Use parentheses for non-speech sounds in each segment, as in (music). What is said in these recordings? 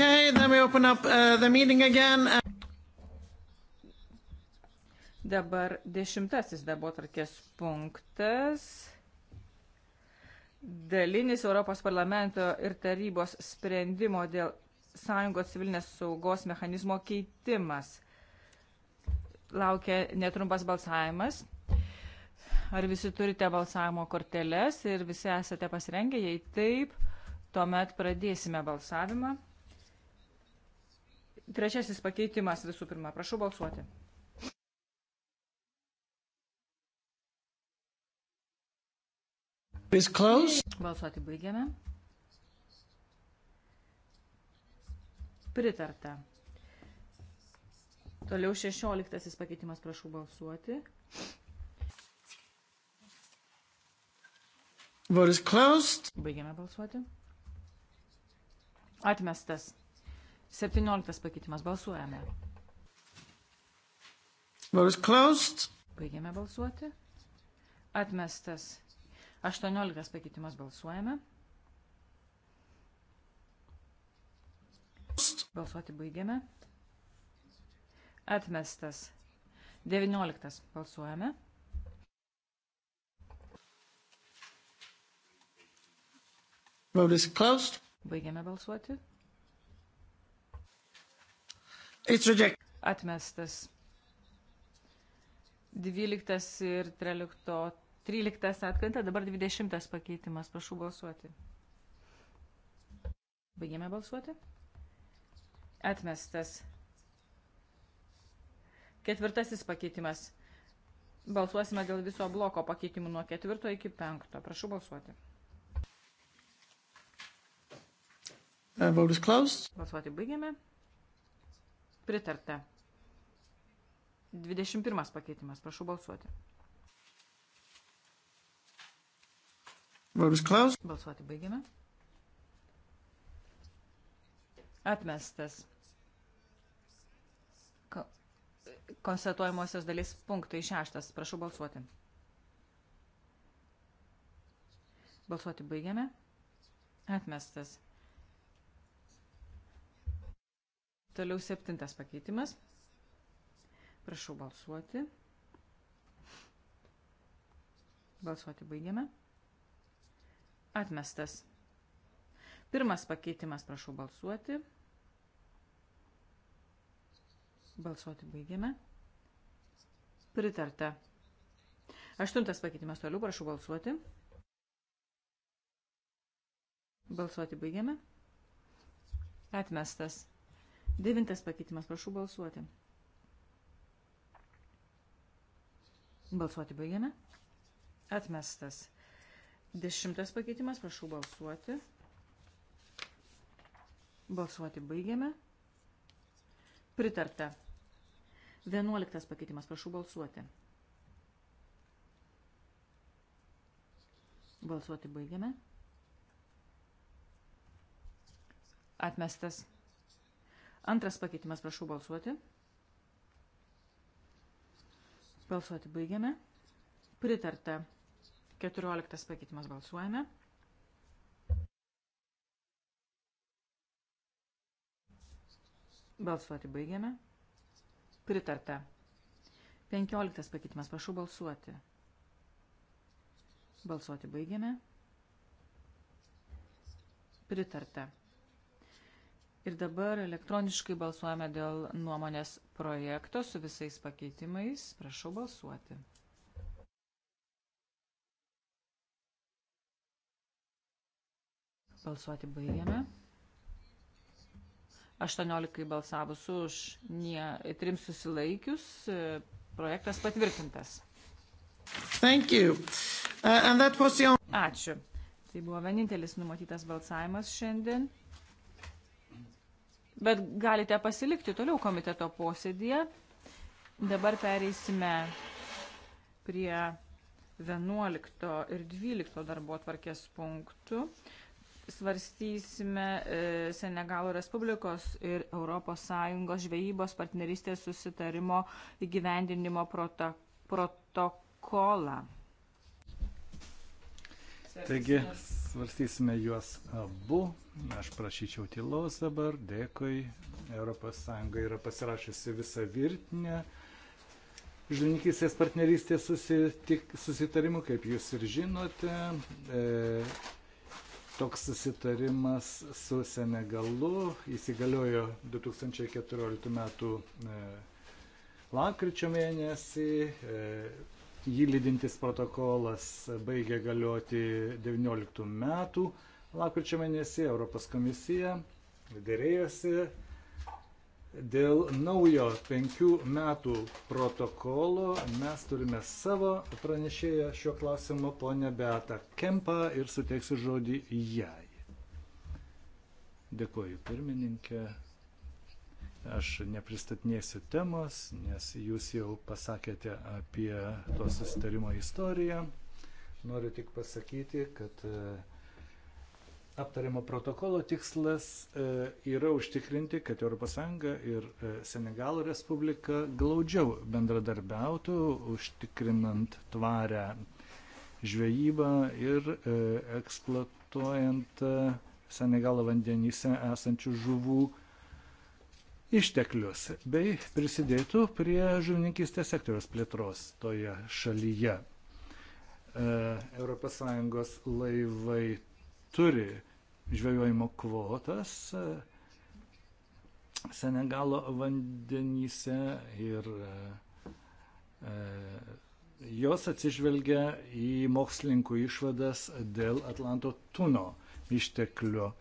Okay, then we open up uh, the meeting again. Uh, Dabar dešimtasis darbo tarkės punktas. Dalinis Europos parlamento ir tarybos sprendimo dėl Sąjungos civilinės saugos mechanizmo keitimas. Laukia netrumpas balsavimas. Ar visi turite balsavimo korteles ir visi esate pasirengę? Jei taip, tuomet pradėsime balsavimą. Trečiasis pakeitimas visų pirma. Prašau balsuoti. Balsuoti baigiame. Pritarta. Toliau šešioliktasis pakeitimas, prašau balsuoti. Baigiame balsuoti. Atmestas. 17 pakeitimas. Balsuojame. Baigėme balsuoti. Atmestas. 18 pakeitimas. Balsuojame. Balsuoti baigėme. Atmestas. 19 balsuojame. Vote is closed. Baigėme balsuoti. Atmestas. 12 ir 13. 13 atkanta, dabar 20 pakeitimas. Prašau balsuoti. Baigėme balsuoti. Atmestas. Ketvirtasis pakeitimas. Balsuosime dėl viso bloko pakeitimų nuo ketvirto iki penkto. Prašau balsuoti. Balsuoti baigėme. Pritarta. 21 pakeitimas. Prašau balsuoti. Balsuoti baigiame. Atmestas. Konstatuojamosios dalis punktai šeštas. Prašau balsuoti. Balsuoti baigiame. Atmestas. Toliau septintas pakeitimas. Prašau balsuoti. Balsuoti baigiame. Atmestas. Pirmas pakeitimas, prašau balsuoti. Balsuoti baigiame. Pritarta. Aštuntas pakeitimas toliau, prašau balsuoti. Balsuoti baigiame. Atmestas. Devintas pakeitimas, prašau balsuoti. Balsuoti baigiame. Atmestas. Dešimtas pakeitimas, prašau balsuoti. Balsuoti baigiame. Pritarta. Vienuoliktas pakeitimas, prašau balsuoti. Balsuoti baigiame. Atmestas. Antras pakeitimas, prašau balsuoti. Balsuoti baigiame. Pritarta. 14 pakeitimas balsuojame. Balsuoti baigiame. Pritarta. 15 pakeitimas, prašau balsuoti. Balsuoti baigiame. Pritarta. Ir dabar elektroniškai balsuojame dėl nuomonės projekto su visais pakeitimais. Prašau balsuoti. Balsuoti baigiame. 18 balsavus už, nie, trim susilaikius, projektas patvirtintas. Thank you. Uh, and that was the only... Ačiū. Tai buvo vienintelis numatytas balsavimas šiandien bet galite pasilikti toliau komiteto posėdėje. Dabar pereisime prie 11 ir 12 darbo atvarkės punktų. Svarstysime e, Senegalo Respublikos ir ES žvejybos partnerystės susitarimo įgyvendinimo protokolą. Taigi, svarstysime juos abu. Aš prašyčiau tylos dabar. Dėkui. ES yra pasirašusi visą virtinę žuvininkystės partnerystės susitik, susitarimų, kaip jūs ir žinote. E, toks susitarimas su Senegalu įsigaliojo 2014 m. E, lankryčio mėnesį. E, jį lydintis protokolas baigė galioti 19 metų. Lapkričio mėnesį Europos komisija dėrėjosi dėl naujo penkių metų protokolo. Mes turime savo pranešėją šio klausimo ponę Beatą Kempą ir suteiksiu žodį jai. Dėkuoju pirmininkė. Aš nepristatinėsiu temos, nes jūs jau pasakėte apie to susitarimo istoriją. Noriu tik pasakyti, kad e, aptariamo protokolo tikslas e, yra užtikrinti, kad ES ir e, Senegalo Respublika glaudžiau bendradarbiautų, užtikrinant tvarę žvejybą ir eksploatuojant Senegalo vandenyse esančių žuvų išteklius bei prisidėtų prie žuvininkystės sektoriaus plėtros toje šalyje. ES laivai turi žvejojimo kvotas e, Senegalo vandenyse ir e, e, jos atsižvelgia į mokslininkų išvadas dėl Atlanto tuno išteklių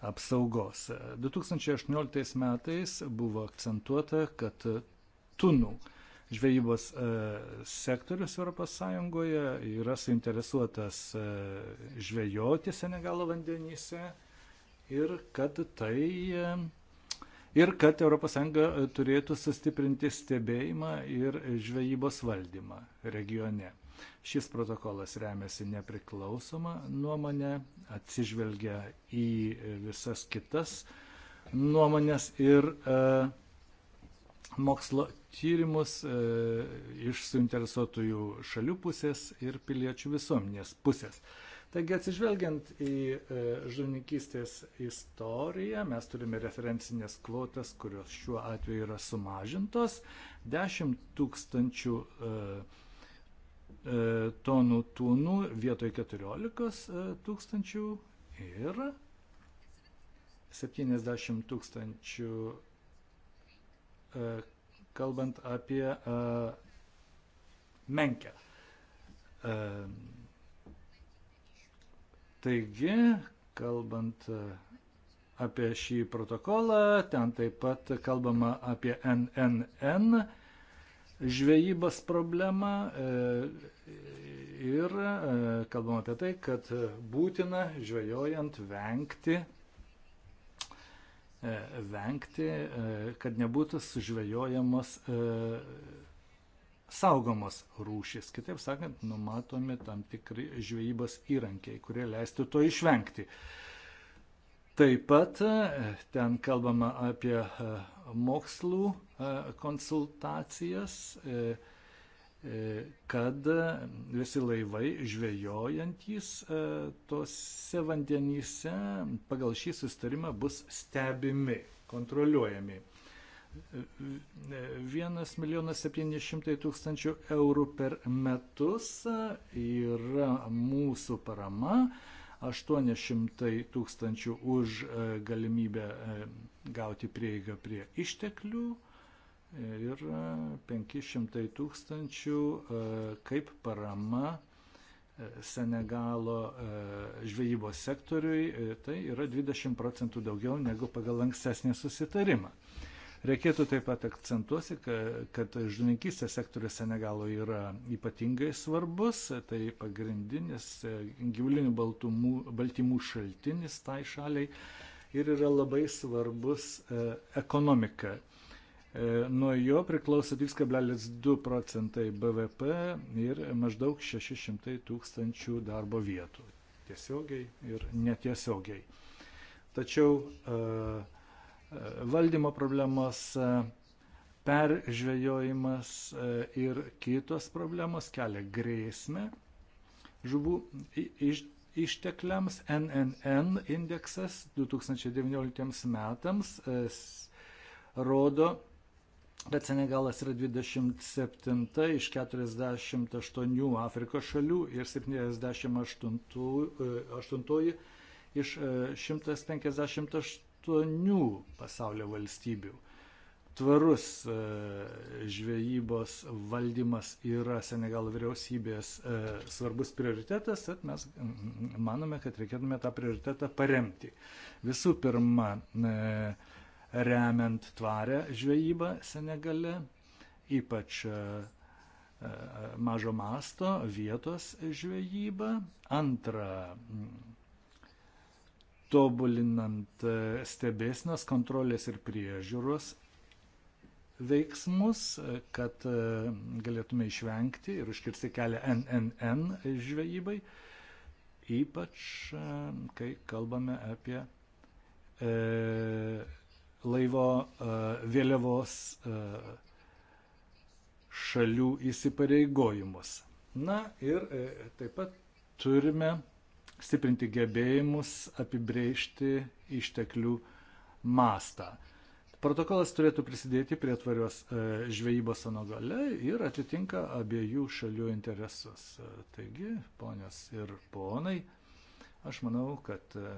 apsaugos. 2018 metais buvo akcentuota, kad tunų žvejybos e, sektorius ES yra suinteresuotas e, žvejoti Senegalo vandenyse ir kad tai e, ir kad ES turėtų sustiprinti stebėjimą ir žvejybos valdymą regione. Šis protokolas remiasi nepriklausoma nuomonė, atsižvelgia į visas kitas nuomonės ir e, mokslo tyrimus e, iš suinteresuotųjų šalių pusės ir piliečių visuomenės pusės. Taigi atsižvelgiant į e, žuvininkystės istoriją, mes turime referencinės kvotas, kurios šiuo atveju yra sumažintos. 10 tūkstančių e, E, tonų tūnų vietoj 14 e, tūkstančių ir 70 tūkstančių e, kalbant apie menkę. Taigi, kalbant apie šį protokolą, ten taip pat kalbama apie NNN žvejybos problemą e, ir e, kalbam apie tai, kad būtina žvejojant vengti, e, vengti kad nebūtų sužvejojamos saugomos rūšis. Kitaip sakant, numatomi tam tikri žvejybos įrankiai, kurie leistų to išvengti. Taip pat ten kalbama apie mokslų e, konsultacijas, e, e, kad visi laivai žvejojantys tose vandenyse pagal šį sustarimą bus stebimi, kontroliuojami. 1 milijonas 700 tūkstančių eurų per metus yra mūsų parama 800 tūkstančių už e, galimybę e, gauti prieigą prie išteklių ir 500 e, tūkstančių kaip parama Senegalo žvejybos sektoriui, tai yra 20 procentų daugiau negu pagal ankstesnį susitarimą. Reikėtų taip pat akcentuosi, kad žuvininkystės sektorius Senegalo yra ypatingai svarbus, tai pagrindinis e, gyvulinių baltumų, baltymų šaltinis tai šaliai ir yra labai svarbus e, ekonomika. E, nuo jo priklauso 3,2 procentai BVP ir maždaug 600 tūkstančių darbo vietų. Tiesiogiai ir netiesiogiai. Tačiau uh, valdymo problemos, peržvejojimas e, ir kitos problemos kelia grėsmę žuvų iš, ištekliams. NNN indeksas 2019 metams e, rodo, kad Senegalas yra 27 iš 48 Afrikos šalių ir 78 8, e, iš 158 aštuonių pasaulio valstybių. Tvarus e, žvejybos valdymas yra Senegalo vyriausybės e, svarbus prioritetas, tad mes manome, kad reikėtume tą prioritetą paremti. Visų pirma, e, remiant tvarę žvejybą Senegale, ypač mažo masto vietos žvejybą. Antra, tobulinant e, stebėsnas kontrolės ir priežiūros veiksmus, e, kad e, galėtume išvengti ir užkirsti kelią NNN žvejybai, ypač kai kalbame apie laivo vėliavos šalių įsipareigojimus. Na ir taip pat turime stiprinti gebėjimus apibrėžti išteklių mastą. Protokolas turėtų prisidėti prie tvarios e, žvejybos anogale ir atitinka abiejų šalių interesus. E, taigi, ponios ir ponai, aš manau, kad e,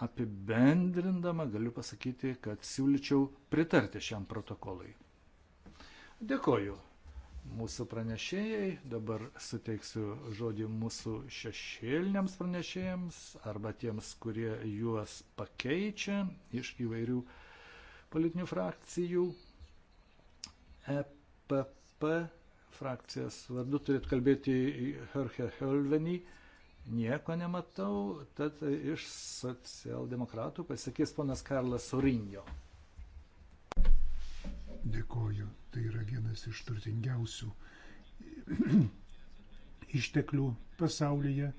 apibendrindama galiu pasakyti, kad siūlyčiau pritarti šiam protokolui. Dėkoju mūsų pranešėjai. Dabar suteiksiu žodį mūsų šešėliniams pranešėjams arba tiems, kurie juos pakeičia iš įvairių politinių frakcijų. EPP frakcijas vardu turėt kalbėti Herke Helvenį. Nieko nematau, tad iš socialdemokratų pasakys ponas Karlas Sorinjo dėkoju. Tai yra vienas iš turtingiausių (clears throat) išteklių pasaulyje.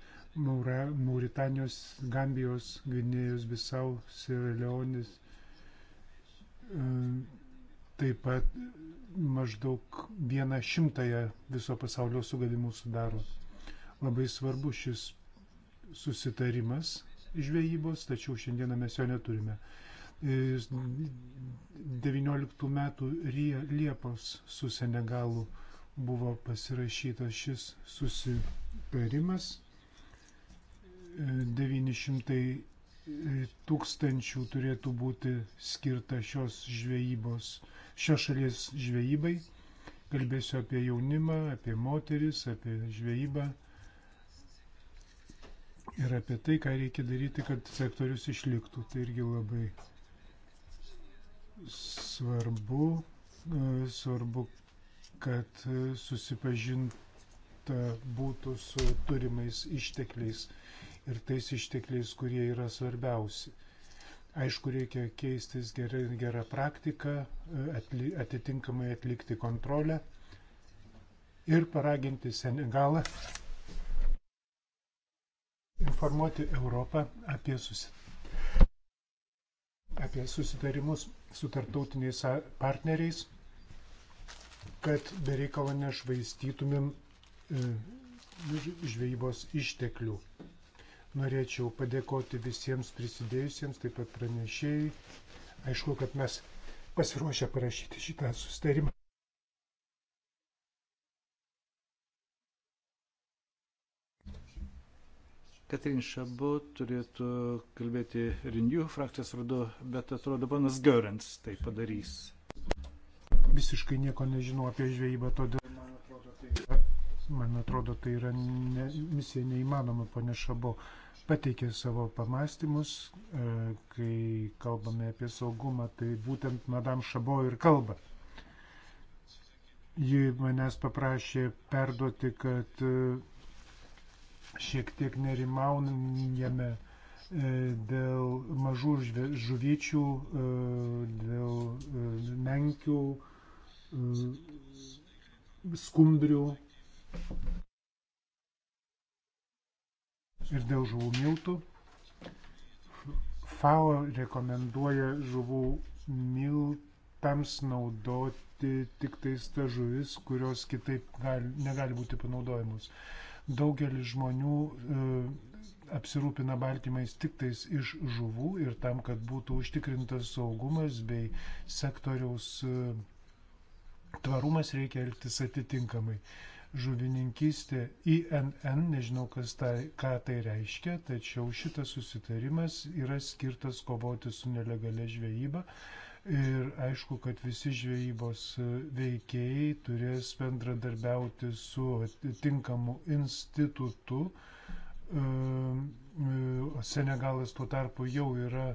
Maura, Mauritanijos, Gambijos, Gvinėjos, Bisau, Sireleonis. E, taip pat maždaug vieną šimtąją viso pasaulio sugavimų sudaro. Labai svarbu šis susitarimas žvejybos, tačiau šiandieną mes jo neturime. 19 metų Liepos su Senegalu buvo pasirašytas šis susitarimas. 900 e, tūkstančių turėtų būti skirta šios žvejybos, šios šalies žvejybai. Kalbėsiu apie jaunimą, apie moteris, apie žvejybą ir apie tai, ką reikia daryti, kad sektorius išliktų. Tai irgi labai svarbu, e, svarbu, kad susipažinta būtų su turimais ištekliais ir tais ištekliais, kurie yra svarbiausi. Aišku, reikia keistis gerą, gerą praktiką, e, atli, atitinkamai atlikti kontrolę ir paraginti Senegalą informuoti Europą apie susitarimą apie susitarimus su tarptautiniais partneriais, kad bereikalo nešvaistytumėm e, žvejybos išteklių. Norėčiau padėkoti visiems prisidėjusiems, taip pat pranešėjai. Aišku, kad mes pasiruošę parašyti šitą susitarimą. Katrin Šabu turėtų kalbėti Renew frakcijos vardu, bet atrodo panas Görens tai padarys. Visiškai nieko nežinau apie žvejybą, todėl man atrodo, tai yra, man atrodo, tai yra ne, misija neįmanoma, ponė Šabo pateikė savo pamastymus, e, kai kalbame apie saugumą, tai būtent Madame Šabo ir kalba. Ji manęs paprašė perduoti, kad e, šiek tiek nerimaujame e, dėl mažų žuvyčių, e, dėl e, menkių, skumbrių ir dėl žuvų miltų. FAO rekomenduoja žuvų miltams naudoti tik tais ta žuvis, kurios kitaip gali, negali būti panaudojamos. E, Daugelis žmonių e, apsirūpina baltymais tik tais iš žuvų ir tam, kad būtų užtikrintas saugumas bei sektoriaus e, tvarumas, reikia elgtis atitinkamai. Žuvininkystė INN, nežinau, tai, ką tai reiškia, tačiau šitas susitarimas yra skirtas kovoti su nelegale žvejyba, Ir aišku, kad visi žvejybos e, veikėjai turės bendradarbiauti su tinkamu institutu. E, e, Senegalas tuo tarpu jau yra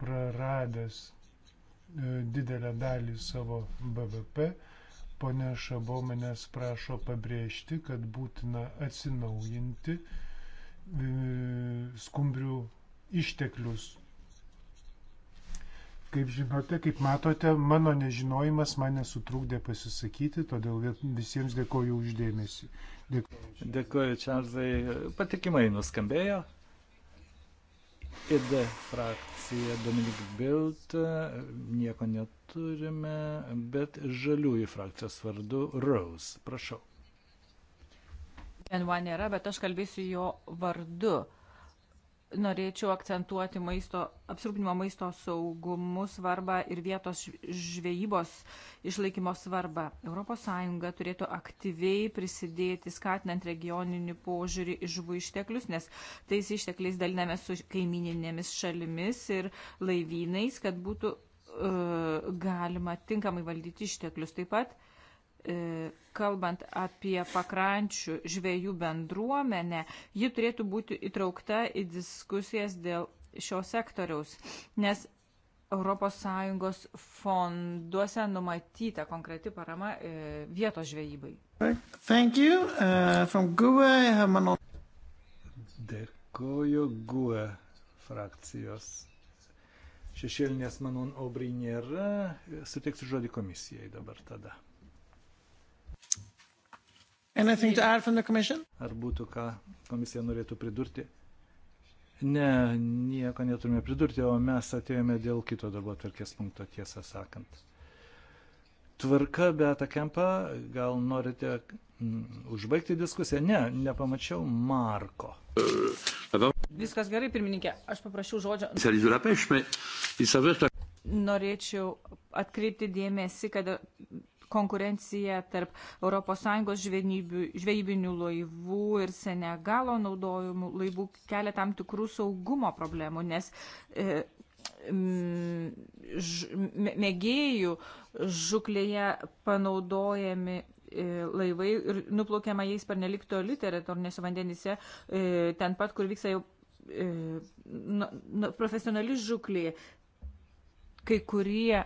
praradęs didelę dalį savo BVP. Pone Šabo manęs prašo pabrėžti, kad būtina atsinaujinti skumbrių išteklius Kaip žinote, kaip matote, mano nežinojimas mane sutrūkdė pasisakyti, todėl visiems dėkoju uždėmesi. Dėkoju, dėkoju Čarzai. Patikimai nuskambėjo. ID frakcija Dominik Bilt, nieko neturime, bet žaliųjų frakcijos vardu Rose. Prašau. Benva nėra, bet aš kalbėsiu jo vardu norėčiau akcentuoti maisto, apsirūpinimo maisto saugumu svarbą ir vietos žvejybos išlaikymo svarbą. ES turėtų aktyviai prisidėti skatinant regioninį požiūrį į žuvų išteklius, nes tais ištekliais daliname su kaimininėmis šalimis ir laivynais, kad būtų e, galima tinkamai valdyti išteklius. Taip pat E, kalbant apie pakrančių žvėjų bendruomenę, ji turėtų būti įtraukta į diskusijas dėl šio sektoriaus, nes ES fonduose numatyta konkreti parama e, vietos žvejybai. Thank you. Uh, from GUE, I have Manon. Dėkoju GUE frakcijos. Šešėlinės Manon Obry nėra. Suteiksiu žodį komisijai dabar tada. Anything to add from the commission? Ar būtų ką komisija norėtų pridurti? Ne, nieko neturime pridurti, o mes atėjome dėl kito darbo atvarkės punkto, tiesą sakant. Tvarka, Beata Kempa, gal norite mm, užbaigti diskusiją? Ne, nepamačiau Marko. Viskas gerai, pirmininkė, aš paprašiau žodžio. Norėčiau atkreipti dėmesį, kad konkurencija tarp ES žvejybinių laivų ir Senegalo naudojimų laivų kelia tam tikrų saugumo problemų, nes e, ž, mėgėjų žuklėje panaudojami e, laivai ir nuplaukiama jais per nelik toli teritorinėse vandenyse, e, ten pat, kur vyksta jau e, nu, nu, profesionali žuklė. Kai kurie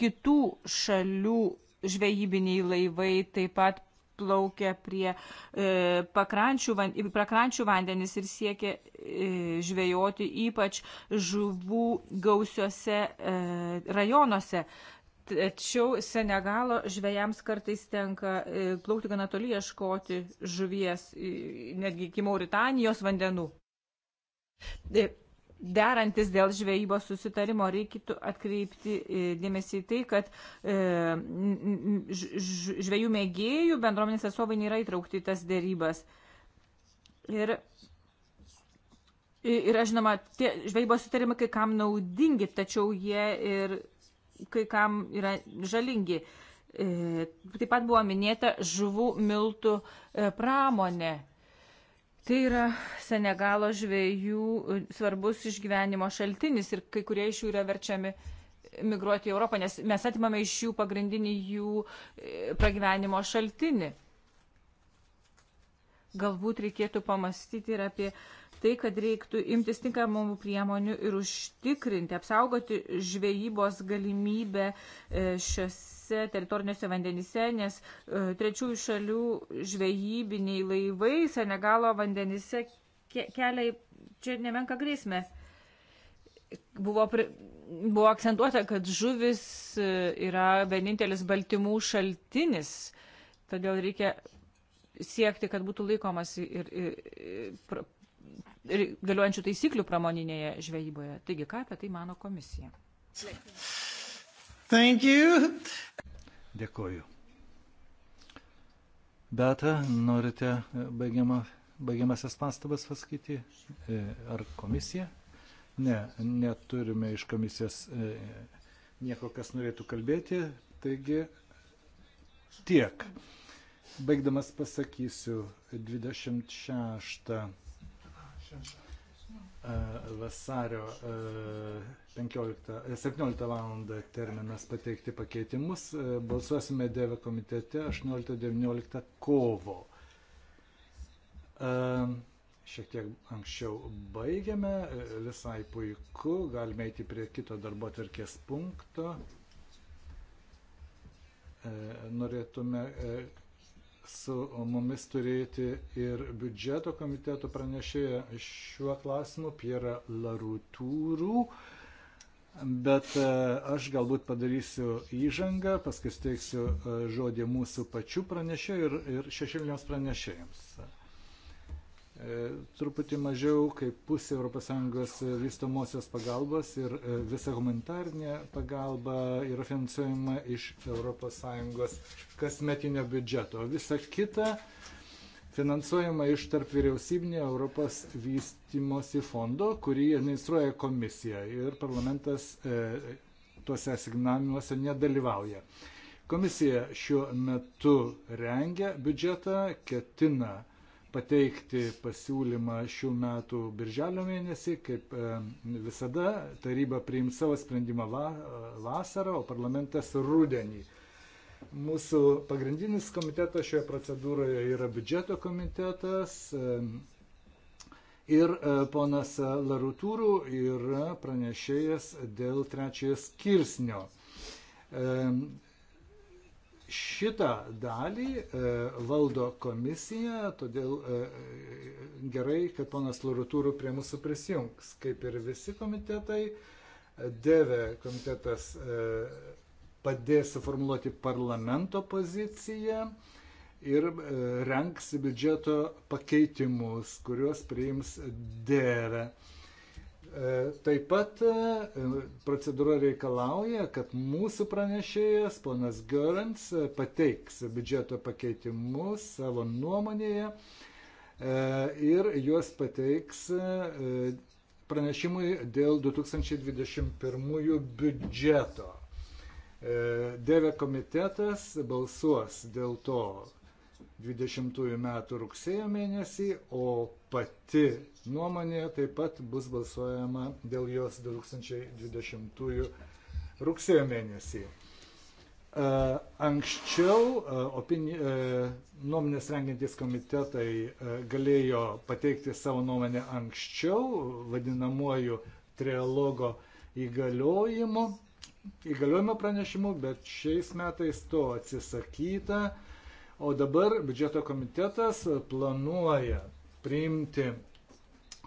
kitų šalių žvejybiniai laivai taip pat plaukia prie e, pakrančių, van, pakrančių vandenis ir siekia e, žvejoti ypač žuvų gausiuose e, rajonuose. Tačiau Senegalo žvėjams kartais tenka e, plaukti gana toli ieškoti žuvies, e, netgi iki Mauritanijos vandenų. E, derantis dėl žvejybos susitarimo reikėtų atkreipti e, dėmesį į tai, kad e, žvejų mėgėjų bendruomenės atstovai nėra įtraukti į tas dėrybas. Ir yra, žinoma, tie žvejybos sutarimai kai kam naudingi, tačiau jie ir kai kam yra žalingi. E, taip pat buvo minėta žuvų miltų pramonė Tai yra Senegalo žvėjų e, svarbus išgyvenimo šaltinis ir kai kurie iš jų yra verčiami migruoti į Europą, nes mes atimame iš jų pagrindinį jų e, pragyvenimo šaltinį. Galbūt reikėtų pamastyti ir apie uh, tai, kad reiktų imtis tinkamų priemonių ir užtikrinti, apsaugoti žvejybos galimybę e, šiuose teritoriniuose vandenyse, nes e, trečiųjų šalių žvejybiniai laivai Senegalo vandenyse kelia čia nemenka grėsmė. Buvo, pri, buvo akcentuota, kad žuvis e, yra vienintelis baltymų šaltinis, todėl reikia siekti, kad būtų laikomasi ir, ir, ir galiojančių taisyklių pramoninėje žvejyboje. Taigi, ką apie tai mano komisija? Thank you. Dėkoju. Beta, norite baigiamą, baigiamasias pastabas pasakyti? E, ar komisija? Ne, neturime iš komisijos e, nieko, kas norėtų kalbėti. Taigi tiek. Baigdamas pasakysiu 26 E, vasario 15, 17 val. terminas pateikti pakeitimus. E, balsuosime Dėvė komitete 18-19 kovo. E, šiek tiek anksčiau baigiame, visai puiku, galime eiti prie kito darbo tvarkės punkto. Norėtume su mumis turėti ir biudžeto komiteto pranešėją šiuo klausimu, Pierą Larutūrų. Bet e, aš galbūt padarysiu įžangą, paskui steiksiu e, žodį mūsų pačių pranešėjų ir, ir šešiliniams pranešėjams. E, truputį mažiau kaip pusė ES vystomosios pagalbos ir e, visa humanitarinė pagalba yra finansuojama iš ES kasmetinio biudžeto. Visa kita finansuojama iš tarp vyriausybinio Europos vystimosi fondo, kurį administruoja komisija ir parlamentas e, tuose asignavimuose nedalyvauja. Komisija šiuo metu rengia biudžetą, ketina pateikti pasiūlymą šių metų birželio mėnesį. Kaip e, visada, taryba priims savo sprendimą vasarą, o parlamentas rudenį. Mūsų pagrindinis komitetas šioje procedūroje yra biudžeto komitetas. E, ir e, ponas Larutūrų yra pranešėjas dėl trečiojo skirsnio Šitą dalį e, valdo komisija, todėl e, gerai, kad ponas Lurutūrų prie mūsų prisijungs, kaip ir visi komitetai. Deve komitetas e, padės suformuoluoti parlamento poziciją ir renks biudžeto pakeitimus, kuriuos priims Deve. E, taip pat e, procedūra reikalauja, kad mūsų pranešėjas, ponas Görans, e, pateiks biudžeto pakeitimus savo nuomonėje ir juos pateiks pranešimui dėl 2021 biudžeto. Deve komitetas balsuos dėl to 20 metų rugsėjo mėnesį, o pati nuomonė, taip pat bus balsuojama dėl jos 2020 rugsėjo mėnesį. Anksčiau opini, nuomonės rengiantys komitetai galėjo pateikti savo nuomonę anksčiau, vadinamuoju trialogo įgaliojimu, įgaliojimo pranešimu, bet šiais metais to atsisakyta. O dabar biudžeto komitetas planuoja priimti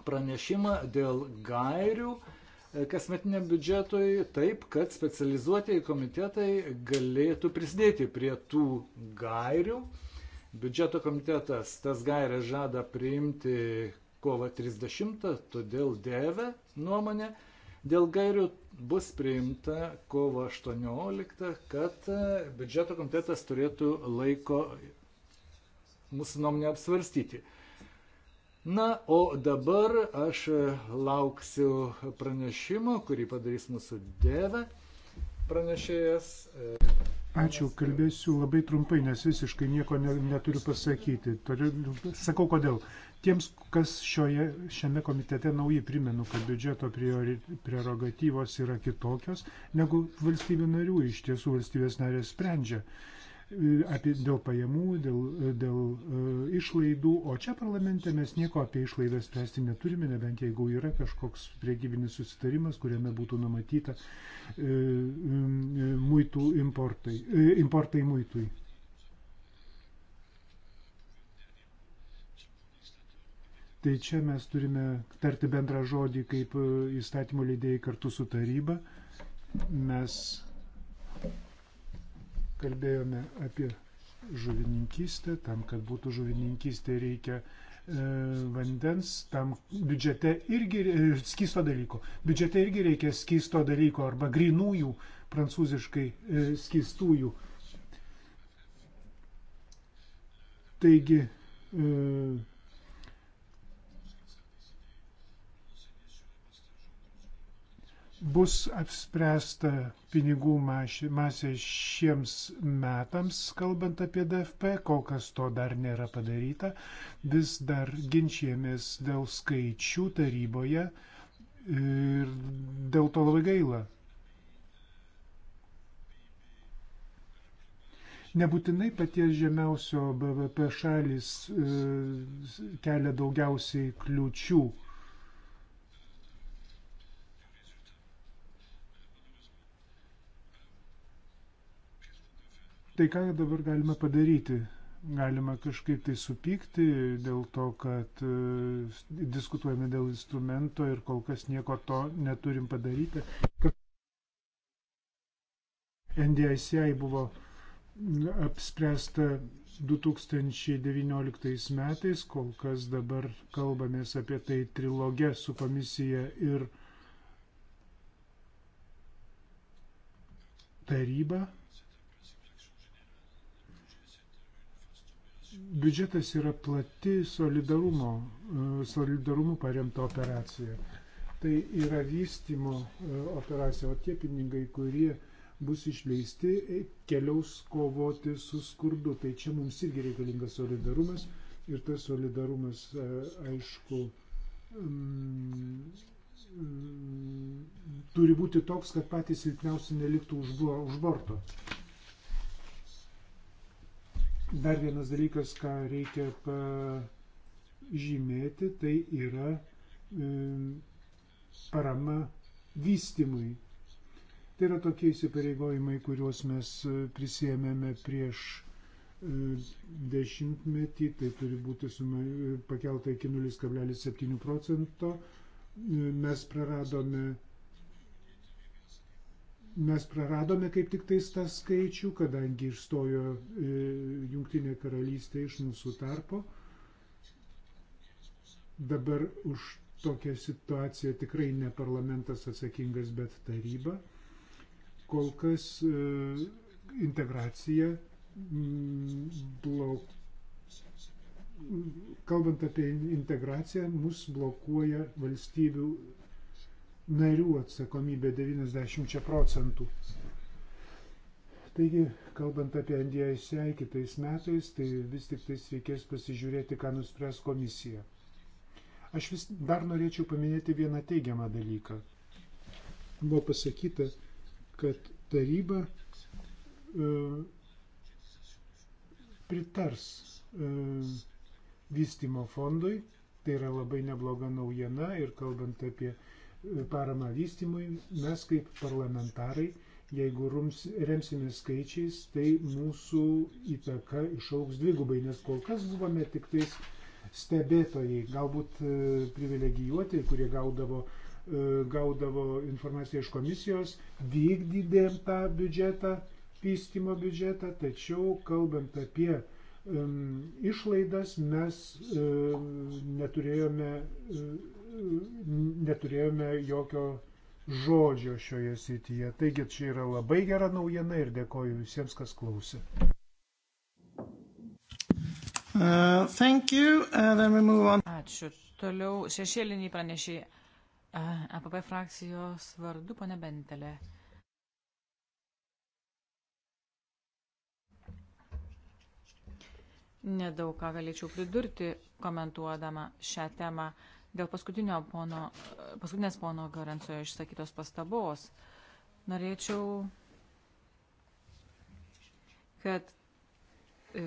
pranešimą dėl gairių e, kasmetiniam biudžetui taip, kad specializuotieji komitetai galėtų prisidėti prie tų gairių. Biudžeto komitetas tas gairias žada priimti kovo 30, todėl dėvė nuomonė dėl gairių bus priimta kovo 18, kad e, biudžeto komitetas turėtų laiko mūsų nuomonę apsvarstyti. Na, o dabar aš lauksiu pranešimo, kurį padarys mūsų dėve pranešėjas. Ačiū, kalbėsiu labai trumpai, nes visiškai nieko ne, neturiu pasakyti. Toliau, sakau kodėl. Tiems, kas šioje, šiame komitete nauji, primenu, kad biudžeto priori, prerogatyvos yra kitokios negu valstybių narių, iš tiesų valstybės narės sprendžia. Uh, apie, dėl pajamų, dėl, dėl e, išlaidų, o čia parlamente mes nieko apie išlaidas spręsti neturime, nebent jeigu yra kažkoks priekybinis susitarimas, kuriame būtų numatyta e, e, muitų importai, e, importai muitui. Tai čia mes turime tarti bendrą žodį kaip e, įstatymų leidėjai kartu su taryba. Mes kalbėjome apie žuvininkystę, tam, kad būtų žuvininkystė reikia e, vandens, tam biudžete irgi e, skisto dalyko. Biudžete irgi reikia skisto dalyko arba grinųjų, prancūziškai e, skistųjų. Taigi, bus apspręsta pinigų masė šiems metams, kalbant apie DFP, kol kas to dar nėra padaryta, vis dar ginčijamės dėl skaičių taryboje ir dėl to labai gaila. Nebūtinai paties žemiausio BVP šalis e, kelia daugiausiai kliučių Tai ką dabar galime padaryti? Galima kažkaip tai supykti dėl to, kad e, diskutuojame dėl instrumento ir kol kas nieko to neturim padaryti. NDICI buvo apspręsta 2019 metais, kol kas dabar kalbamės apie tai trilogę su komisija ir taryba. biudžetas yra plati solidarumo, e, solidarumu paremta operacija. Tai yra vystimo e, operacija, o tie pinigai, kurie bus išleisti, e, keliaus kovoti su skurdu. Tai čia mums irgi reikalingas solidarumas ir tas solidarumas, aišku, mm, mm, turi būti toks, kad patys silpniausi neliktų už borto. Dar vienas dalykas, ką reikia pažymėti, tai yra e, parama vystimui. Tai yra tokie įsipareigojimai, kuriuos mes e, prisėmėme prieš e, dešimtmetį, tai turi būti suma, nu, e, pakelta iki 0,7 procento. Mes praradome Mes praradome kaip tik tais tą skaičių, kadangi išstojo e, Junktinė karalystė iš mūsų tarpo. Dabar už tokią situaciją tikrai ne parlamentas atsakingas, bet taryba. Kol kas e, integracija mm, blok. Kalbant apie integraciją, mus blokuoja valstybių narių atsakomybė 90 procentų. Taigi, kalbant apie NDICI kitais metais, tai vis tik tais reikės pasižiūrėti, ką nuspręs komisija. Aš vis dar norėčiau paminėti vieną teigiamą dalyką. Buvo pasakyta, kad taryba e, pritars e, vystimo fondui, tai yra labai nebloga naujiena ir kalbant apie e, paramą vystimui, mes kaip parlamentarai, jeigu rums, remsime skaičiais, tai mūsų įtaka išauks dvigubai, nes kol kas buvome tik tais stebėtojai, galbūt e, privilegijuoti, kurie gaudavo, e, gaudavo informaciją iš komisijos, vykdydėm tą biudžetą, vystimo biudžetą, tačiau kalbant apie um, išlaidas mes um, neturėjome um, neturėjome jokio žodžio šioje srityje. Taigi čia yra labai gera naujiena ir dėkoju visiems, kas klausė. Uh, uh Ačiū. Toliau šešėlinį pranešį uh, APP frakcijos vardu, pone Bentelė. Nedaug ką galėčiau pridurti, komentuodama šią temą. Uh, Dėl pono, paskutinės pono Garencijoje išsakytos pastabos norėčiau, kad e,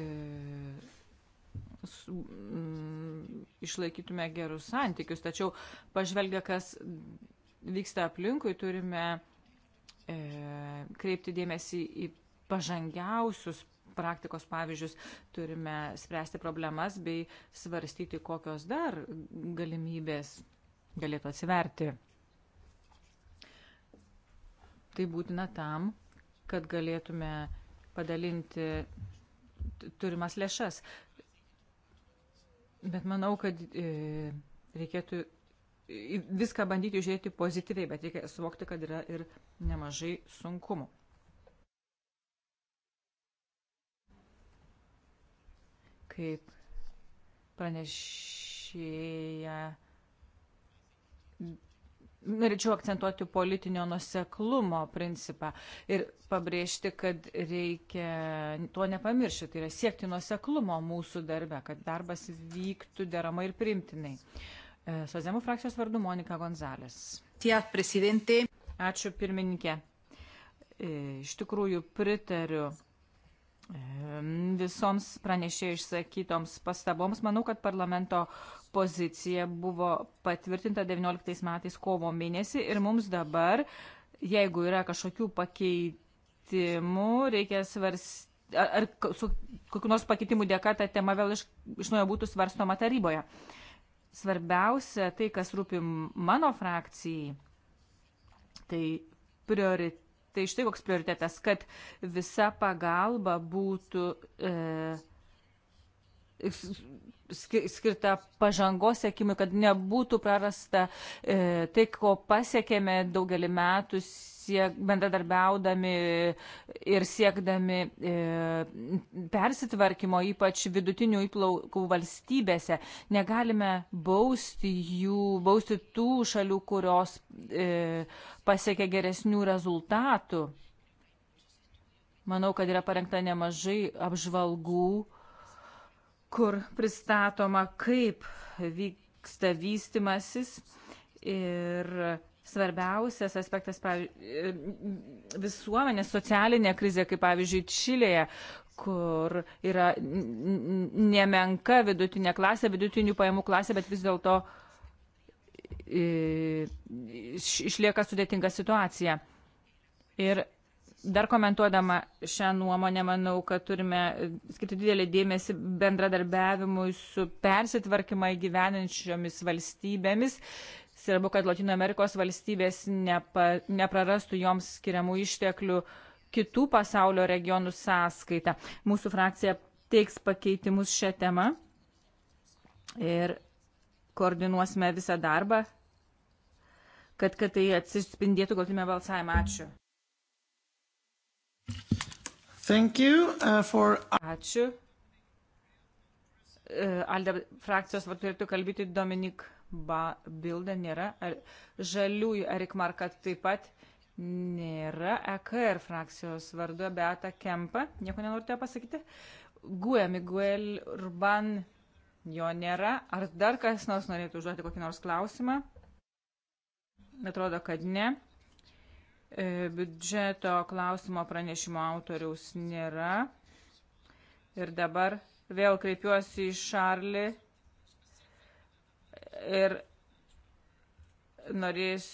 su, m, mm, išlaikytume gerus santykius, tačiau pažvelgia, kas vyksta aplinkui, turime e, kreipti dėmesį į pažangiausius praktikos pavyzdžius, turime spręsti problemas bei svarstyti, kokios dar galimybės galėtų atsiverti. Tai būtina tam, kad galėtume padalinti turimas lėšas. Bet manau, kad e, reikėtų viską bandyti žiūrėti pozityviai, bet reikia suvokti, kad yra ir nemažai sunkumų. kaip pranešėja. Norėčiau akcentuoti politinio nuseklumo principą ir pabrėžti, kad reikia to nepamiršti, tai yra siekti nuseklumo mūsų darbe, kad darbas vyktų deramai ir primtinai. E, Sozemų frakcijos vardu Monika Gonzalės. Tiek, prezidentė. Ačiū pirmininkė. E, iš tikrųjų pritariu visoms pranešėjai išsakytoms pastaboms. Manau, kad parlamento pozicija buvo patvirtinta 19 metais kovo mėnesį ir mums dabar, jeigu yra kažkokių pakeitimų, reikia svarstyti. Ar, ar su kokiu nors pakeitimu dėka ta tema vėl iš, iš naujo būtų svarstoma taryboje. Svarbiausia, tai kas rūpi mano frakcijai, tai prioritetai Tai štai koks prioritetas, kad visa pagalba būtų e, skirta pažangos sėkimui, kad nebūtų prarasta e, tai, ko pasiekėme daugelį metų siek, bendradarbiaudami ir siekdami e, persitvarkymo, ypač vidutinių įplaukų valstybėse. Negalime bausti jų, bausti tų šalių, kurios e, pasiekė geresnių rezultatų. Manau, kad yra parengta nemažai apžvalgų kur pristatoma, kaip vyksta vystimasis ir svarbiausias aspektas visuomenės socialinė krizė, kaip pavyzdžiui Čilėje, kur yra nemenka vidutinė klasė, vidutinių pajamų klasė, bet vis dėlto išlieka sudėtinga situacija. Ir Dar komentuodama šią nuomonę, manau, kad turime skirti didelį dėmesį bendradarbiavimui su persitvarkymą įgyvenančiomis valstybėmis. Svarbu, kad Latino Amerikos valstybės nepa, neprarastų joms skiriamų išteklių kitų pasaulio regionų sąskaita. Mūsų frakcija teiks pakeitimus šią temą ir koordinuosime visą darbą, kad, kad tai atsispindėtų galtime balsavimą. Ačiū. Thank you uh, for... Ačiū. E, Alde frakcijos turėtų kalbėti Dominik ba, Bilda nėra. Ar, žaliųjų Erik Markat taip pat nėra. EKR er frakcijos vardu Beata Kempa. Nieko nenorite pasakyti. Gue Miguel Urban jo nėra. Ar dar kas nors norėtų užduoti kokį nors klausimą? Atrodo, kad ne. E, biudžeto klausimo pranešimo autoriaus nėra. Ir dabar vėl kreipiuosi į Šarlį ir norės,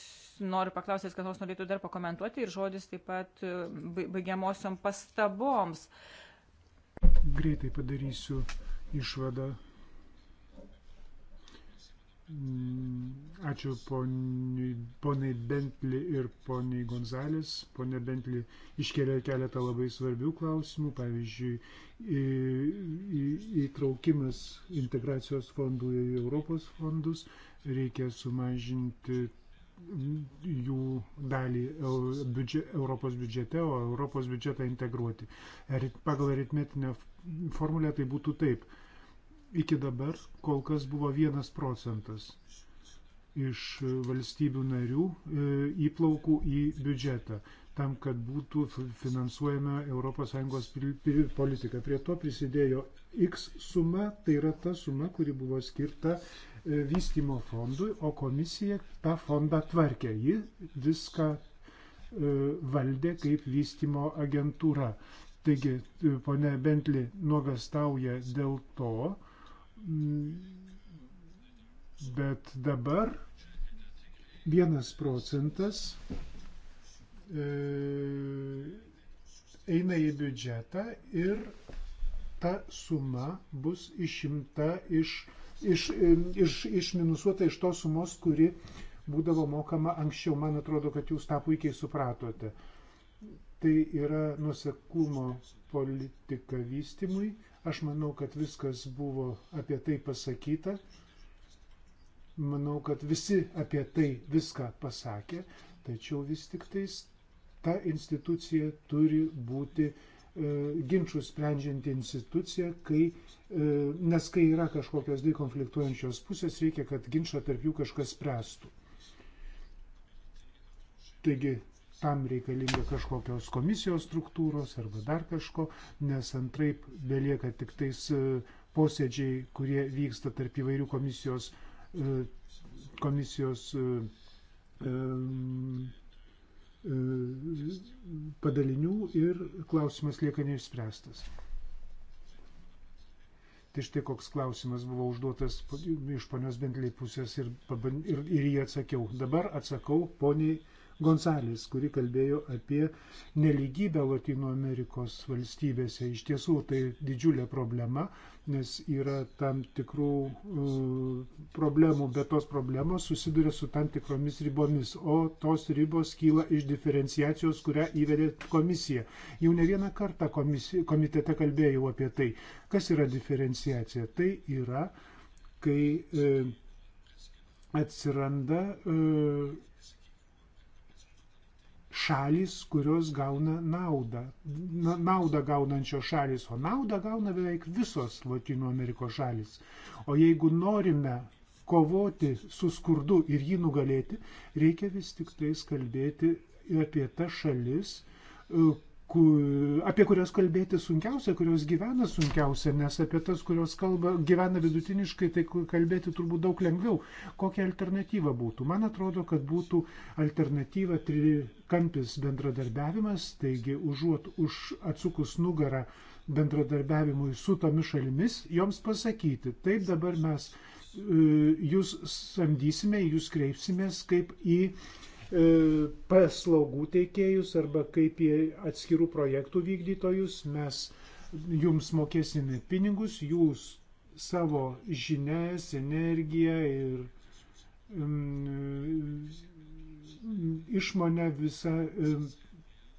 noriu paklausęs, kad nors norėtų dar pakomentuoti ir žodis taip pat e, baigiamosiom pastaboms. Greitai padarysiu išvadą Mm, ačiū poniai, poniai Bentli ir poniai Gonzalės. Pone Bentli iškėlė keletą labai svarbių klausimų, pavyzdžiui, į, į, įtraukimas integracijos fondų į Europos fondus, reikia sumažinti jų dalį biudžet, Europos biudžete, o Europos biudžetą integruoti. Pagal aritmetinę formulę tai būtų taip iki dabar kol kas buvo 1 procentas iš valstybių narių e, įplaukų į biudžetą, tam, kad būtų finansuojama ES politika. Prie to prisidėjo X suma, tai yra ta suma, kuri buvo skirta e, vystimo fondui, o komisija tą fondą tvarkė. Ji viską e, valdė kaip vystimo agentūra. Taigi, ponia Bentli nuogastauja dėl to, Mm. Bet dabar vienas procentas e, eina į biudžetą ir ta suma bus išimta iš, iš, e, iš, išminusuota iš tos sumos, kuri būdavo mokama anksčiau. Man atrodo, kad jūs tą puikiai supratote. Tai yra nuseklumo politika vystimui, Aš manau, kad viskas buvo apie tai pasakyta. Manau, kad visi apie tai viską pasakė, tačiau vis tik tais ta institucija turi būti e, ginčių sprendžianti institucija, kai, e, nes kai yra kažkokios dvi konfliktuojančios pusės, reikia, kad ginčą tarp jų kažkas spręstų. Taigi tam reikalinga kažkokios komisijos struktūros arba dar kažko, nes antraip belieka tik tais e, posėdžiai, kurie vyksta tarp įvairių komisijos, e, komisijos e, padalinių ir klausimas lieka neišspręstas. Tai štai koks klausimas buvo užduotas iš ponios Bentley pusės ir, ir, ir jį atsakiau. Dabar atsakau poniai Gonzalės, kuri kalbėjo apie neligybę Latino Amerikos valstybėse. Iš tiesų tai didžiulė problema, nes yra tam tikrų uh, problemų, bet tos problemos susiduria su tam tikromis ribomis, o tos ribos kyla iš diferenciacijos, kurią įvedė komisija. Jau ne vieną kartą komisija, komitete kalbėjau apie tai, kas yra diferenciacija. Tai yra, kai e, atsiranda e, šalis, kurios gauna naudą. Na, naudą gaunančios šalis, o naudą gauna beveik visos Latino Amerikos šalis. O jeigu norime kovoti su skurdu ir jį nugalėti, reikia vis tik tais kalbėti apie tas šalis, kur, apie kurias kalbėti sunkiausia, kurios gyvena sunkiausia, nes apie tas, kurios kalba, gyvena vidutiniškai, tai kalbėti turbūt daug lengviau. Kokia alternatyva būtų? Man atrodo, kad būtų alternatyva trikampis bendradarbiavimas, taigi užuot už atsukus nugarą bendradarbiavimui su tomis šalimis, joms pasakyti, taip dabar mes e, jūs samdysime, jūs kreipsimės kaip į uh, E, paslaugų teikėjus arba kaip į atskirų projektų vykdytojus. Mes jums mokėsime pinigus, jūs savo žinias, energiją ir mm, mm išmonę visą e,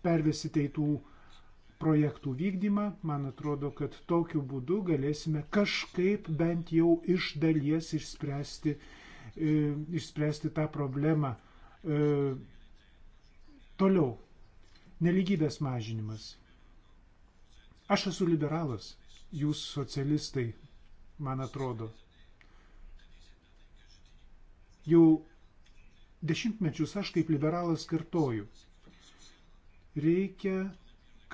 pervesite į tų projektų vykdymą. Man atrodo, kad tokiu būdu galėsime kažkaip bent jau iš dalies išspręsti, e, išspręsti tą problemą E, toliau. Neligybės mažinimas. Aš esu liberalas, jūs socialistai, man atrodo. Jau dešimtmečius aš kaip liberalas kartoju. Reikia,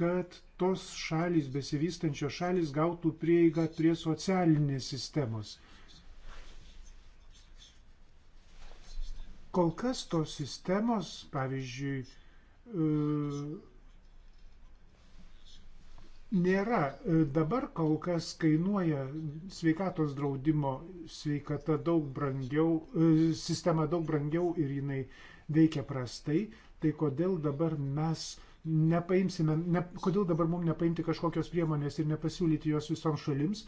kad tos šalys, besivystančios šalys, gautų prieigą prie socialinės sistemos – Kol kas tos sistemos, pavyzdžiui, e, nėra. E, dabar kol kas kainuoja sveikatos draudimo sveikata daug brangiau, e, sistema daug brangiau ir jinai veikia prastai. Tai kodėl dabar mes nepaimsime, ne, kodėl dabar mums nepaimti kažkokios priemonės ir nepasiūlyti jos visoms šalims,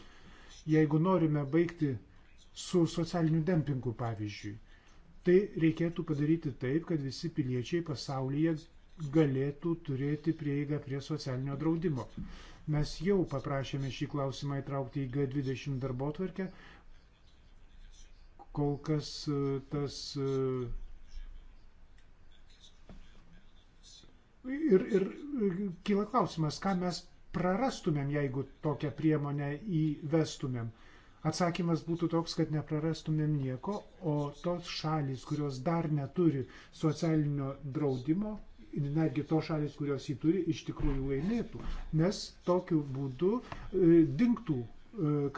jeigu norime baigti su socialiniu dempingu, pavyzdžiui. Tai reikėtų padaryti taip, kad visi piliečiai pasaulyje galėtų turėti prieigą prie socialinio draudimo. Mes jau paprašėme šį klausimą įtraukti į G20 darbo tvarkę. Kol kas e, tas. E, ir, ir e, kyla klausimas, ką mes prarastumėm, jeigu tokią priemonę įvestumėm. Uh, Atsakymas būtų toks, kad neprarastumėm nieko, o tos šalis, kurios dar neturi socialinio draudimo, netgi tos šalis, kurios jį turi, iš tikrųjų laimėtų, nes tokiu būdu e, dinktų e,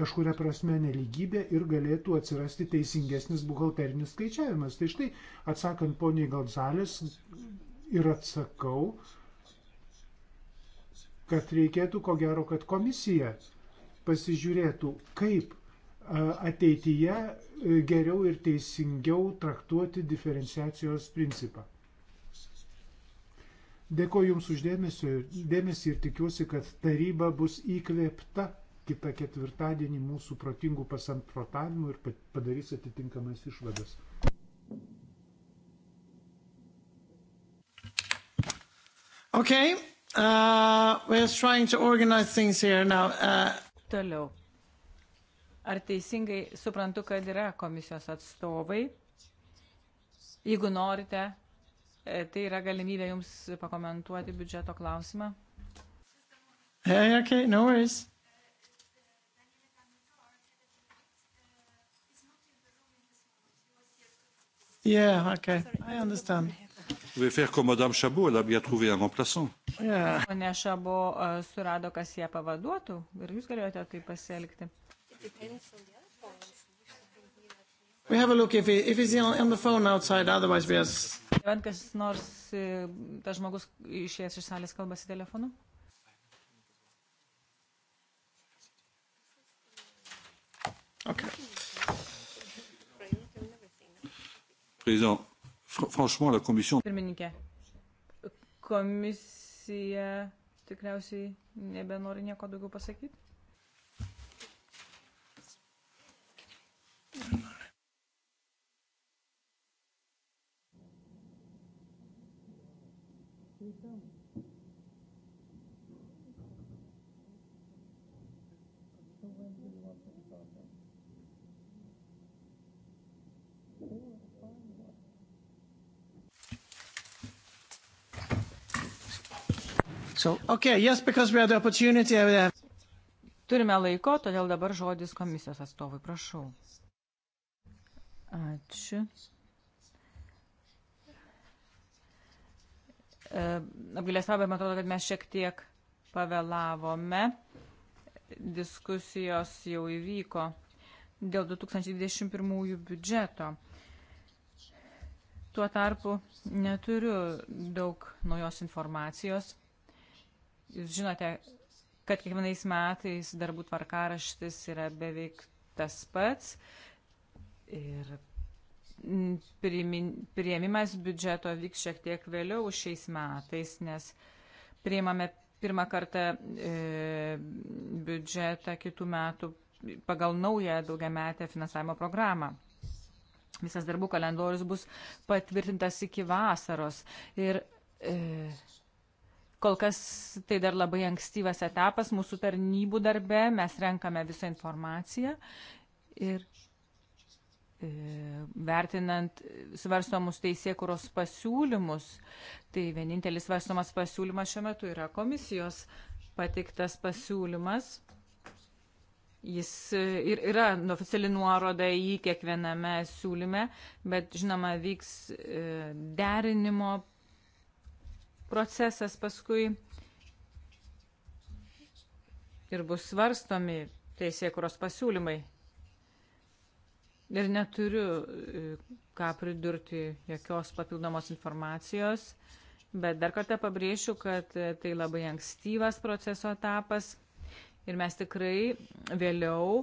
kažkuria prasme neligybė ir galėtų atsirasti teisingesnis buhalterinis skaičiavimas. Tai štai, atsakant poniai Galzalės, ir atsakau, kad reikėtų ko gero, kad komisija pasižiūrėtų, kaip ateityje geriau ir teisingiau traktuoti diferenciacijos principą. Dėkoju Jums už dėmesį, dėmesį ir tikiuosi, kad taryba bus įkvėpta kitą ketvirtadienį mūsų protingų pasamprotavimų ir padarys atitinkamas išvadas. Okay. Uh, we're trying to organize things here now. Uh... Toliau Ar teisingai suprantu, kad yra komisijos atstovai? Jeigu norite, e, tai yra galimybė jums pakomentuoti biudžeto klausimą. Hey, okay, no worries. Yeah, okay. I understand. Vous pouvez faire comme Madame Chabot, elle a bien trouvé un remplaçant. Yeah. Ponia Šabo e, surado, kas ją pavaduotų ir jūs galėjote taip pasielgti depends on the other phones. We have a look if, he, if he's on the phone outside, otherwise we has... Bent kas nors, e, tas žmogus išėjęs iš salės kalbasi telefonu? Okay. Président, fr franchement, la commission... Pirmininkė, komisija tikriausiai nebenori nieko daugiau pasakyti? So, okay, yes, opportunity... Uh, Turime laiko, todėl dabar žodis komisijos atstovui. Prašau. Ačiū. E, Apgailėstavę, man atrodo, kad mes šiek tiek pavėlavome. Diskusijos jau įvyko dėl 2021 biudžeto. Tuo tarpu neturiu daug naujos informacijos Jūs žinote, kad kiekvienais metais darbų tvarkaraštis yra beveik tas pats. Ir prieimimas biudžeto vyks šiek tiek vėliau šiais metais, nes prieimame pirmą kartą e, biudžetą kitų metų pagal naują daugiametę finansavimo programą. Visas darbų kalendorius bus patvirtintas iki vasaros. Ir e, Kol kas tai dar labai ankstyvas etapas mūsų tarnybų darbe, mes renkame visą informaciją ir e, vertinant svarstomus teisėkuros pasiūlymus, tai vienintelis svarstomas pasiūlymas šiuo metu yra komisijos patiktas pasiūlymas. Jis e, ir yra oficiali nuoroda į kiekviename siūlyme, bet žinoma vyks e, derinimo procesas paskui ir bus svarstomi teisėkuros pasiūlymai. Ir neturiu e, ką pridurti jokios papildomos informacijos, bet dar kartą pabrėšiu, kad e, tai labai ankstyvas proceso etapas ir mes tikrai vėliau,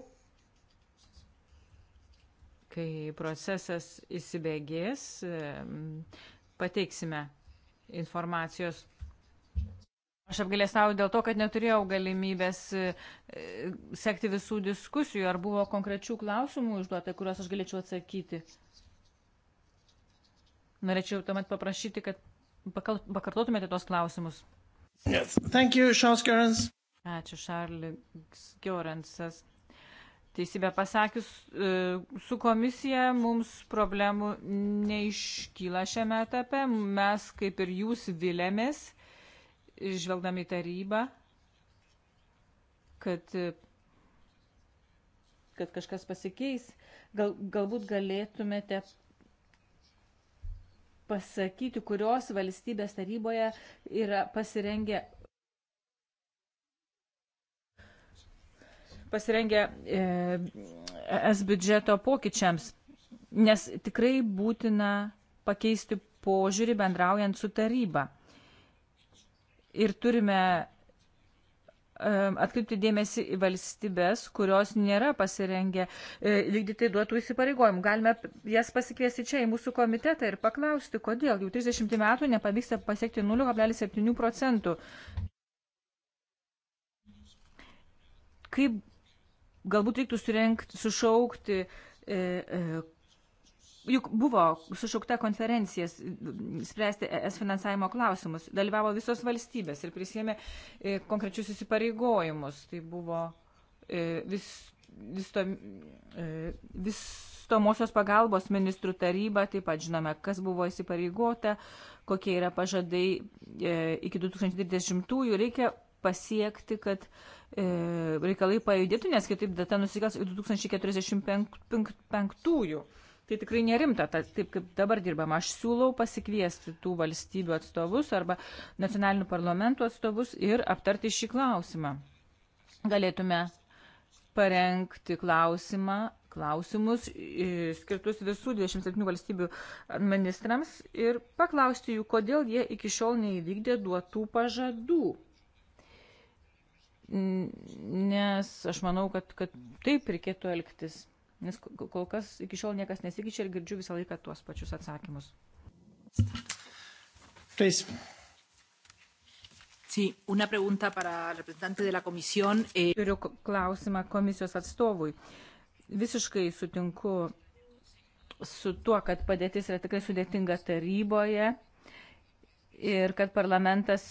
kai procesas įsibėgės, e, pateiksime informacijos. Aš apgalėstauju dėl to, kad neturėjau galimybės e, e, sekti visų diskusijų, ar buvo konkrečių klausimų užduota, kuriuos aš galėčiau atsakyti. Norėčiau tuomet paprašyti, kad pakartotumėte tos klausimus. Yes. Thank you, Charles Gerens. Ačiū, Charles Gerensas. Teisybė pasakius, e, su komisija mums problemų neiškyla šiame etape. Mes, kaip ir jūs, vilėmės, žvelgdami tarybą, kad, e, kad kažkas pasikeis. Gal, galbūt galėtumėte pasakyti, kurios valstybės taryboje yra pasirengę pasirengę e, es biudžeto pokyčiams, nes tikrai būtina pakeisti požiūrį bendraujant su taryba. Ir turime e, atkreipti dėmesį į valstybės, kurios nėra pasirengę e, vykdyti duotų įsipareigojimų. Galime jas pasikviesti čia į mūsų komitetą ir paklausti, kodėl jau 30 metų nepavyksta pasiekti 0,7 procentų. Kaip Galbūt reiktų surenkti, sušaukti. E, e, Juk buvo sušaukta konferencija spręsti ES finansavimo klausimus. Dalyvavo visos valstybės ir prisėmė e, konkrečius įsipareigojimus. Tai buvo e, vis, visto, e, vistomosios pagalbos ministrų taryba, taip pat žinome, kas buvo įsipareigota, kokie yra pažadai iki 2030-ųjų. Reikia pasiekti, kad E, reikalai pajudėtų, nes kitaip data nusikels 2045-ųjų. Tai tikrai nerimta, ta, taip kaip dabar dirbama. Aš siūlau pasikviesti tų valstybių atstovus arba nacionalinių parlamentų atstovus ir aptarti šį klausimą. Galėtume parengti klausimą, klausimus skirtus visų 27 valstybių ministrams ir paklausti jų, kodėl jie iki šiol neįvykdė duotų pažadų nes aš manau, kad, kad taip reikėtų elgtis. Nes kol kas iki šiol niekas nesikeičia ir girdžiu visą laiką tuos pačius atsakymus. Please. Sí, una pregunta para el representante de la comisión. Eh... Turiu klausimą komisijos atstovui. Visiškai sutinku su tuo, kad padėtis yra tikrai sudėtinga taryboje ir kad parlamentas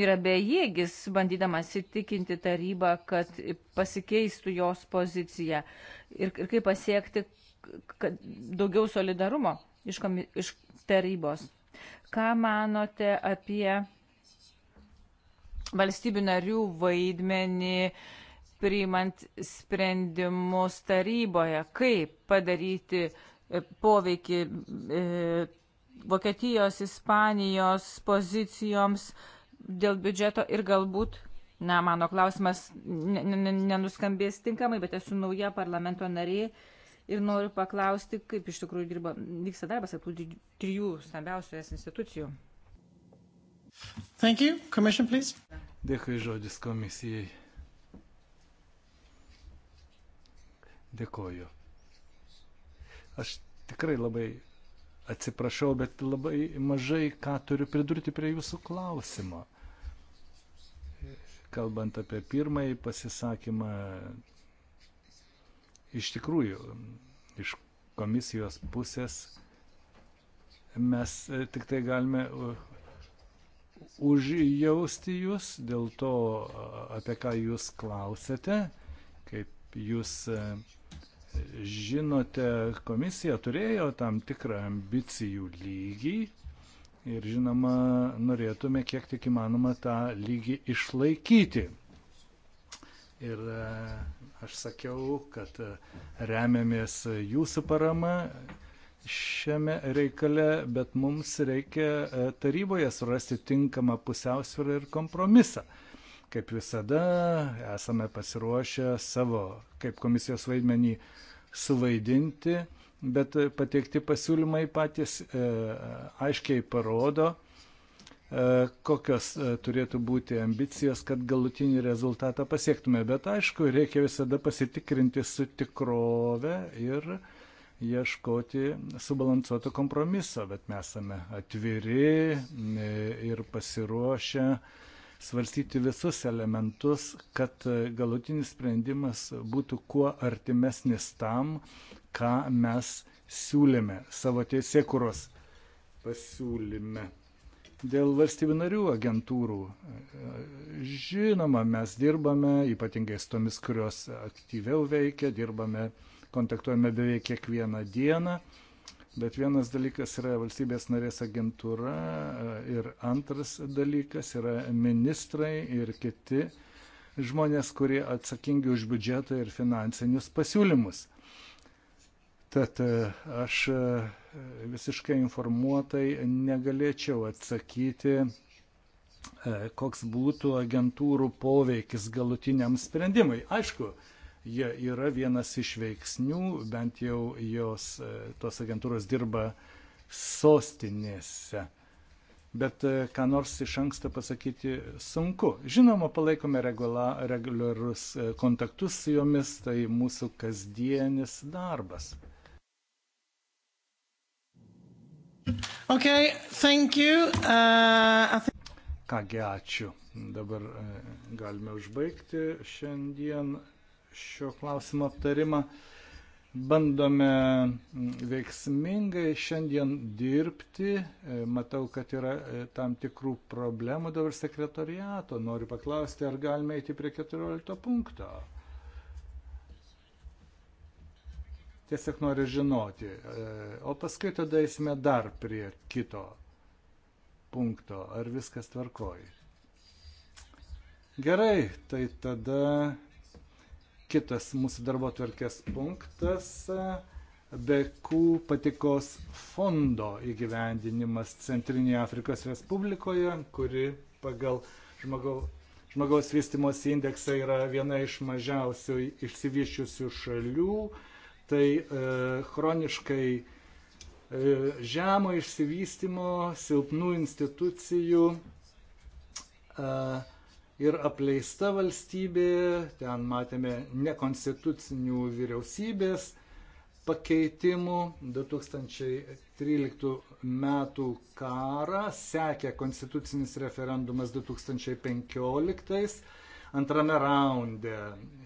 yra bejėgis, bandydamas įtikinti tarybą, kad pasikeistų jos pozicija ir, ir kaip pasiekti kad, daugiau solidarumo iš, komi, iš tarybos. Ką manote apie valstybių narių vaidmenį priimant sprendimus taryboje? Kaip padaryti e, poveikį e, Vokietijos, Ispanijos pozicijoms dėl biudžeto ir galbūt, na, mano klausimas nenuskambės tinkamai, bet esu nauja parlamento narė ir noriu paklausti, kaip iš tikrųjų dirba, vyksta darbas tų trijų stambiausių institucijų. Thank you. Commission, please. Dėkui žodis komisijai. Dėkoju. Aš tikrai labai atsiprašau, bet labai mažai ką turiu pridurti prie jūsų klausimo. Kalbant apie pirmąjį pasisakymą, iš tikrųjų, iš komisijos pusės mes e, tik tai galime e, užjausti jūs dėl to, apie ką jūs klausėte, kaip jūs e, žinote, komisija turėjo tam tikrą ambicijų lygį ir žinoma, norėtume kiek tik įmanoma tą lygį išlaikyti. Ir e, aš sakiau, kad e, remiamės jūsų parama šiame reikale, bet mums reikia e, taryboje surasti tinkamą pusiausvyrą ir kompromisą. Kaip visada, esame pasiruošę savo, kaip komisijos vaidmenį, suvaidinti, bet pateikti pasiūlymai patys e, aiškiai parodo, e, kokios e, turėtų būti ambicijos, kad galutinį rezultatą pasiektume. Bet aišku, reikia visada pasitikrinti su tikrove ir ieškoti subalansuoto kompromiso, bet mes esame atviri e, ir pasiruošę svarstyti visus elementus, kad galutinis sprendimas būtų kuo artimesnis tam, ką mes siūlėme savo teisėkuros pasiūlyme. Dėl valstybių narių agentūrų. Žinoma, mes dirbame, ypatingai su tomis, kurios aktyviau veikia, dirbame, kontaktuojame beveik kiekvieną dieną. Bet vienas dalykas yra valstybės narės agentūra e, ir antras dalykas yra ministrai ir kiti žmonės, kurie atsakingi už biudžetą ir finansinius pasiūlymus. Tad e, aš e, visiškai informuotai negalėčiau atsakyti, koks būtų agentūrų poveikis galutiniam sprendimui. Aišku, jie yra vienas iš veiksnių, bent jau jos, e, tos agentūros dirba sostinėse. Bet e, ką nors iš anksto pasakyti sunku. Žinoma, palaikome regula, reguliarus e, kontaktus su jomis, tai mūsų kasdienis darbas. Okay, thank you. Uh, think... Kągi, ačiū. Dabar galime užbaigti šiandien šio klausimo aptarimą. Bandome mm, veiksmingai šiandien dirbti. E, matau, kad yra e, tam tikrų problemų dabar sekretoriato. Noriu paklausti, ar galime eiti prie 14 punkto. Tiesiog noriu žinoti. E, o paskui tada eisime dar prie kito punkto. Ar viskas tvarkoji? Gerai, tai tada kitas mūsų darbo tvarkės punktas - Bekų patikos fondo įgyvendinimas Centrinėje Afrikos Respublikoje, kuri pagal žmogaus, žmogaus vystimosi indeksą yra viena iš mažiausių išsivyščiusių šalių. Tai e, chroniškai e, žemo išsivystimo, silpnų institucijų e, ir apleista valstybė, ten matėme nekonstitucinių vyriausybės pakeitimų, 2013 metų karą sekė konstitucinis referendumas 2015. Antrame raunde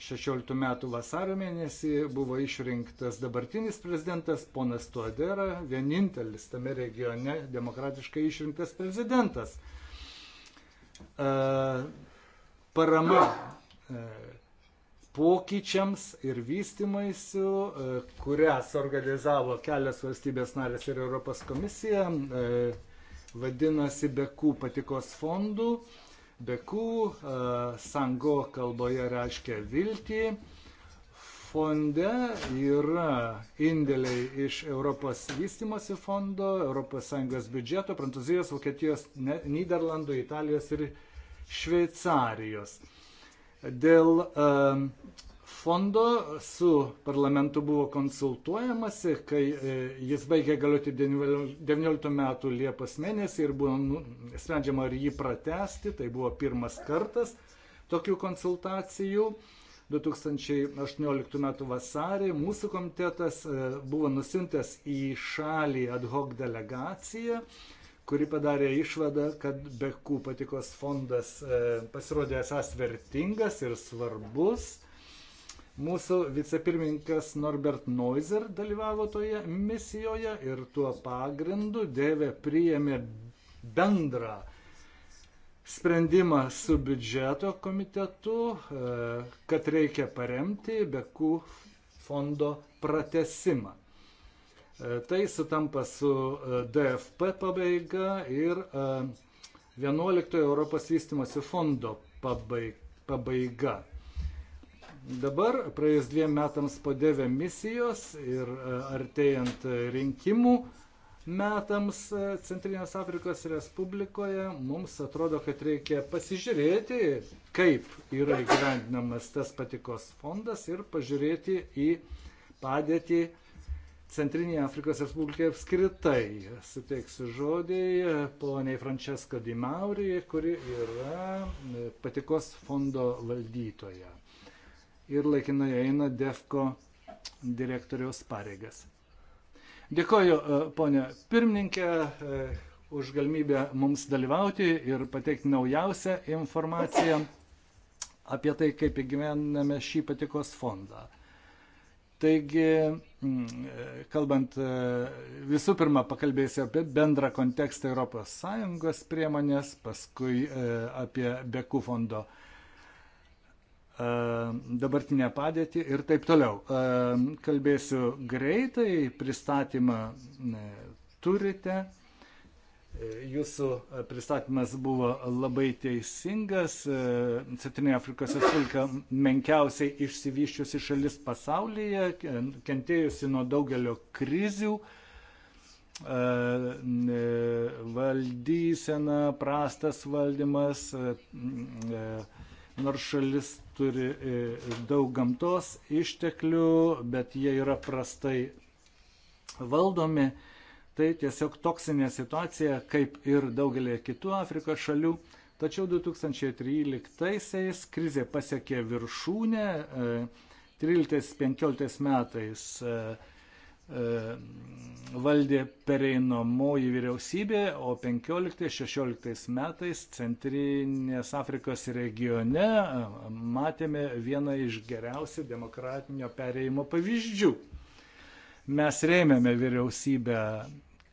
16 metų vasario mėnesį buvo išrinktas dabartinis prezidentas ponas Tuadera, vienintelis tame regione demokratiškai išrinktas prezidentas. Uh, parama e, pokyčiams ir vystimaisių, e, kurią suorganizavo kelias valstybės narės ir Europos komisija, e, vadinasi Bekų patikos fondų. Bekų sango kalboje reiškia viltį. Fonde yra indėliai iš Europos vystimosi fondo, ES biudžeto, Prancūzijos, Vokietijos, Niderlandų, Italijos ir Italijos Šveicarijos. Dėl fondo su parlamentu buvo konsultuojamasi, kai e, jis baigė galioti 19 metų Liepos mėnesį ir buvo nu, sprendžiama, ar jį pratesti. Tai buvo pirmas kartas tokių konsultacijų. 2018 m. vasarį mūsų komitetas e, buvo nusintęs į šalį ad hoc delegaciją kuri padarė išvadą, kad Bekų patikos fondas e, pasirodė esas vertingas ir svarbus. Mūsų vicepirmininkas Norbert Neuser dalyvavo toje misijoje ir tuo pagrindu Dėvė priėmė bendrą sprendimą su biudžeto komitetu, e, kad reikia paremti Bekų fondo pratesimą. E, tai sutampa su e, DFP pabaiga ir 11 e, Europos vystimosi fondo pabaiga. Dabar praėjus dviem metams po devė misijos ir artėjant rinkimų metams Centrinės Afrikos Respublikoje, mums atrodo, kad reikia pasižiūrėti, kaip yra įgyvendinamas tas patikos fondas ir pažiūrėti į padėtį Centrinėje Afrikos Respublikai apskritai. Suteiksiu žodį poniai Francesko Dimaurį, kuri yra e, patikos fondo valdytoja ir laikinai eina DEFCO direktoriaus pareigas. Dėkoju, e, ponė pirmininkė, e, už galimybę mums dalyvauti ir pateikti naujausią informaciją apie tai, kaip įgyvename šį patikos fondą. Taigi, mm, kalbant e, visų pirma, pakalbėsiu apie bendrą kontekstą ES priemonės, paskui e, apie Beku fondo e, dabartinę padėtį ir taip toliau. Kalbėsiu greitai, pristatymą turite. Jūsų e, pristatymas buvo labai teisingas. E, Centrinė Afrikos Respublika menkiausiai išsivyščiusi šalis pasaulyje, kentėjusi nuo daugelio krizių. E, valdysena, prastas valdymas, nors šalis turi daug gamtos išteklių, bet jie yra prastai valdomi tai tiesiog toksinė situacija, kaip ir daugelį kitų Afrikos šalių. Tačiau 2013-aisiais krizė pasiekė viršūnę, 13-15 e, metais e, e, valdė pereinamoji vyriausybė, o 15-16 metais Centrinės Afrikos regione matėme vieną iš geriausių demokratinio pereimo pavyzdžių. Mes rėmėme vyriausybę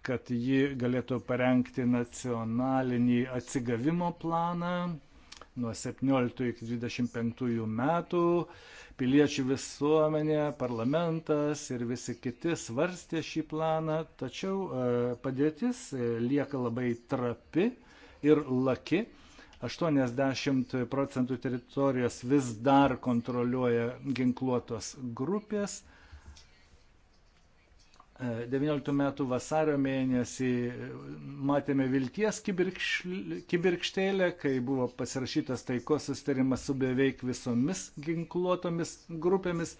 kad ji galėtų parengti nacionalinį atsigavimo planą nuo 17 iki 25 metų. Piliečių visuomenė, parlamentas ir visi kiti svarstė šį planą, tačiau e, padėtis e, lieka labai trapi ir laki. 80 procentų teritorijos vis dar kontroliuoja ginkluotos grupės 19 metų vasario mėnesį e, matėme vilties kibirkštėlę, kai buvo pasirašytas taikos sustarimas su beveik visomis ginkluotomis grupėmis,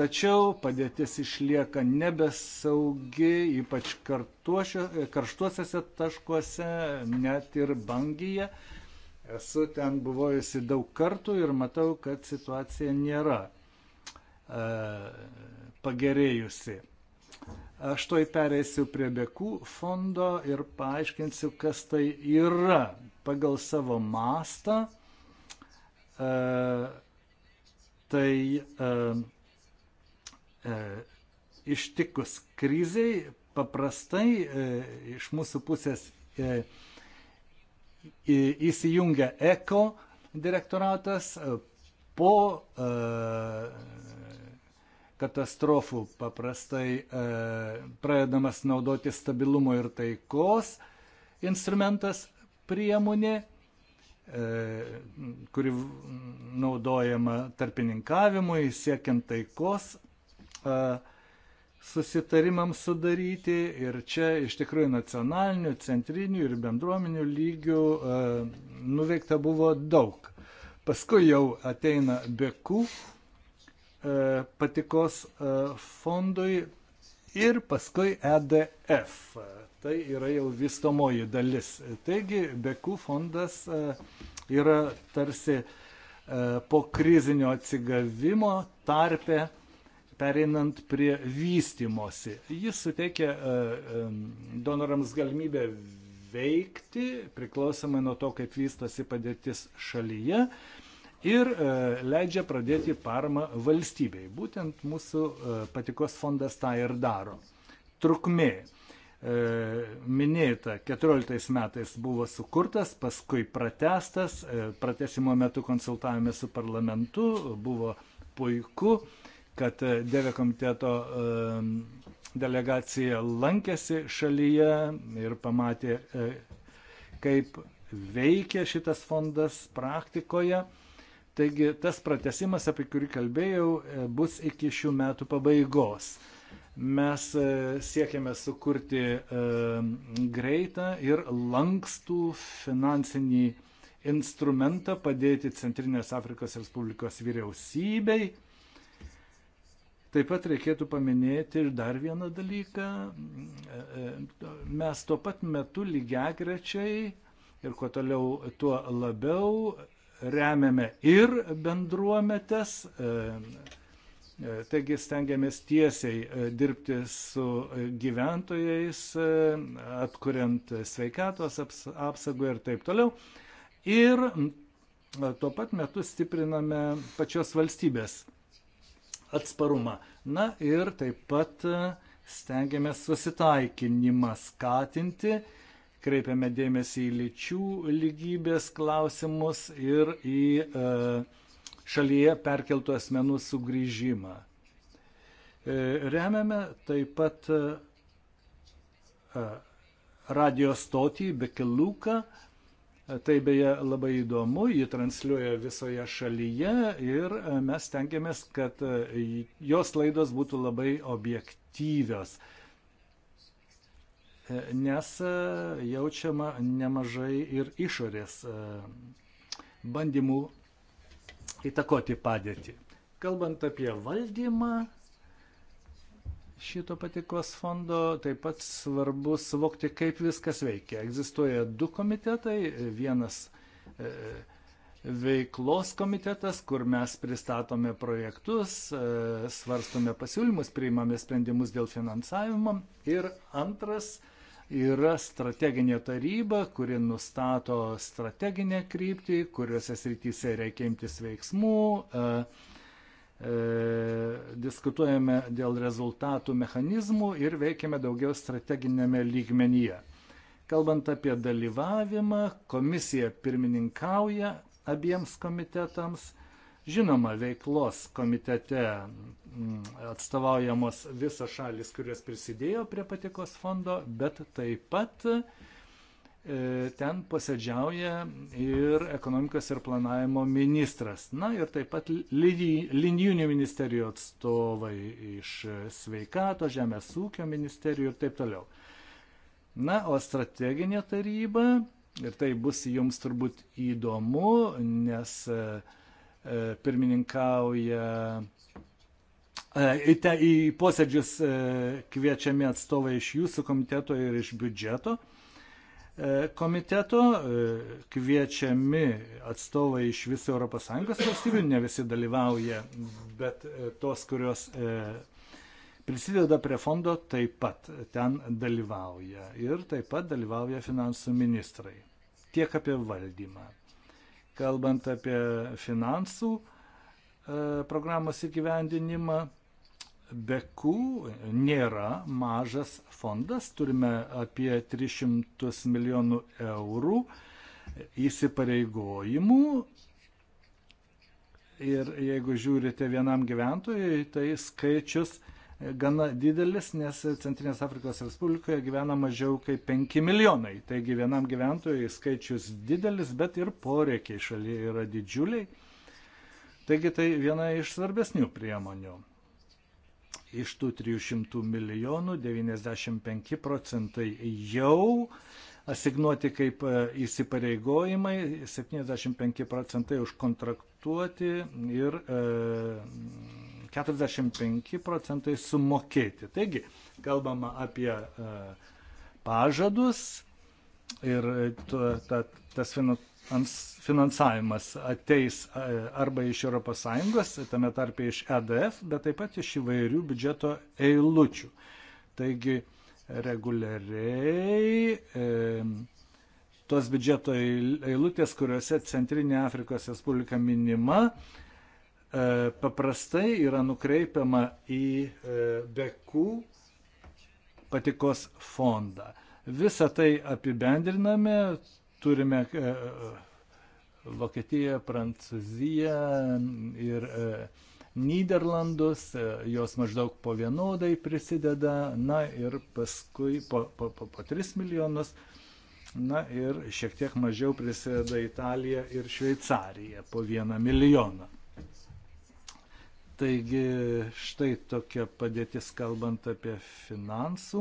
tačiau padėtis išlieka nebesaugi, ypač e, karštuosiuose taškuose, net ir bangyje. Esu ten buvojusi daug kartų ir matau, kad situacija nėra e, pagerėjusi. Aš toj pereisiu prie Bekų fondo ir paaiškinsiu, kas tai yra. Pagal savo mastą e, tai e, e, ištikus kriziai paprastai e, iš mūsų pusės e, įsijungia ECO direktoratas po e, katastrofų paprastai e, pradedamas naudoti stabilumo ir taikos instrumentas priemonė, e, kuri naudojama tarpininkavimui, siekiant taikos e, susitarimams sudaryti. Ir čia iš tikrųjų nacionalinių, centrinių ir bendruomenių lygių e, nuveikta buvo daug. Paskui jau ateina Beku E, patikos e, fondui ir paskui EDF. Tai yra jau vystomoji dalis. Taigi, Bekų fondas e, yra tarsi po krizinio atsigavimo tarpe pereinant prie vystimosi. Jis suteikia donorams galimybę veikti priklausomai nuo to, kaip vystosi padėtis šalyje. Uh, ir e, leidžia pradėti paramą valstybei. Būtent mūsų e, patikos fondas tą ir daro. Trukmė. E, minėta, 14 metais buvo sukurtas, paskui pratestas, pratesimo metu konsultavome su parlamentu, buvo puiku, kad Deve komiteto delegacija lankėsi šalyje ir pamatė, kaip veikia šitas fondas praktikoje. Taigi tas pratesimas, apie kurį kalbėjau, e, bus iki šių metų pabaigos. Mes e, siekiame sukurti e, greitą ir lankstų finansinį instrumentą padėti Centrinės Afrikos Respublikos vyriausybei. Taip pat reikėtų paminėti ir dar vieną dalyką. Mes tuo pat metu lygiagrečiai ir kuo toliau, tuo labiau remiame ir bendruometės, e, e, taigi stengiamės tiesiai e, dirbti su gyventojais, atkuriant sveikatos apsaugą ir taip toliau. Ir tuo pat metu stipriname pačios valstybės atsparumą. Na ir taip pat stengiamės susitaikinimą skatinti, kreipiame dėmesį į lyčių lygybės klausimus ir į e, šalyje perkeltų asmenų sugrįžimą. E, remiame taip pat e, radio stotį Bekeluką. Tai beje labai įdomu, jį transliuoja visoje šalyje ir mes tengiamės, kad jos laidos būtų labai objektyvios nes e, jaučiama nemažai ir išorės e, bandymų įtakoti padėtį. Kalbant apie valdymą šito patikos fondo, taip pat svarbu suvokti, kaip viskas veikia. Egzistuoja du komitetai, vienas e, veiklos komitetas, kur mes pristatome projektus, svarstome pasiūlymus, priimame sprendimus dėl finansavimo. Ir antras yra strateginė taryba, kuri nustato strateginę kryptį, kuriuose srityse reikia imtis veiksmų. E, e, diskutuojame dėl rezultatų mechanizmų ir veikiame daugiau strateginėme lygmenyje. Kalbant apie dalyvavimą, komisija pirmininkauja abiems komitetams – Žinoma, veiklos komitete mm, atstovaujamos visos šalis, kurios prisidėjo prie patikos fondo, bet taip pat e, ten posėdžiauja ir ekonomikos ir planavimo ministras. Na ir taip pat linijinių ministerijų atstovai iš sveikato, žemės ūkio ministerijų ir taip toliau. Na, o strateginė taryba, ir tai bus jums turbūt įdomu, nes uh, E, pirmininkauja. E, į, te, į posėdžius e, kviečiami atstovai iš jūsų komiteto ir iš biudžeto komiteto, kviečiami atstovai iš visų ES valstybių, ne visi dalyvauja, bet tos, kurios prisideda prie fondo, taip pat ten dalyvauja. Ir taip pat dalyvauja finansų ministrai. Tiek apie valdymą kalbant apie finansų e, programos įgyvendinimą. Bekų nėra mažas fondas, turime apie 300 milijonų eurų įsipareigojimų. Ir jeigu žiūrite vienam gyventojui, tai skaičius gana didelis, nes Centrinės Afrikos Respublikoje gyvena mažiau kaip 5 milijonai. Taigi vienam gyventojui skaičius didelis, bet ir poreikiai šalyje yra didžiuliai. Taigi tai viena iš svarbesnių priemonių. Iš tų 300 milijonų 95 procentai jau asignuoti kaip e, įsipareigojimai, 75 procentai užkontraktuoti ir e, 45 procentai sumokėti. Taigi, kalbama apie e, pažadus ir e, tas finansavimas ateis e, arba iš ES, tame tarpe iš EDF, bet taip pat iš įvairių biudžeto eilučių. Taigi, reguliariai e, tos biudžeto eilutės, kuriuose Centrinė Afrikos Respublika minima, e, E, paprastai yra nukreipiama į e, bekų patikos fondą. Visą tai apibendriname, turime e, Vokietiją, Prancūziją ir Niderlandus, jos maždaug po vienodai prisideda, na ir paskui po, po, po, po 3 milijonus, na ir šiek tiek mažiau prisideda Italija ir Šveicarija po 1 milijoną. Taigi štai tokia padėtis kalbant apie finansų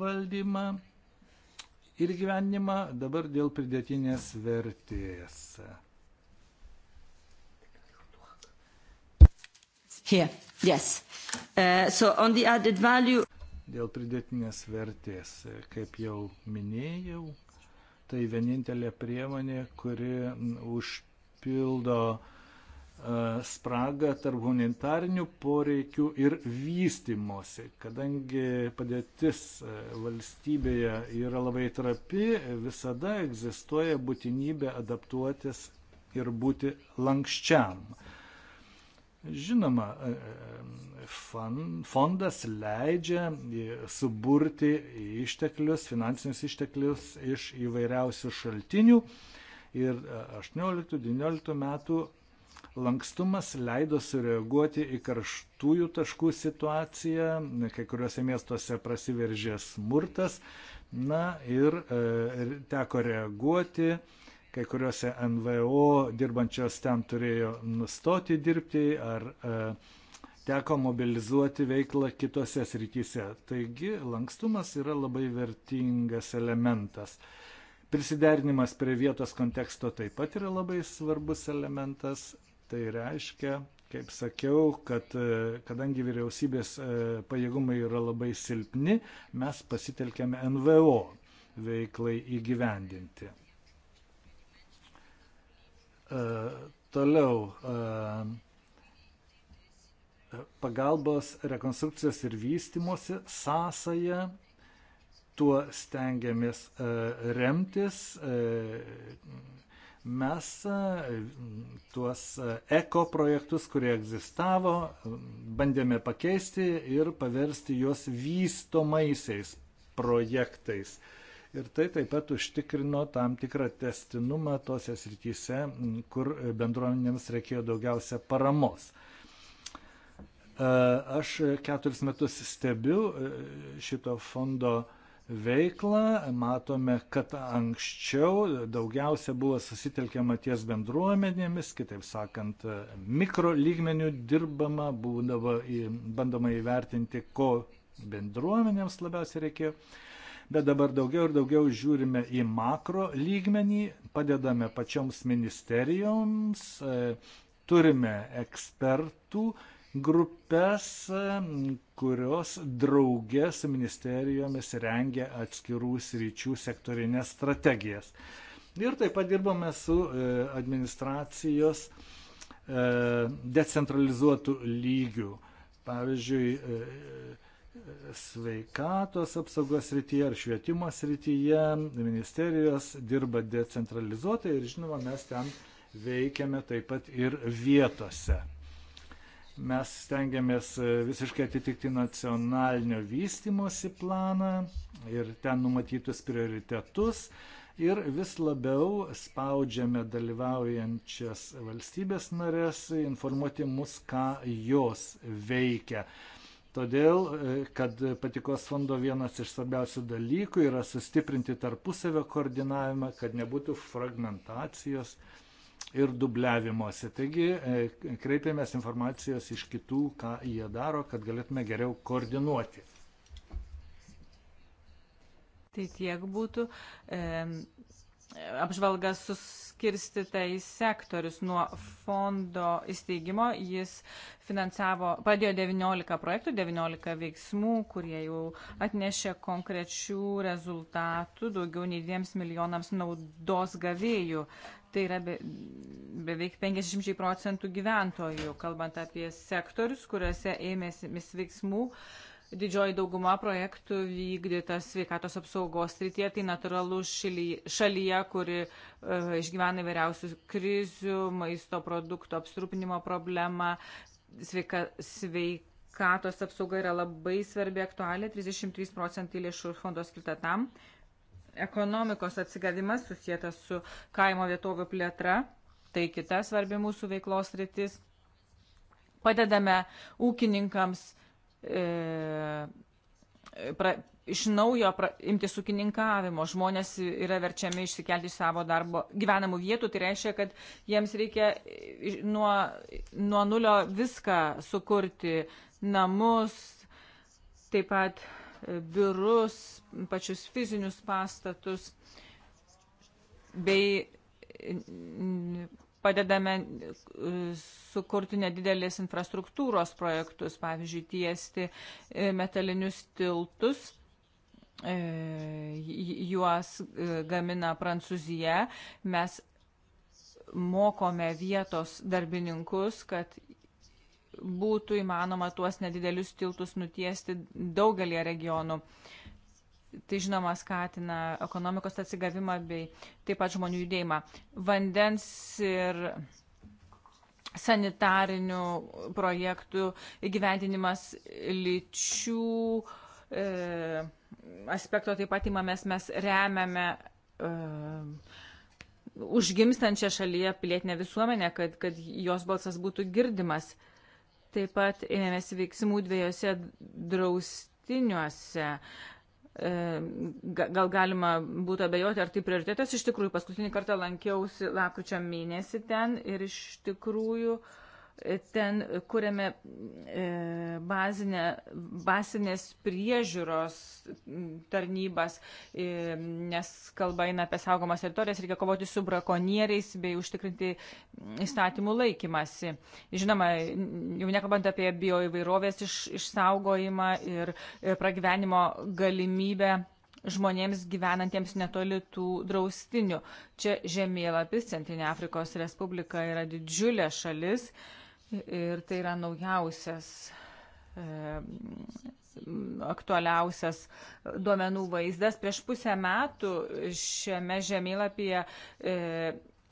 valdymą ir gyvenimą dabar dėl pridėtinės vertės. Here, yes. Uh, so on the added value. Dėl pridėtinės vertės, kaip jau minėjau, tai vienintelė priemonė, kuri užpildo uh, E, spragą tarp humanitarinių poreikių ir vystimosi. Kadangi padėtis e, valstybėje yra labai trapi, visada egzistuoja būtinybė adaptuotis ir būti lankščiam. Žinoma, e, fondas leidžia suburti išteklius, finansinius išteklius iš įvairiausių šaltinių ir 18-19 metų Lankstumas leido sureaguoti į karštųjų taškų situaciją, kai kuriuose miestuose prasiveržė smurtas, na ir e, teko reaguoti, kai kuriuose NVO dirbančios ten turėjo nustoti dirbti ar e, teko mobilizuoti veiklą kitose srityse. Taigi lankstumas yra labai vertingas elementas. Prisiderinimas prie vietos konteksto taip pat yra labai svarbus elementas Tai reiškia, kaip sakiau, kad e, kadangi vyriausybės e, pajėgumai yra labai silpni, mes pasitelkėme NVO veiklai įgyvendinti. E, toliau pagalbos rekonstrukcijos ir vystimosi sąsaja. Tuo stengiamės remtis, Mes e, tuos e, eko projektus, kurie egzistavo, bandėme pakeisti ir paversti juos vystomaisiais projektais. Ir tai taip pat užtikrino tam tikrą testinumą tose srityse, kur bendruomenėms reikėjo daugiausia paramos. E, aš keturis metus stebiu šito fondo veiklą. Matome, kad anksčiau daugiausia buvo susitelkiama ties bendruomenėmis, kitaip sakant, mikro lygmenių dirbama, būdavo į, bandoma įvertinti, ko bendruomenėms labiausiai reikėjo. Bet dabar daugiau ir daugiau žiūrime į makro lygmenį, padedame pačioms ministerijoms, e, turime ekspertų, grupės, kurios draugė su ministerijomis rengia atskirų sričių sektorinės strategijas. Ir taip pat dirbame su e, administracijos e, decentralizuotų lygių. Pavyzdžiui, e, sveikatos apsaugos srityje ar švietimo srityje ministerijos dirba decentralizuotai ir žinoma, mes ten veikiame taip pat ir vietose. Mes stengiamės e, visiškai atitikti nacionalinio vystimosi planą ir ten numatytus prioritetus ir vis labiau spaudžiame dalyvaujančias valstybės narės informuoti mus, ką jos veikia. Todėl, e, kad patikos fondo vienas iš svarbiausių dalykų yra sustiprinti tarpusavio koordinavimą, kad nebūtų fragmentacijos ir dubliavimuose. Taigi e, kreipiamės informacijos iš kitų, ką jie daro, kad galėtume geriau koordinuoti. Tai tiek būtų. E, apžvalga suskirstyta į sektorius nuo fondo įsteigimo. Jis finansavo, padėjo 19 projektų, 19 veiksmų, kurie jau atnešė konkrečių rezultatų daugiau nei 2 milijonams naudos gavėjų. Tai yra be, beveik 50 procentų gyventojų, kalbant apie sektorius, kuriuose ėmėsi veiksmų. Didžioji dauguma projektų vykdyta sveikatos apsaugos srityje, tai natūralu šalyje, šalyje kuri e, išgyvena vairiausių krizių, maisto produktų apsirūpinimo problemą, sveika, sveikatos apsauga yra labai svarbi aktualė, 33 procentai lėšų fondo skirta tam ekonomikos atsigavimas susijęs su kaimo vietovių plėtra, tai kita svarbi mūsų veiklos rytis. Padedame ūkininkams e, pra, iš naujo pra, imti sukininkavimo. Žmonės yra verčiami išsikelti iš savo darbo gyvenamų vietų, tai reiškia, kad jiems reikia e, nuo, nuo nulio viską sukurti - namus, taip pat biurus, pačius fizinius pastatus bei padedame sukurti nedidelės infrastruktūros projektus, pavyzdžiui, tiesti e, metalinius tiltus. E, juos e, gamina Prancūzija. Mes mokome vietos darbininkus, kad būtų įmanoma tuos nedidelius tiltus nutiesti daugelie regionų. Tai žinoma skatina ekonomikos atsigavimą bei taip pat žmonių judėjimą. Vandens ir sanitarinių projektų įgyvendinimas lyčių e, aspekto taip pat įmamės, mes remiame e, užgimstančią šalyje pilietinę visuomenę, kad, kad jos balsas būtų girdimas. E, Taip pat ėmėmės veiksmų dviejose draustiniuose. E, gal galima būtų abejoti, ar tai prioritetas. Iš tikrųjų, paskutinį kartą lankiausi lapkričio mėnesį ten ir iš tikrųjų uh, Ten kuriame bazinę, e, bazinės priežiūros tarnybas, e, nes kalba eina apie saugomas teritorijas, reikia kovoti su brakonieriais bei užtikrinti įstatymų laikymasi. Žinoma, jau nekalbant apie bioįvairovės iš, išsaugojimą ir pragyvenimo galimybę žmonėms gyvenantiems netoli tų draustinių. Čia žemėlapis, Centrinė Afrikos Respublika yra didžiulė šalis. E, Ir tai yra naujausias, e, aktualiausias duomenų vaizdas. Prieš pusę metų šiame žemėlapyje e,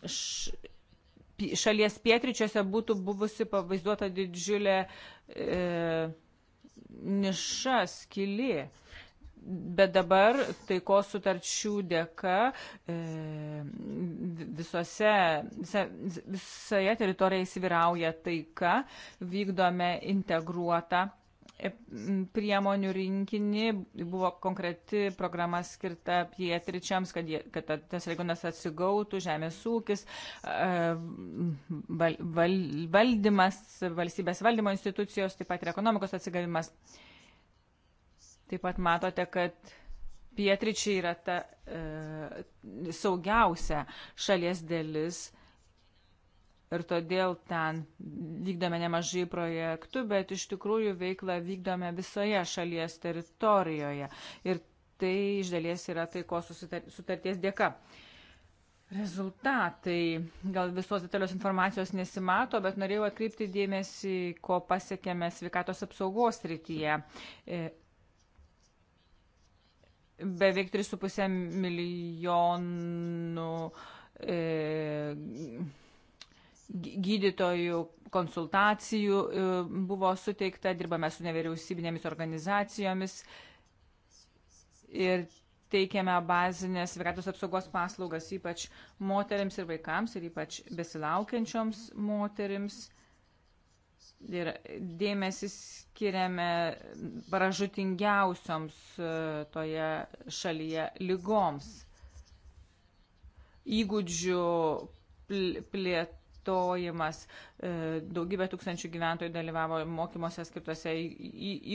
š, šalies pietričiuose būtų buvusi pavaizduota didžiulė e, niša skilė. E, Bet dabar taikos sutarčių dėka e, visose, visa, visoje teritorijoje įsivyrauja taika, vykdome integruotą e, priemonių rinkinį, buvo konkreti programa skirta pietričiams, kad, jie, kad tas regionas atsigautų, žemės ūkis, e, val, val, valdymas, valstybės valdymo institucijos, taip pat ir ekonomikos atsigavimas. Taip pat matote, kad pietričiai yra ta e, saugiausia šalies dalis ir todėl ten vykdome nemažai projektų, bet iš tikrųjų veiklą vykdome visoje šalies teritorijoje. Ir tai iš dalies yra taikos sutarties dėka. Rezultatai, gal visos detalios informacijos nesimato, bet norėjau atkreipti dėmesį, ko pasiekėme sveikatos apsaugos rytyje. E, beveik 3,5 milijonų e, gydytojų konsultacijų e, buvo suteikta, dirbame su nevyriausybinėmis organizacijomis ir teikiame bazinės sveikatos apsaugos paslaugas ypač moteriams ir vaikams ir ypač besilaukiančioms moteriams ir dėmesį skiriame paražutingiausioms e, toje šalyje lygoms. Įgūdžių plėtojimas. E, daugybė tūkstančių gyventojų dalyvavo mokymuose skirtose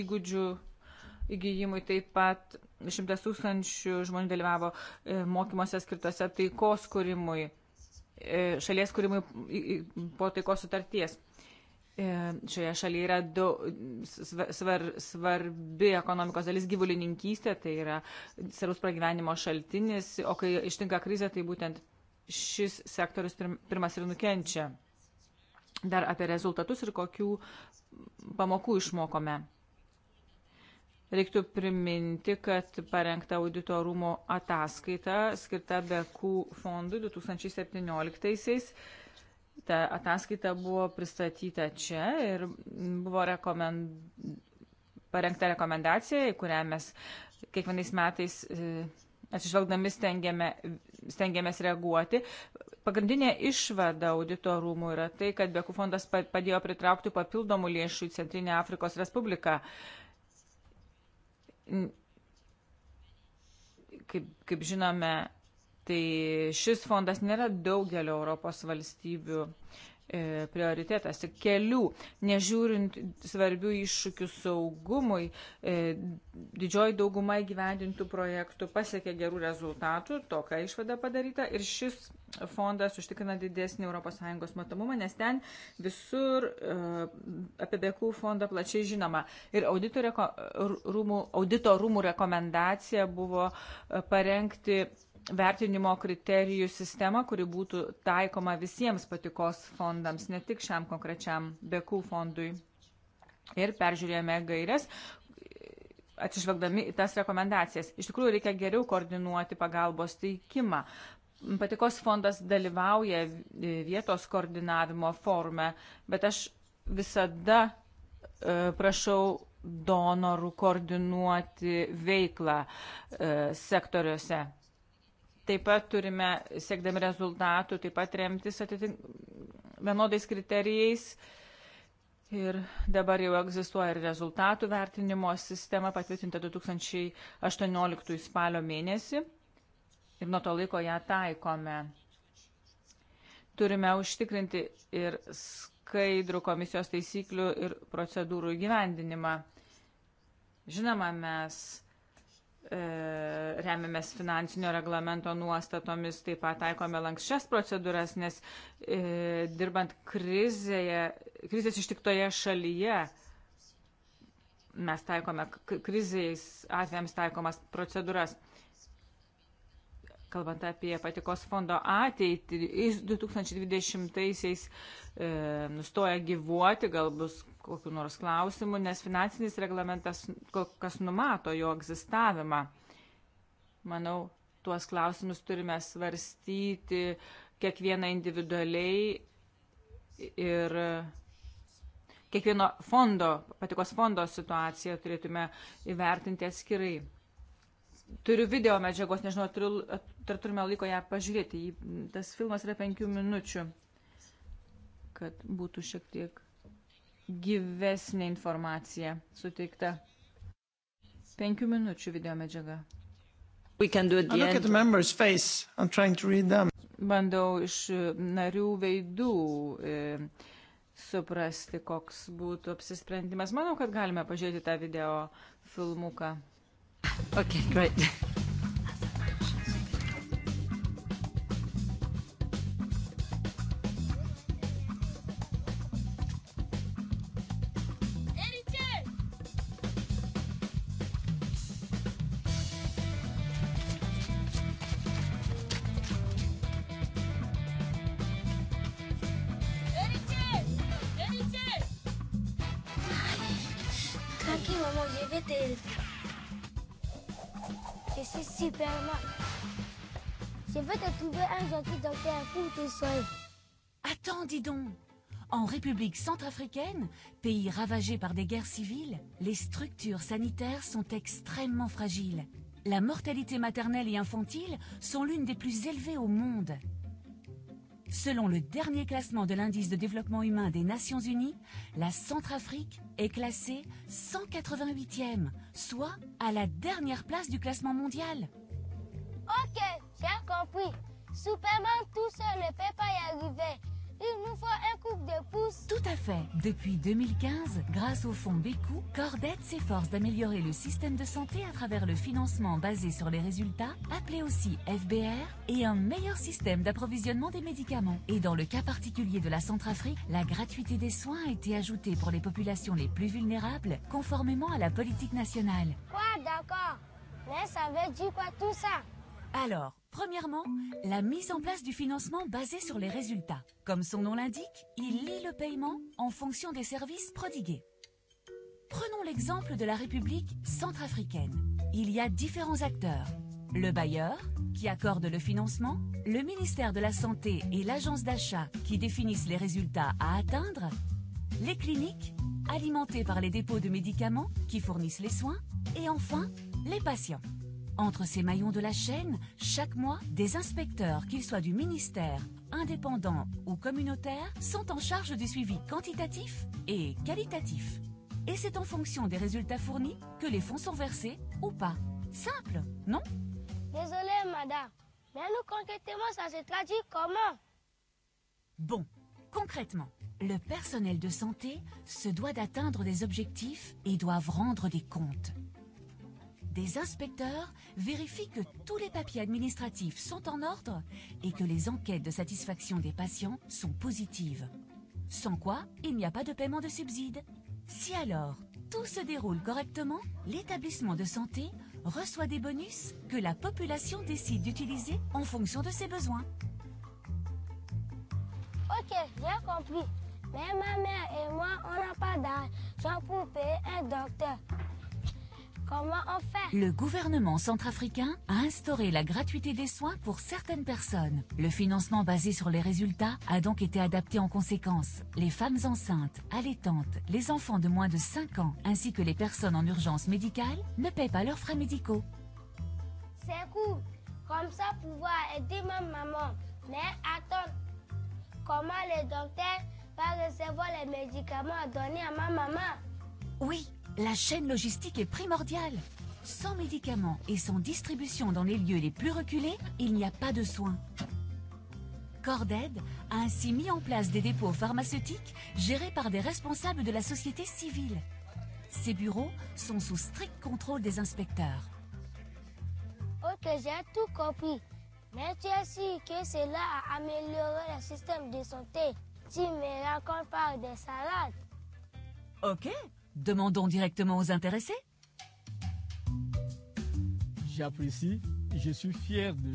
įgūdžių įgyjimui. Taip pat šimtas tūkstančių žmonių dalyvavo e, mokymuose skirtose taikos kūrimui, šalies kūrimui po taikos sutarties E, šioje šalyje yra du, svar, svarbi ekonomikos dalis gyvulininkystė, tai yra svarbus pragyvenimo šaltinis, o kai ištinka krizė, tai būtent šis sektorius pirmas ir nukenčia. Dar apie rezultatus ir kokių pamokų išmokome. Reiktų priminti, kad parengta audito rūmo ataskaita skirta BQ fondui 2017. -aisiais Ta ataskaita buvo pristatyta čia ir buvo rekomend... parengta rekomendacija, į kurią mes kiekvienais metais e, atsižvelgdami stengiame, stengiamės reaguoti. Pagrindinė išvada audito rūmų yra tai, kad Bekų fondas padėjo pritraukti papildomų lėšų į Centrinę Afrikos Respubliką. Kaip, kaip žinome, Tai šis fondas nėra daugelio Europos valstybių e, prioritetas. Kelių, nežiūrint svarbių iššūkių saugumui, e, didžioji dauguma įgyvendintų projektų pasiekė gerų rezultatų, tokia išvada padaryta ir šis fondas užtikrina didesnį ES matomumą, nes ten visur apie Bekų fondą plačiai žinoma. Ir audito rūmų, audito rūmų rekomendacija buvo e, parengti vertinimo kriterijų sistemą, kuri būtų taikoma visiems patikos fondams, ne tik šiam konkrečiam BQ fondui. Ir peržiūrėjome gairias, atsižvelgdami į tas rekomendacijas. Iš tikrųjų, reikia geriau koordinuoti pagalbos teikimą. Patikos fondas dalyvauja vietos koordinavimo forume, bet aš visada e, prašau donorų koordinuoti veiklą e, sektoriuose Taip pat turime, siekdami rezultatų, taip pat remtis atitink vienodais kriterijais. Ir dabar jau egzistuoja ir rezultatų vertinimo sistema patvirtinta 2018 spalio mėnesį. Ir nuo to laiko ją taikome. Turime užtikrinti ir skaidrų komisijos taisyklių ir procedūrų įgyvendinimą. Žinoma, mes E, remiamės finansinio reglamento nuostatomis, taip pat taikome lankščias procedūras, nes e, dirbant krizėje, krizės ištiktoje šalyje mes taikome krizės atvejams taikomas procedūras. Kalbant apie patikos fondo ateitį, jis 2020-aisiais e, nustoja gyvuoti, gal bus kokiu nors klausimu, nes finansinis reglamentas kol kas numato jo egzistavimą. Manau, tuos klausimus turime svarstyti kiekvieną individualiai ir kiekvieno fondo, patikos fondo situaciją turėtume įvertinti atskirai. Turiu video medžiagos, nežinau, turiu, ar turime laiko ją pažiūrėti. Tas filmas yra penkių minučių, kad būtų šiek tiek gyvesnė informacija suteikta. Penkių minučių video medžiaga. Bandau iš narių veidų e, suprasti, koks būtų apsisprendimas. Manau, kad galime pažiūrėti tą video filmuką. Okay, great. Aquí vamos, llévete. Ese es Superman. Je vais te trouver un gentil docteur pour tes soins. Attends, dis donc. En République centrafricaine, pays ravagé par des guerres civiles, les structures sanitaires sont extrêmement fragiles. La mortalité maternelle et infantile sont l'une des plus élevées au monde. Selon le dernier classement de l'indice de développement humain des Nations Unies, la Centrafrique est classée 188e, soit à la dernière place du classement mondial. Ok, j'ai compris. Superman tout seul ne peut pas y arriver. Tout à fait. Depuis 2015, grâce au fonds Bécou, Cordette s'efforce d'améliorer le système de santé à travers le financement basé sur les résultats, appelé aussi FBR, et un meilleur système d'approvisionnement des médicaments. Et dans le cas particulier de la Centrafrique, la gratuité des soins a été ajoutée pour les populations les plus vulnérables, conformément à la politique nationale. Quoi, d'accord Mais ça veut dire quoi tout ça Alors, Premièrement, la mise en place du financement basé sur les résultats. Comme son nom l'indique, il lie le paiement en fonction des services prodigués. Prenons l'exemple de la République centrafricaine. Il y a différents acteurs. Le bailleur, qui accorde le financement, le ministère de la Santé et l'agence d'achat, qui définissent les résultats à atteindre, les cliniques, alimentées par les dépôts de médicaments, qui fournissent les soins, et enfin, les patients. Entre ces maillons de la chaîne, chaque mois, des inspecteurs, qu'ils soient du ministère, indépendants ou communautaires, sont en charge du suivi quantitatif et qualitatif. Et c'est en fonction des résultats fournis que les fonds sont versés ou pas. Simple, non Désolée, madame, mais nous concrètement, ça se traduit comment Bon, concrètement, le personnel de santé se doit d'atteindre des objectifs et doivent rendre des comptes des inspecteurs vérifient que tous les papiers administratifs sont en ordre et que les enquêtes de satisfaction des patients sont positives. Sans quoi, il n'y a pas de paiement de subside. Si alors tout se déroule correctement, l'établissement de santé reçoit des bonus que la population décide d'utiliser en fonction de ses besoins. Ok, j'ai compris. Mais ma mère et moi, on n'a pas d'argent pour payer un docteur. Comment on fait Le gouvernement centrafricain a instauré la gratuité des soins pour certaines personnes. Le financement basé sur les résultats a donc été adapté en conséquence. Les femmes enceintes, allaitantes, les enfants de moins de 5 ans ainsi que les personnes en urgence médicale ne paient pas leurs frais médicaux. C'est cool, comme ça pouvoir aider ma maman. Mais attends, comment le docteur va recevoir les médicaments donnés à ma maman Oui, la chaîne logistique est primordiale. Sans médicaments et sans distribution dans les lieux les plus reculés, il n'y a pas de soins. Corded a ainsi mis en place des dépôts pharmaceutiques gérés par des responsables de la société civile. Ces bureaux sont sous strict contrôle des inspecteurs. Ok, j'ai tout compris. Mais tu as su que cela a amélioré le système de santé. Tu me racontes par des salades. Ok, Demandons directement aux intéressés. J'apprécie, je suis fier de,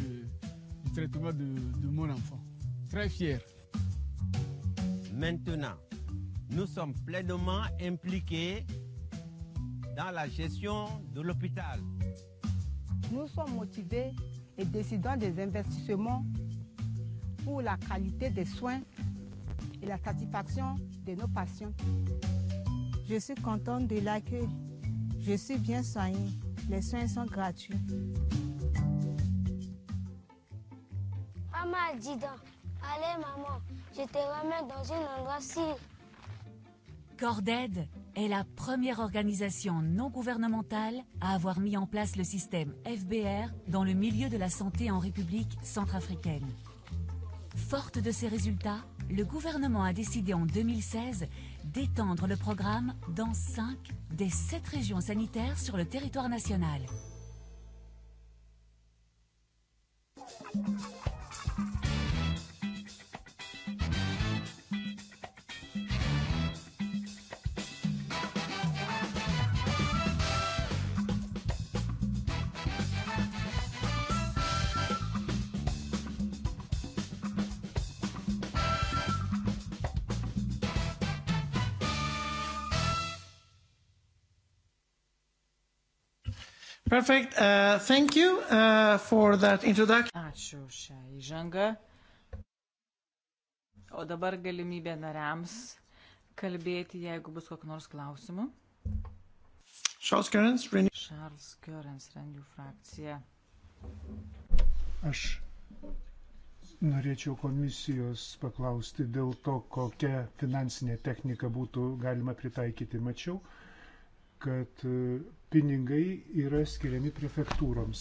du traitement de, de mon enfant. Très fier. Maintenant, nous sommes pleinement impliqués dans la gestion de l'hôpital. Nous sommes motivés et décidons des investissements pour la qualité des soins et la satisfaction de nos patients. Je suis contente de l'accueil. Je suis bien soignée. Les soins sont gratuits. Maman, dis donc. Allez, maman, je te remets dans un endroit sûr. Corded est la première organisation non gouvernementale à avoir mis en place le système FBR dans le milieu de la santé en République centrafricaine. Forte de ces résultats, le gouvernement a décidé en 2016 d'étendre le programme dans 5 des 7 régions sanitaires sur le territoire national. Perfect. Uh, thank you uh, for that introduction. Ačiū šią įžangą. O dabar galimybė nariams kalbėti, jeigu bus kokiu nors klausimu. Charles Currens, Renew. Charles Currens, Renew frakcija. Aš norėčiau komisijos paklausti dėl to, kokią finansinę techniką būtų galima pritaikyti. Mačiau, uh, kad e, pinigai yra skiriami prefektūroms.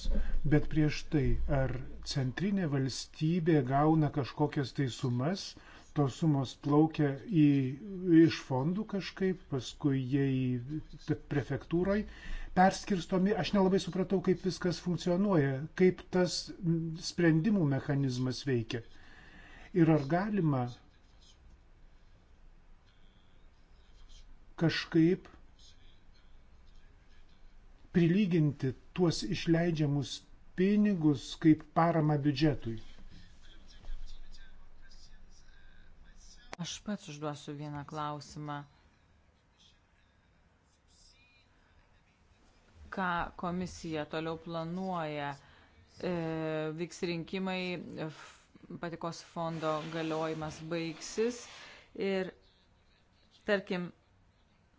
Bet prieš tai, ar centrinė valstybė gauna kažkokias tai sumas, tos sumos plaukia į, iš fondų kažkaip, paskui jie į prefektūrai perskirstomi. Aš nelabai supratau, kaip viskas funkcionuoja, kaip tas sprendimų mechanizmas veikia. Ir ar galima kažkaip prilyginti tuos išleidžiamus pinigus kaip parama biudžetui. Aš pats užduosiu vieną klausimą. Ką komisija toliau planuoja? E, vyks rinkimai, patikos fondo galiojimas baigsis ir, tarkim,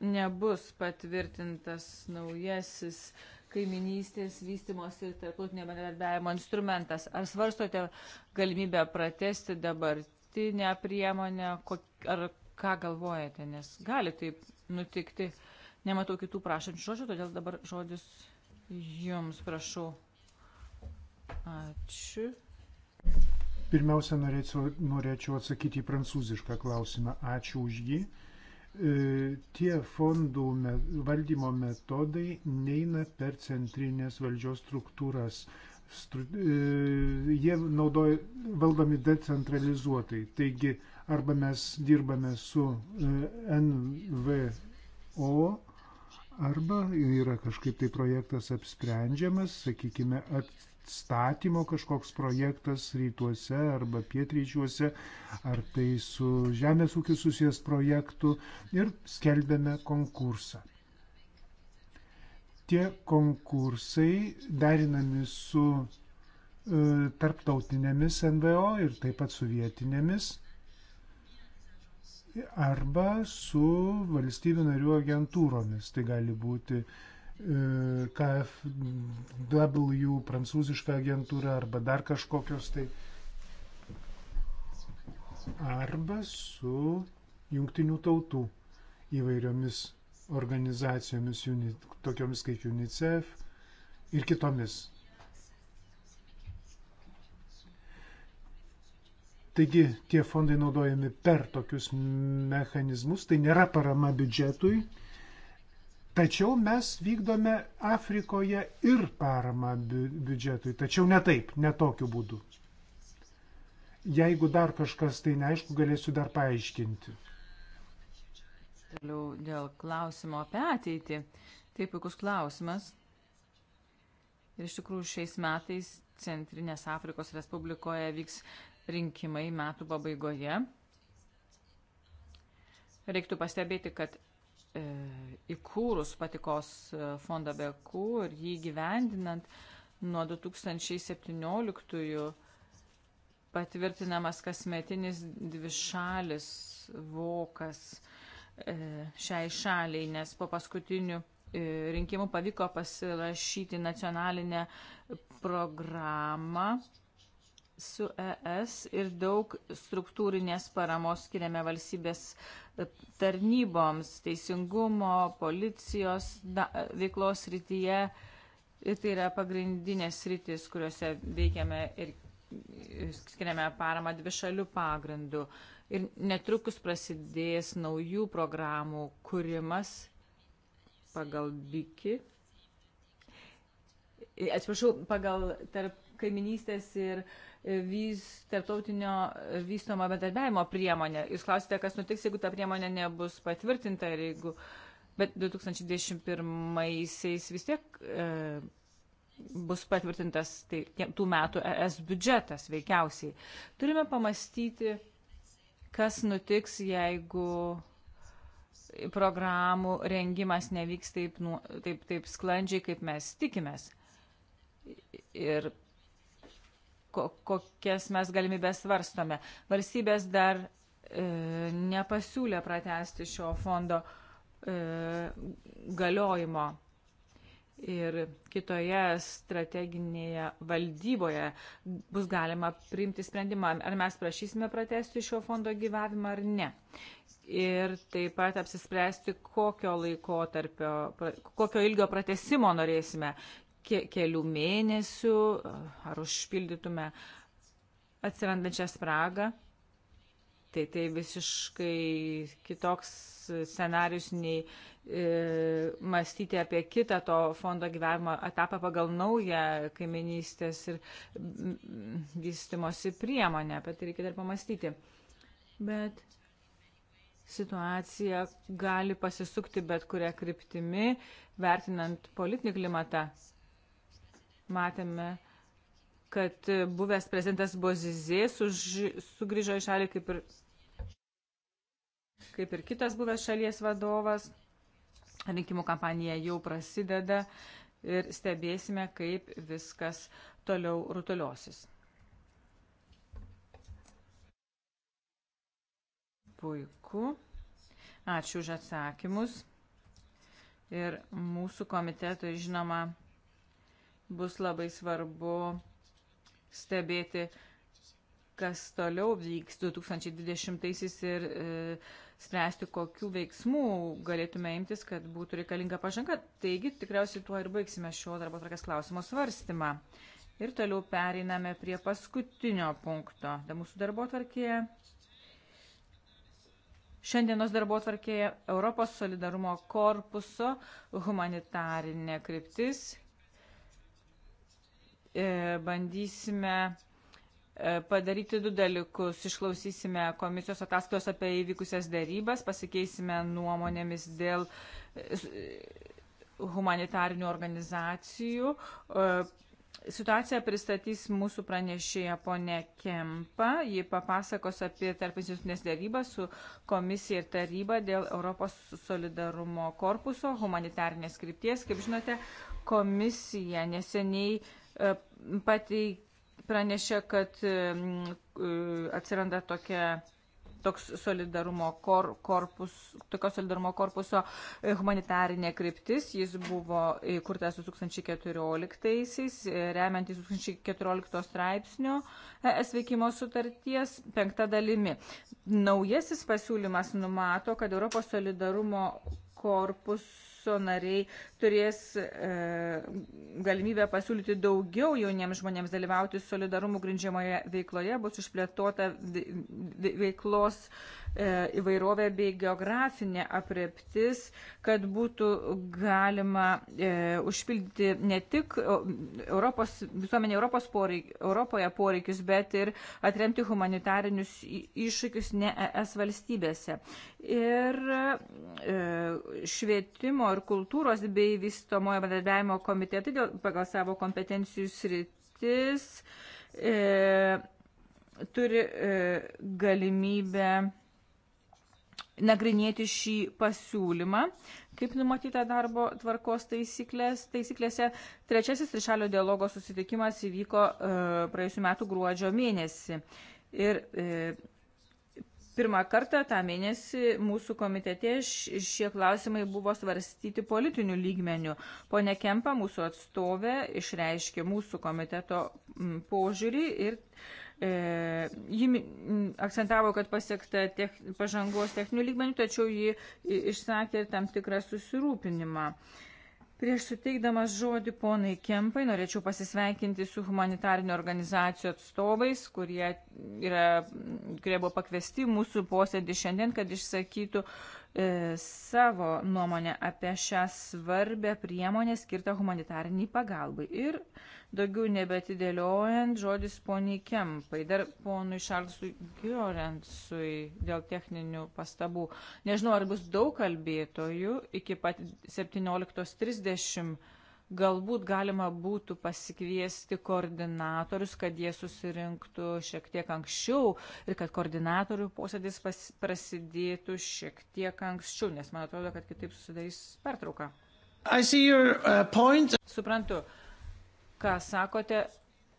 nebus patvirtintas naujasis kaiminystės vystimos ir tarptautinio bendradarbiavimo instrumentas. Ar svarstote galimybę pratesti dabartinę priemonę, ar ką galvojate, nes gali taip nutikti. Nematau kitų prašančių žodžių, todėl dabar žodis jums, prašau. Ačiū. Pirmiausia, norėčiau, norėčiau atsakyti į prancūzišką klausimą. Ačiū už jį. Uh, E, tie fondų valdymo metodai neina per centrinės valdžios struktūras. Stru, e, jie naudoja, valdomi decentralizuotai. Taigi arba mes dirbame su e, NVO, arba yra kažkaip tai projektas apsprendžiamas, sakykime, at, statymo kažkoks projektas rytuose arba pietryčiuose, ar tai su žemės ūkiu susijęs projektu ir skelbėme konkursą. Tie konkursai derinami su e, tarptautinėmis NVO ir taip pat su vietinėmis arba su valstybių narių agentūromis. Tai gali būti e, KFW, prancūziška agentūra arba dar kažkokios tai. Arba su jungtinių tautų įvairiomis organizacijomis, tokiomis kaip UNICEF ir kitomis. Taigi tie fondai naudojami per tokius mechanizmus, tai nėra parama biudžetui, Tačiau mes vykdome Afrikoje ir paramą biudžetui, tačiau ne taip, ne tokiu būdu. Jeigu dar kažkas tai neaišku, galėsiu dar paaiškinti. Toliau dėl klausimo apie ateitį. Tai puikus klausimas. Ir iš tikrųjų šiais metais Centrinės Afrikos Respublikoje vyks rinkimai metų pabaigoje. Reiktų pastebėti, kad e, įkūrus patikos e, fondą BQ ir jį gyvendinant nuo 2017 patvirtinamas kasmetinis dvišalis vokas e, šiai šaliai, nes po paskutinių e, rinkimų pavyko pasirašyti nacionalinę programą su ES ir daug struktūrinės paramos skiriame valstybės e, tarnyboms, teisingumo, policijos da, e, veiklos rytyje. Ir tai yra pagrindinės rytis, kuriuose veikiame ir e, skiriame paramą dvišalių pagrindų. Ir netrukus prasidės naujų programų kūrimas pagal BIKI. Atsiprašau, pagal tarp kaiminystės ir uh, vys, tarptautinio vystomo bendradarbiavimo priemonė. Jūs klausite, kas nutiks, jeigu ta priemonė nebus patvirtinta ir jeigu. Bet 2021-aisiais vis tiek e, bus patvirtintas tai, tų metų ES biudžetas veikiausiai. Turime pamastyti, kas nutiks, jeigu programų rengimas nevyks taip, nu, taip, taip sklandžiai, kaip mes tikimės. Ir kokias mes galimybės svarstome. Valstybės dar e, nepasiūlė pratesti šio fondo e, galiojimo. Ir kitoje strateginėje valdyboje bus galima priimti sprendimą, ar mes prašysime pratesti šio fondo gyvavimą ar ne. Ir taip pat apsispręsti, kokio laiko tarpio, kokio ilgio pratesimo norėsime kelių mėnesių, ar užpildytume atsirandančią spragą. Tai tai visiškai kitoks scenarius nei e, mąstyti apie kitą to fondo gyvenimo etapą pagal naują kaiminystės ir vystimosi priemonę. Apie tai reikia dar pamastyti. Bet situacija gali pasisukti bet kurią kryptimi, vertinant politinį klimatą matėme, kad buvęs prezidentas Bozizė sugrįžo į šalį kaip ir, kaip ir kitas buvęs šalies vadovas. Rinkimų kampanija jau prasideda ir stebėsime, kaip viskas toliau rutuliosis. Puiku. Ačiū už atsakymus. Ir mūsų komitetui, žinoma, bus labai svarbu stebėti, kas toliau vyks 2020-aisiais ir e, spręsti, kokių veiksmų galėtume imtis, kad būtų reikalinga pažanga. Taigi, tikriausiai tuo ir baigsime šio darbo trakas klausimo svarstymą. Ir toliau pereiname prie paskutinio punkto da mūsų darbo tvarkėje. Šiandienos darbo tvarkėje Europos solidarumo korpuso humanitarinė kryptis E, bandysime e, padaryti du dalykus. Išklausysime komisijos ataskaitos apie įvykusias dėrybas, pasikeisime nuomonėmis dėl e, humanitarinių organizacijų. Situaciją pristatys mūsų pranešėja ponė Kempa. Ji papasakos apie tarp institucinės dėrybas su komisija ir taryba dėl Europos solidarumo korpuso humanitarnės krypties. Kaip žinote, komisija neseniai uh, E, pateik, pranešė, kad e, e, atsiranda tokia toks solidarumo kor, korpus, tokio solidarumo korpuso humanitarinė kryptis. Jis buvo įkurtas 2014-aisiais, remiantis 2014 straipsnio ES veikimo sutarties penktą dalimi. Naujasis pasiūlymas numato, kad Europos solidarumo korpus kurso nariai turės e, galimybę pasiūlyti daugiau jauniems žmonėms dalyvauti solidarumų grindžiamoje veikloje, bus išplėtota veiklos e, įvairovė bei geografinė apreptis, kad būtų galima e, užpildyti ne tik Europos, visuomenė Europos poreik, Europoje poreikius, bet ir atremti humanitarinius iššūkius ne ES valstybėse. Ir e, švietimo švietimo ir kultūros bei vystomojo bendradarbiavimo komitetai dėl, pagal savo kompetencijų sritis e, turi e, galimybę nagrinėti šį pasiūlymą, kaip numatyta darbo tvarkos taisyklės, taisyklėse. Trečiasis trišalio dialogo susitikimas įvyko e, praėjusiu metu gruodžio mėnesį. Ir e, Pirmą kartą tą mėnesį mūsų komitete šie klausimai buvo svarstyti politiniu lygmeniu. Pone Kempa, mūsų atstovė, išreiškė mūsų komiteto požiūrį ir e, ji akcentavo, kad pasiekta tech, pažangos techninių lygmenių, tačiau ji išsakė tam tikrą susirūpinimą. E, Prieš suteikdamas žodį ponai Kempai, norėčiau pasisveikinti su humanitarinių organizacijų atstovais, kurie, yra, kurie buvo pakviesti mūsų posėdį šiandien, kad išsakytų uh, E, savo nuomonę apie šią svarbę priemonę skirtą humanitariniai pagalbai. Ir daugiau nebetidėliojant, žodis poniai Kempai, dar ponui Šarlsui Giorensui dėl techninių pastabų. Nežinau, ar bus daug kalbėtojų iki pat 17.30. Galbūt galima būtų pasikviesti koordinatorius, kad jie susirinktų šiek tiek anksčiau ir kad koordinatorių posėdis pas, prasidėtų šiek tiek anksčiau, nes man atrodo, kad kitaip susidarys pertrauka. Uh, Suprantu, ką sakote,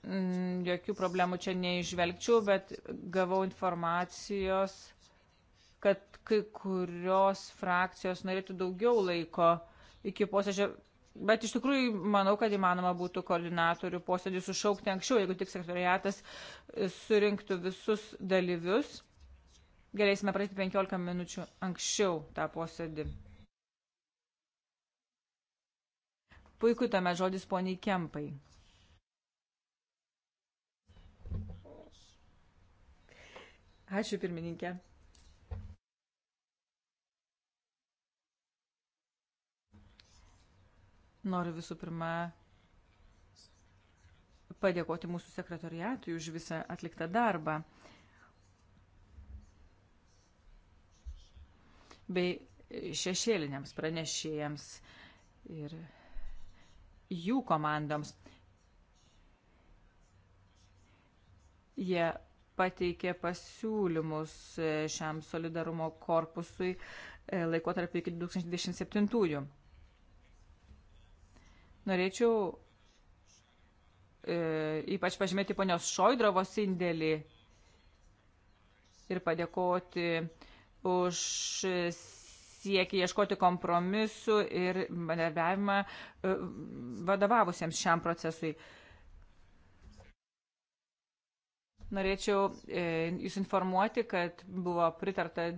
mm, jokių problemų čia neižvelgčiau, bet gavau informacijos, kad kai kurios frakcijos norėtų daugiau laiko iki posėdžio Bet iš tikrųjų manau, kad įmanoma būtų koordinatorių posėdį sušaukti anksčiau, jeigu tik sektoriatas e, surinktų visus dalyvius. Galėsime praeiti 15 minučių anksčiau tą posėdį. Puiku tame žodis poniai Kempai. Ačiū pirmininkė. Noriu visų pirma padėkoti mūsų sekretoriatui už visą atliktą darbą. Bei šešėliniams pranešėjams ir jų komandoms. Jie pateikė pasiūlymus šiam solidarumo korpusui e, laikotarpį iki 2027. -ųjų. Norėčiau e, ypač pažymėti ponios Šoidrovos indėlį ir padėkoti už siekį ieškoti kompromisų ir bendradarbiavimą e, vadovavusiems šiam procesui. Norėčiau e, Jūs informuoti, kad buvo pritarta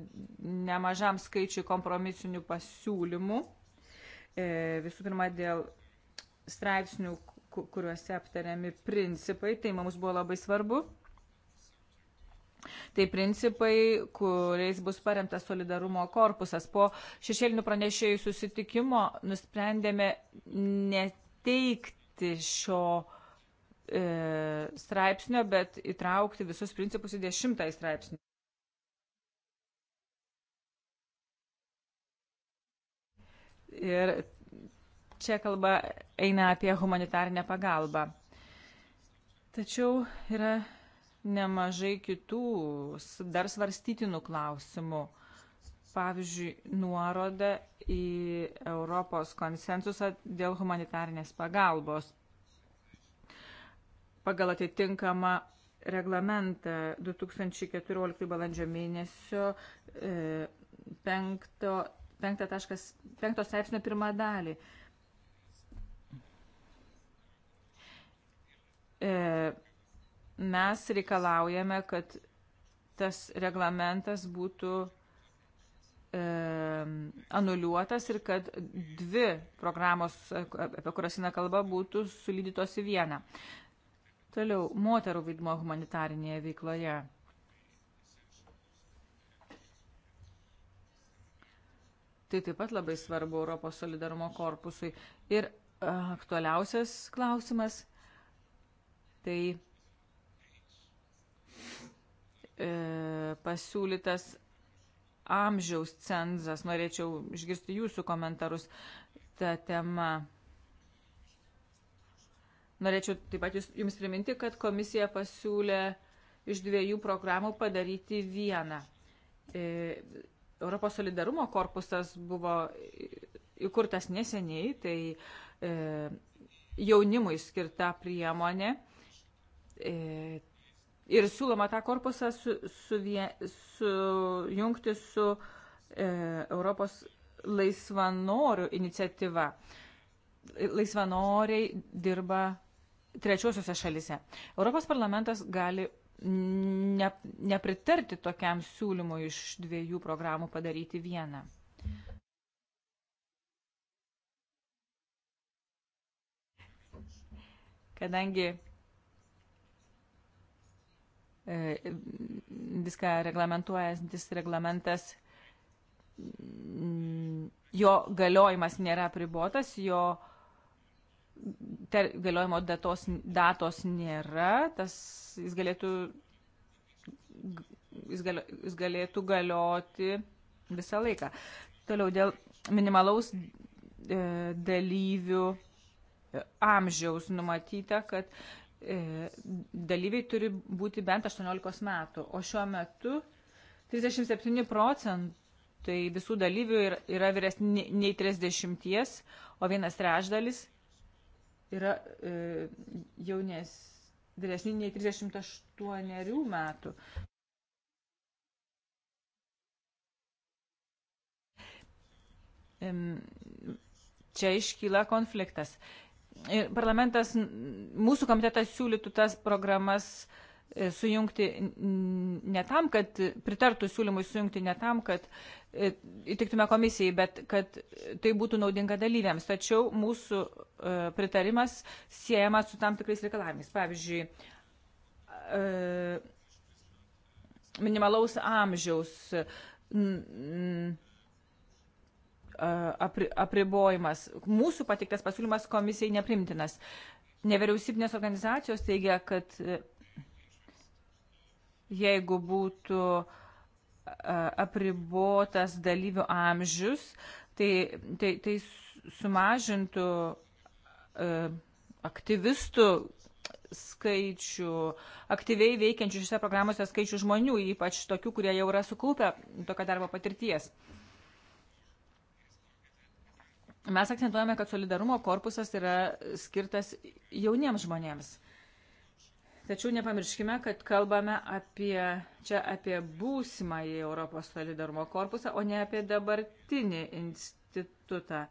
nemažam skaičiui kompromisinių pasiūlymų. E, visų pirma, dėl straipsnių, kuriuose aptariami principai, tai mums buvo labai svarbu. Tai principai, kuriais bus paremtas solidarumo korpusas. Po šešėlinių pranešėjų susitikimo nusprendėme neteikti šio e, straipsnio, bet įtraukti visus principus į dešimtąjį straipsnį. Ir Čia kalba eina apie humanitarinę pagalbą. Tačiau yra nemažai kitų dar svarstytinų klausimų. Pavyzdžiui, nuoroda į Europos konsensusą dėl humanitarinės pagalbos. Pagal atitinkamą reglamentą 2014 balandžio mėnesio 5.5 e, straipsnio pirmą dalį. E, mes reikalaujame, kad tas reglamentas būtų e, anuliuotas ir kad dvi programos, apie kurias eina kalba, būtų sulydytos į vieną. Toliau, moterų vaidmo humanitarinėje veikloje. Tai taip pat labai svarbu Europos solidarumo korpusui. Ir aktualiausias klausimas tai e, pasiūlytas amžiaus cenzas. Norėčiau išgirsti jūsų komentarus tą temą. Norėčiau taip pat jums priminti, kad komisija pasiūlė iš dviejų programų padaryti vieną. E, Europos solidarumo korpusas buvo įkurtas neseniai, tai e, jaunimui skirta priemonė. E, E, ir siūloma tą korpusą sujungti su, su, su, su e, Europos laisvanorių iniciatyva. Laisvanoriai dirba trečiosiuose šalise. Europos parlamentas gali ne, nepritarti tokiam siūlymui iš dviejų programų padaryti vieną. Kadangi E, viską reglamentuojantis reglamentas, mm, jo galiojimas nėra pribotas, jo ter, galiojimo datos, datos nėra, tas, jis, galėtų, jis, galio, jis galėtų galioti visą laiką. Toliau dėl minimalaus e, dalyvių e, amžiaus numatyta, kad e, E, dalyviai turi būti bent 18 metų, o šiuo metu 37 procentai visų dalyvių yra vyresni nei 30, o vienas trečdalis yra e, jaunes, vyresni nei 38 metų. Čia iškyla konfliktas. E, parlamentas, mūsų komitetas siūlytų tas programas e, sujungti ne tam, kad pritartų siūlymui sujungti ne tam, kad e, įtiktume komisijai, bet kad tai būtų naudinga dalyviams. Tačiau mūsų e, pritarimas siejamas su tam tikrais reikalavimais. Pavyzdžiui, minimalaus amžiaus apri, apribojimas. Mūsų patiktas pasiūlymas komisijai neprimtinas. Nevyriausybinės organizacijos teigia, kad e, jeigu būtų apribotas dalyvių amžius, tai, tai, tai sumažintų e, aktyvistų skaičių, aktyviai veikiančių šiose programuose skaičių žmonių, ypač tokių, kurie jau yra sukaupę tokio darbo patirties. Uh, Mes akcentuojame, kad solidarumo korpusas yra skirtas jauniems žmonėms. Tačiau nepamirškime, kad kalbame apie, čia apie būsimąjį Europos solidarumo korpusą, o ne apie dabartinį institutą.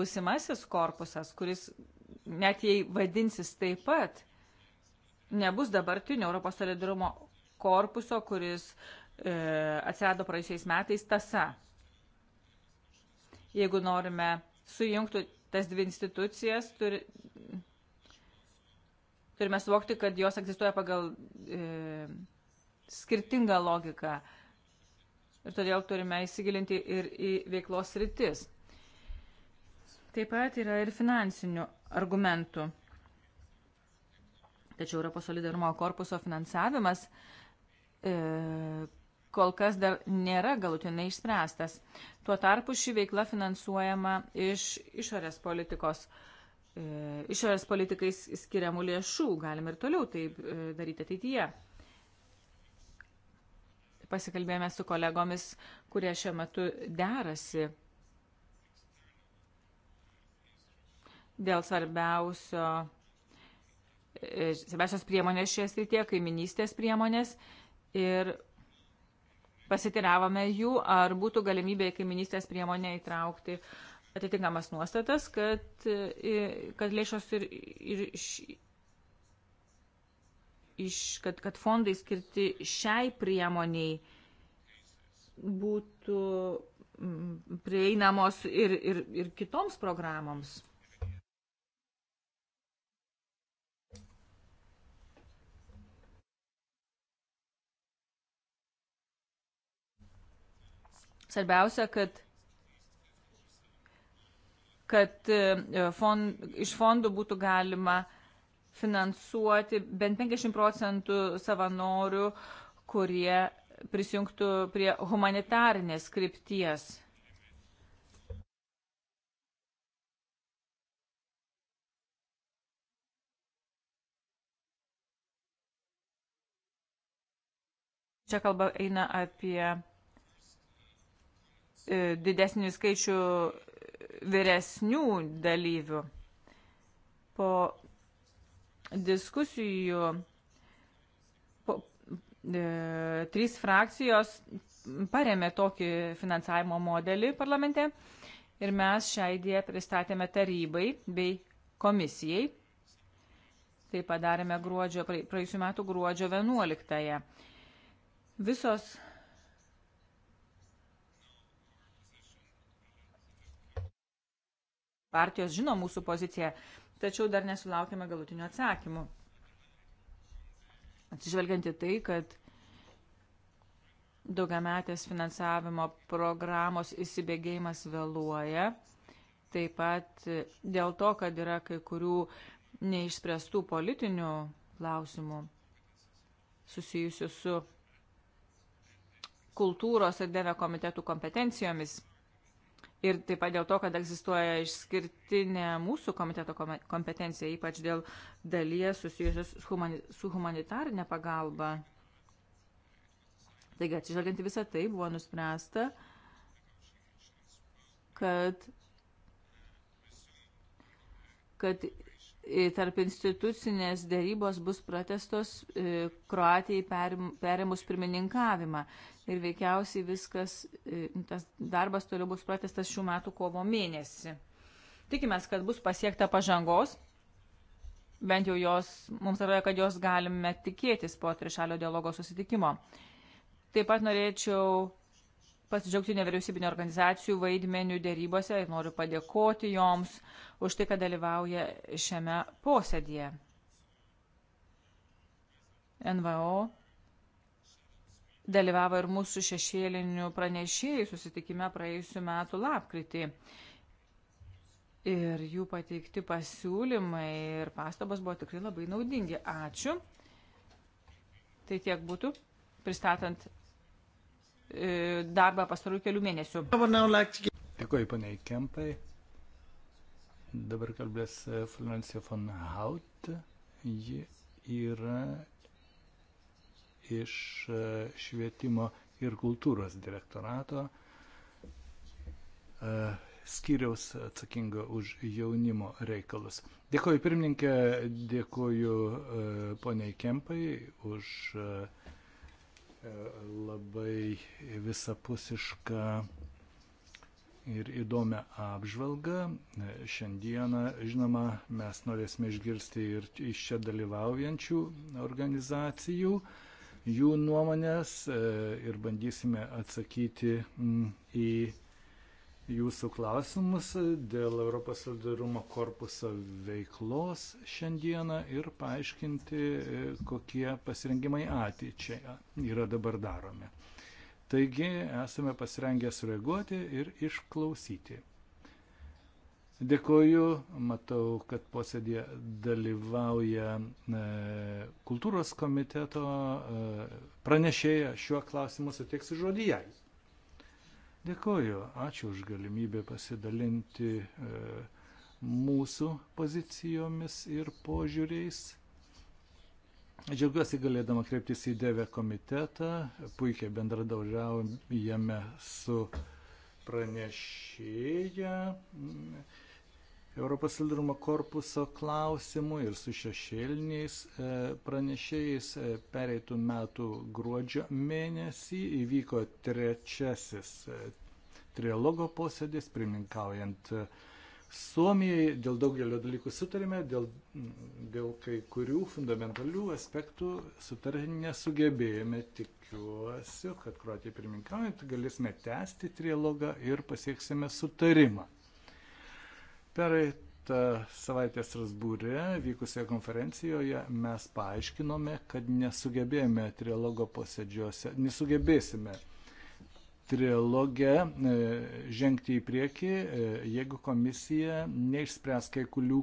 Būsimasis korpusas, kuris net jei vadinsis taip pat, nebus dabartinio Europos solidarumo korpuso, kuris e, atsirado praėjusiais metais tasa jeigu norime sujungti tas dvi institucijas, turi, turime suvokti, kad jos egzistuoja pagal e, skirtingą logiką. Ir todėl turime įsigilinti ir į veiklos rytis. Taip pat yra ir finansinių argumentų. Tačiau Europos solidarumo korpuso finansavimas e, kol kas dar nėra galutinai išspręstas. Tuo tarpu ši veikla finansuojama iš išorės politikos. E, išorės politikais skiriamų lėšų galime ir toliau taip e, daryti ateityje. Pasikalbėjome su kolegomis, kurie šiuo metu derasi dėl svarbiausio, e, svarbiausios priemonės šioje srityje, kaiminystės priemonės ir pasitiravome jų, ar būtų galimybė į kaiminystės priemonę įtraukti atitinkamas nuostatas, kad, e, kad lėšos ir, ir iš, iš, kad, kad fondai skirti šiai priemoniai būtų prieinamos ir, ir, ir kitoms programoms. Svarbiausia, kad kad e, fond, iš fondų būtų galima finansuoti bent 50 procentų savanorių, kurie prisijungtų prie humanitarinės skripties. Čia kalba eina apie E, didesnį skaičių vyresnių dalyvių. Po diskusijų po, e, trys frakcijos paremė tokį finansavimo modelį parlamente ir mes šią idėją pristatėme tarybai bei komisijai. Tai padarėme gruodžio, praėjusiu metu gruodžio 11. -ąją. Visos partijos žino mūsų poziciją, tačiau dar nesulaukime galutinio atsakymų. Atsižvelgianti tai, kad daugiametės finansavimo programos įsibėgėjimas vėluoja, taip pat dėl to, kad yra kai kurių neišspręstų politinių klausimų susijusių su kultūros ir dėvė komitetų kompetencijomis. Ir taip pat dėl to, kad egzistuoja išskirtinė mūsų komiteto kompetencija, ypač dėl dalies susijusios su humanitarinė pagalba. Taigi, atsižvelgiant į visą tai, buvo nuspręsta, kad, kad tarp institucinės dėrybos bus protestos Kroatijai perimus pirmininkavimą ir veikiausiai viskas, e, tas darbas toliau bus pratestas šių metų kovo mėnesį. Tikimės, kad bus pasiekta pažangos, bent jau jos, mums atrodo, kad jos galime tikėtis po trišalio dialogo susitikimo. Taip pat norėčiau pasidžiaugti nevyriausybinio organizacijų vaidmenių dėrybose ir noriu padėkoti joms už tai, kad dalyvauja šiame posėdėje. NVO dalyvavo ir mūsų šešėlinių pranešėjų susitikime praėjusiu metu lapkritį. Ir jų pateikti pasiūlymai ir pastabas buvo tikrai labai naudingi. Ačiū. Tai tiek būtų, pristatant e, darbą pastarųjų kelių mėnesių. Dėkuoju, paniai Kempai. Dabar kalbės e, Florencija von Haut. Ji yra iš e, švietimo ir kultūros direktorato e, skyriaus atsakingo už jaunimo reikalus. Dėkoju pirmininkė, dėkoju e, poniai Kempai už labai visapusišką ir įdomią apžvalgą. Šiandieną, žinoma, mes norėsime išgirsti ir iš čia dalyvaujančių organizacijų. Uh, jų nuomonės e, ir bandysime atsakyti mm, į jūsų klausimus dėl Europos solidarumo korpuso veiklos šiandieną ir paaiškinti, e, kokie pasirengimai ateičiai yra dabar daromi. Taigi esame pasirengę sureaguoti ir išklausyti. Dėkoju, matau, kad posėdėje dalyvauja e, kultūros komiteto e, pranešėja šiuo klausimu suteiksiu žodį jai. Dėkoju, ačiū už galimybę pasidalinti e, mūsų pozicijomis ir požiūriais. Džiaugiuosi galėdama kreiptis į Dėvę komitetą, puikiai bendradarbiaujame su pranešėja. E, Europos solidarumo korpuso klausimų ir su šešėliniais e, pranešėjais e, pereitų metų gruodžio mėnesį įvyko trečiasis e, trialogo posėdis, priminkaujant Suomijai. Dėl daugelio dalykų sutarėme, dėl, dėl kai kurių fundamentalių aspektų sutarė nesugebėjome. Tikiuosi, kad kruatijai priminkaujant galėsime tęsti trialogą ir pasieksime sutarimą. Pereitą savaitę Strasbūrė vykusioje konferencijoje mes paaiškinome, kad nesugebėjome trialogo posėdžiuose, nesugebėsime trilogę e, žengti į priekį, e, jeigu komisija neišspręs kai kurių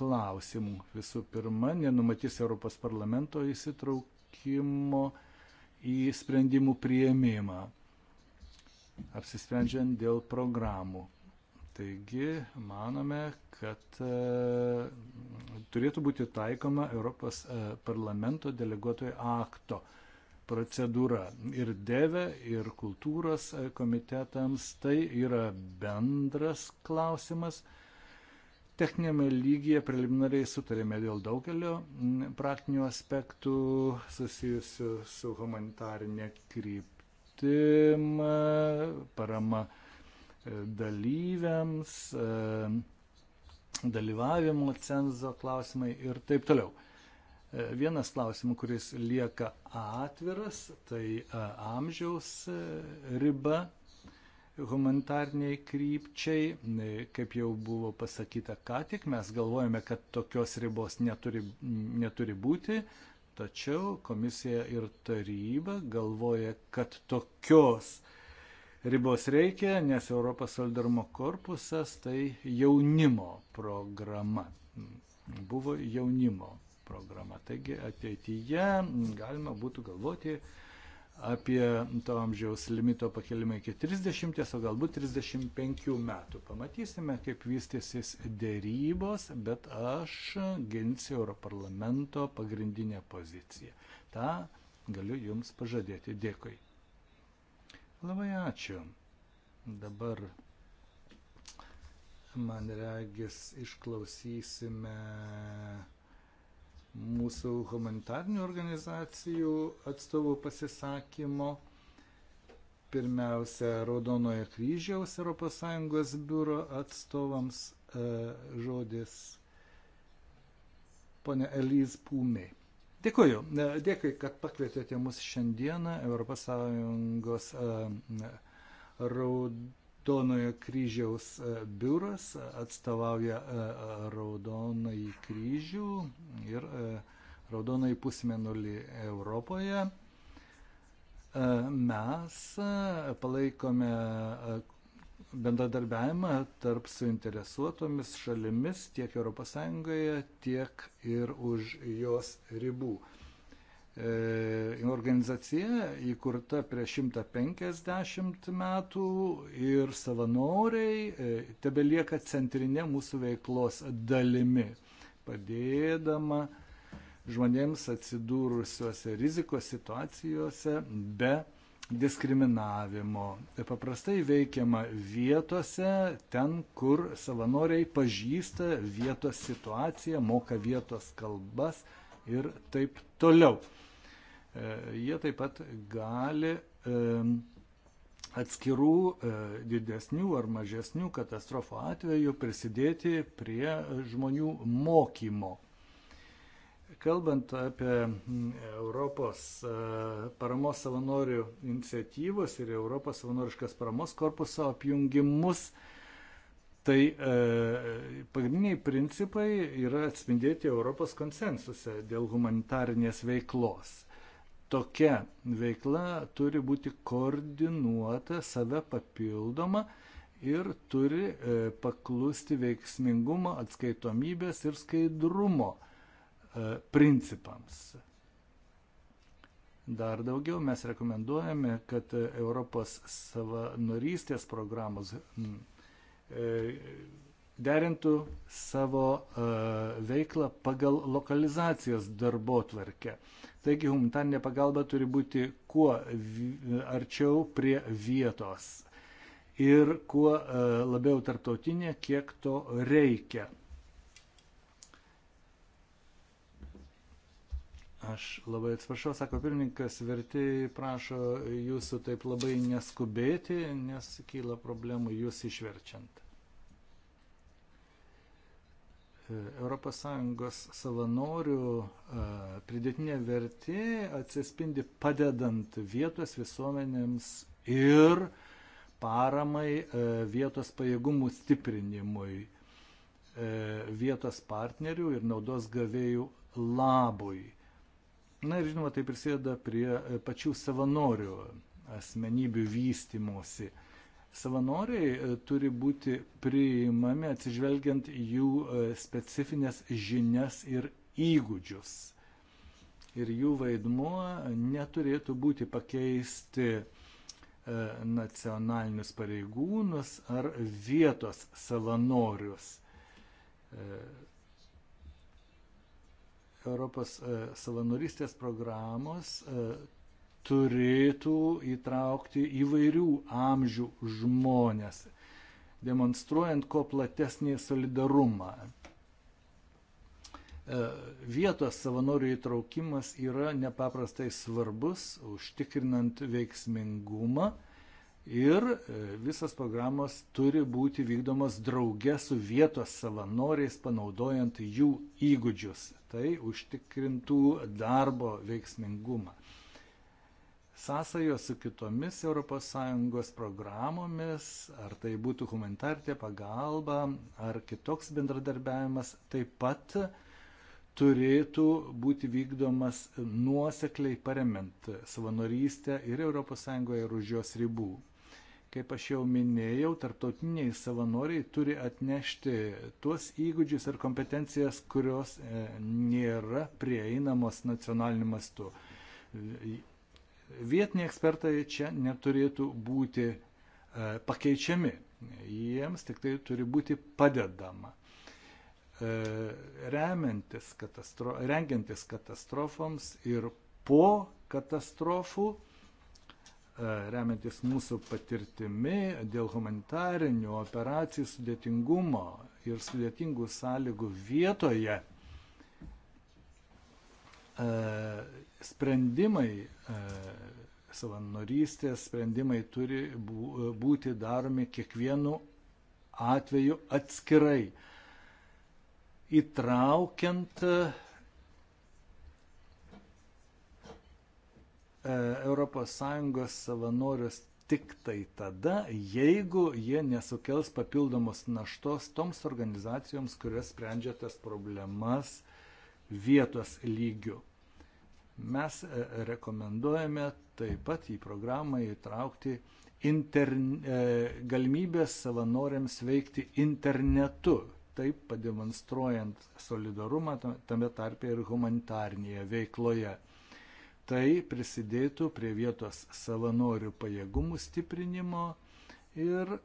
klausimų. Visų pirma, nenumatys Europos parlamento įsitraukimo į sprendimų prieimimą, apsisprendžiant dėl programų. Taigi manome, kad e, turėtų būti taikoma Europos e, parlamento deleguotojo akto procedūra ir devė, ir kultūros e, komitetams. Tai yra bendras klausimas. Techninėme lygyje preliminariai sutarėme dėl daugelio praktinių aspektų susijusių su humanitarinė kryptim, parama dalyviams, e, dalyvavimo cenzo klausimai ir taip toliau. E, vienas klausimų, kuris lieka atviras, tai e, amžiaus riba humanitarniai krypčiai. Kaip jau buvo pasakyta ką tik, mes galvojame, kad tokios ribos neturi, neturi būti, tačiau komisija ir taryba galvoja, kad tokios uh, ribos reikia, nes Europos solidarumo korpusas tai jaunimo programa. Buvo jaunimo programa. Taigi ateityje galima būtų galvoti apie to amžiaus limito pakelimą iki 30, o galbūt 35 metų. Pamatysime, kaip vystysis dėrybos, bet aš ginsiu Europarlamento pagrindinę poziciją. Ta galiu Jums pažadėti. Dėkui. Labai ačiū. Dabar man regis išklausysime mūsų humanitarnių organizacijų atstovų pasisakymo. Pirmiausia, Raudonojo kryžiaus ES biuro atstovams e, žodis ponia Elys Pūmiai. Dėkuoju. Dėkui, kad pakvietėte mus šiandieną ES e, Raudonojo kryžiaus e, biuras atstovauja e, Raudonąjį kryžių ir Raudonąjį pusmenulį Europoje. Mes palaikome bendradarbiavimą tarp suinteresuotomis šalimis tiek ES, tiek ir už jos ribų. E, organizacija įkurta prieš 150 metų ir savanoriai e, tebelieka centrinė mūsų veiklos dalimi, padėdama žmonėms atsidūrusiuose rizikos situacijose be diskriminavimo. Tai paprastai veikiama vietose, ten, kur savanoriai pažįsta vietos situaciją, moka vietos kalbas ir taip toliau. E, jie taip pat gali e, atskirų e, didesnių ar mažesnių katastrofų atveju prisidėti prie žmonių mokymo. Kalbant apie mm, Europos e, paramos savanorių iniciatyvos ir Europos savanoriškas paramos korpuso apjungimus, tai e, pagrindiniai principai yra atspindėti Europos konsensuse dėl humanitarnės veiklos. Tokia veikla turi būti koordinuota, save papildoma ir turi e, paklusti veiksmingumo, atskaitomybės ir skaidrumo E, principams. Dar daugiau mes rekomenduojame, kad Europos savanorystės programos e, derintų savo e, veiklą pagal lokalizacijos darbo tvarkę. Taigi humanitarinė pagalba turi būti kuo arčiau prie vietos ir kuo labiau tarptautinė, kiek to reikia. Aš labai atsiprašau, sako pirmininkas, vertėjai prašo jūsų taip labai neskubėti, nes kyla problemų jūs išverčiant. ES savanorių pridėtinė vertė atsispindi padedant vietos visuomenėms ir paramai vietos pajėgumų stiprinimui vietos partnerių ir naudos gavėjų labui. Na ir žinoma, tai prisėda prie e, pačių savanorių asmenybių vystimosi. Savanoriai e, turi būti priimami atsižvelgiant jų e, specifines žinias ir įgūdžius. Ir jų vaidmuo neturėtų būti pakeisti nacionalinius pareigūnus ar vietos savanorius Europos e, savanorystės programos e, turėtų įtraukti įvairių amžių žmonės, demonstruojant kuo platesnį solidarumą. E, vietos savanorių įtraukimas yra nepaprastai svarbus, užtikrinant veiksmingumą ir e, visas programos turi būti vykdomas drauge su vietos savanoriais, panaudojant jų įgūdžius. Tai užtikrintų darbo veiksmingumą. Sąsajos su kitomis ES programomis, ar tai būtų humanitartė pagalba, ar kitoks bendradarbiavimas, taip pat turėtų būti vykdomas nuosekliai paremint savanorystę ir ES ir už jos ribų. Kaip aš jau minėjau, tarptautiniai savanoriai turi atnešti tuos įgūdžius ir kompetencijas, kurios e, nėra prieinamos nacionaliniu mastu. Vietiniai ekspertai čia neturėtų būti e, pakeičiami, jiems tik tai turi būti padedama e, remiantis katastro, rengiantis katastrofoms ir po katastrofų E, remiantis mūsų patirtimi dėl humanitarinių operacijų sudėtingumo ir sudėtingų sąlygų vietoje, e, sprendimai e, savanorystės, sprendimai turi būti daromi kiekvienu atveju atskirai, įtraukiant ES savanorius tik tai tada, jeigu jie nesukels papildomos naštos toms organizacijoms, kurios sprendžia tas problemas vietos lygių. Mes e, rekomenduojame taip pat į programą įtraukti interne, galimybės savanoriams veikti internetu, taip pademonstruojant solidarumą tame tarpe ir humanitarnėje veikloje tai prisidėtų prie vietos savanorių pajėgumų stiprinimo ir e,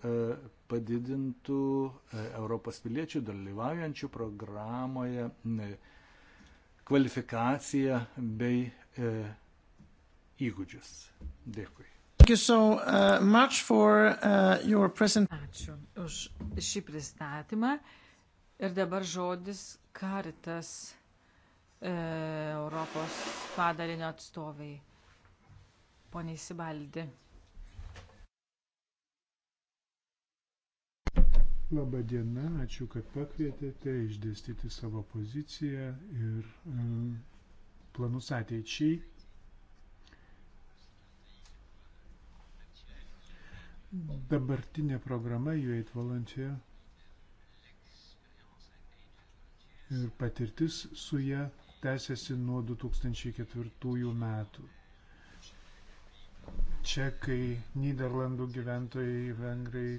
padidintų e, Europos piliečių dalyvaujančių programoje e, kvalifikaciją bei įgūdžius. Dėkui. So, uh, for, uh, present... Ačiū už šį pristatymą. Ir dabar žodis Karitas E, Europos padalinio atstovai. Pone Įsibaldi. Labą dieną, ačiū, kad pakvietėte išdėstyti savo poziciją ir mm, planus ateičiai. Dabartinė programa UAIT Volunteer ir patirtis su ją tęsiasi nuo 2004 metų. Čekai, Niderlandų gyventojai, vengrai.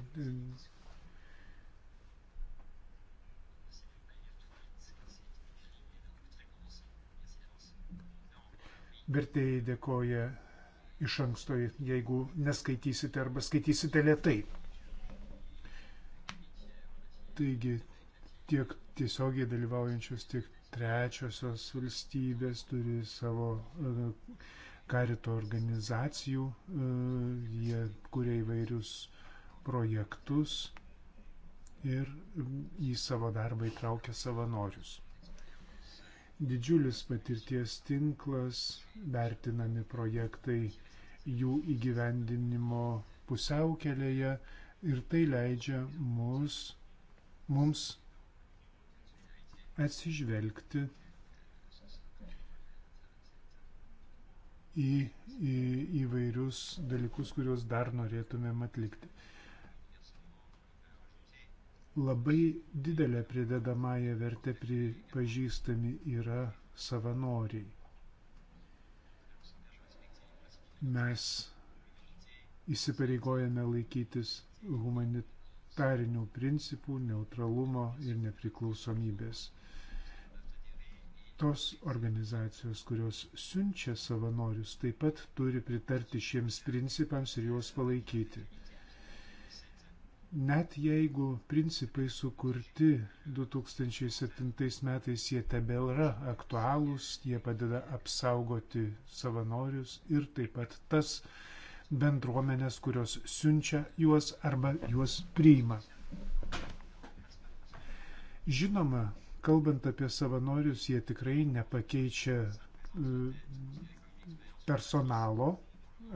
Vertėjai dėkoja iš anksto, jeigu neskaitysite arba skaitysite lietai. Taigi tiek tiesiogiai dalyvaujančios, tiek trečiosios valstybės turi savo e, karito organizacijų, e, jie kuria įvairius projektus ir į savo darbą įtraukia savanorius. Didžiulis patirties tinklas, vertinami projektai jų įgyvendinimo pusiaukelėje ir tai leidžia mus, mums atsižvelgti į, į įvairius dalykus, kuriuos dar norėtumėm atlikti. Labai didelė pridedamąją vertę pripažįstami yra savanoriai. Mes įsipareigojame laikytis humanitarinių principų, neutralumo ir nepriklausomybės tos organizacijos, kurios siunčia savanorius, taip pat turi pritarti šiems principams ir juos palaikyti. Net jeigu principai sukurti 2007 metais jie tebėl yra aktualūs, jie padeda apsaugoti savanorius ir taip pat tas bendruomenės, kurios siunčia juos arba juos priima. Žinoma, Kalbant apie savanorius, jie tikrai nepakeičia e, personalo,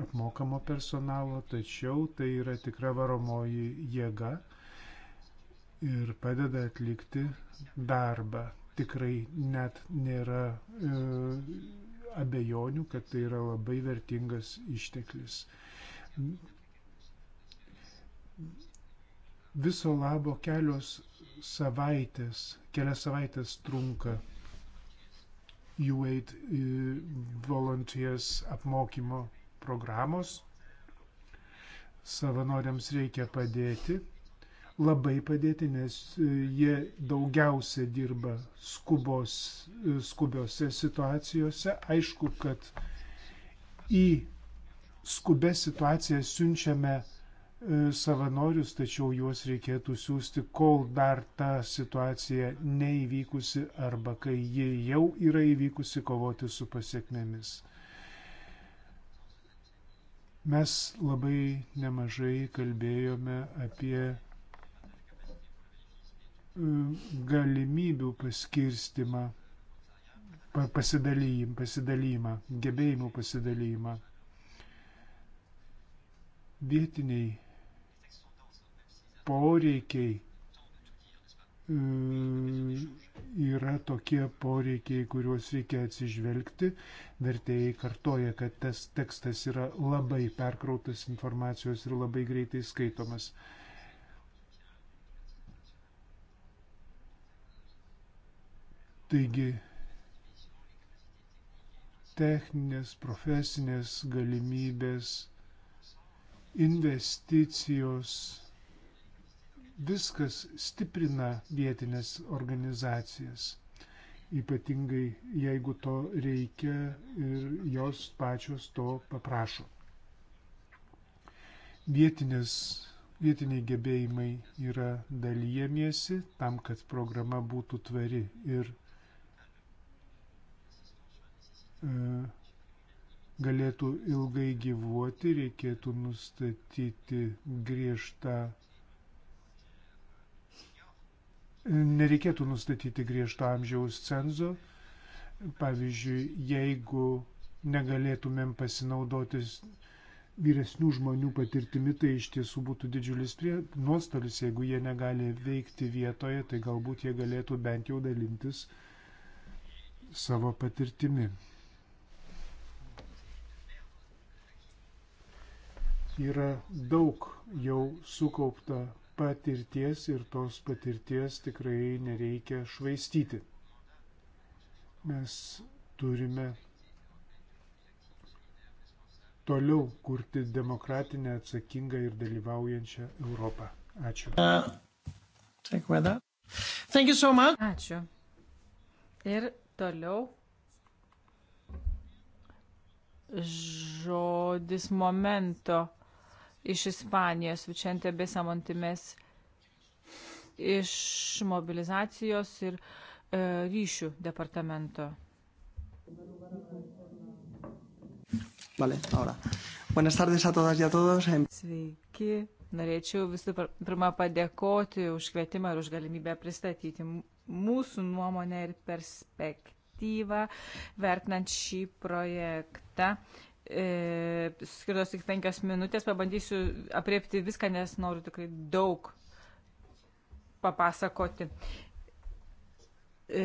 apmokamo personalo, tačiau tai yra tikra varomoji jėga ir padeda atlikti darbą. Tikrai net nėra e, abejonių, kad tai yra labai vertingas išteklis. Viso labo kelios savaitės, kelias savaitės trunka UAID e, volunteers apmokymo programos. Savanoriams reikia padėti, labai padėti, nes e, jie daugiausia dirba skubos, e, skubiose situacijose. Aišku, kad į skubę situaciją siunčiame E, savanorius, tačiau juos reikėtų siūsti, kol dar ta situacija neįvykusi arba kai ji jau yra įvykusi kovoti su pasiekmėmis. Mes labai nemažai kalbėjome apie e, galimybių paskirstimą, pasidalymą, pasidalymą gebėjimų pasidalymą. Vietiniai poreikiai e, yra tokie poreikiai, kuriuos reikia atsižvelgti. Vertėjai kartoja, kad tas tekstas yra labai perkrautas informacijos ir labai greitai skaitomas. Taigi techninės, profesinės galimybės, investicijos, viskas stiprina vietinės organizacijas, ypatingai jeigu to reikia ir jos pačios to paprašo. Vietinės, vietiniai gebėjimai yra dalyjamiesi tam, kad programa būtų tvari ir e, galėtų ilgai gyvuoti, reikėtų nustatyti griežtą nereikėtų nustatyti griežto amžiaus cenzo. Pavyzdžiui, jeigu negalėtumėm pasinaudotis vyresnių žmonių patirtimi, tai iš tiesų būtų didžiulis prie, nuostolis, jeigu jie negali veikti vietoje, tai galbūt jie galėtų bent jau dalintis savo patirtimi. Yra daug jau sukaupta patirties ir tos patirties tikrai nereikia švaistyti. Mes turime toliau kurti demokratinę, atsakingą ir dalyvaujančią Europą. Ačiū. Uh, so much. Ačiū. Ir toliau žodis momento iš Ispanijos, Vičente Besamontimes iš mobilizacijos ir e, ryšių departamento. Vale, ahora. Buenas tardes a todas y a todos. Sveiki. Norėčiau visų pirma padėkoti už kvietimą ir už galimybę pristatyti mūsų nuomonę ir perspektyvą vertinant šį projektą e, skirtos tik penkias minutės, pabandysiu apriepti viską, nes noriu tikrai daug papasakoti. E,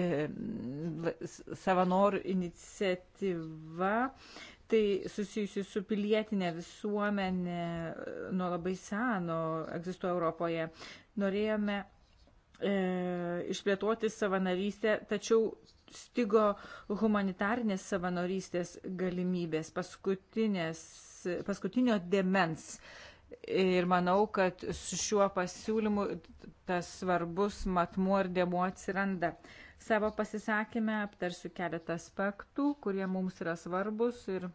savanorių iniciatyva, tai susijusi su pilietinė visuomenė e, nuo labai seno egzistuoja Europoje. Norėjome e, išplėtoti savanorystę, tačiau stigo humanitarnės savanorystės galimybės, paskutinio demens. Ir manau, kad su šiuo pasiūlymu tas svarbus matmuo ir dėmuo atsiranda. Savo pasisakymę aptarsiu keletą aspektų, kurie mums yra svarbus ir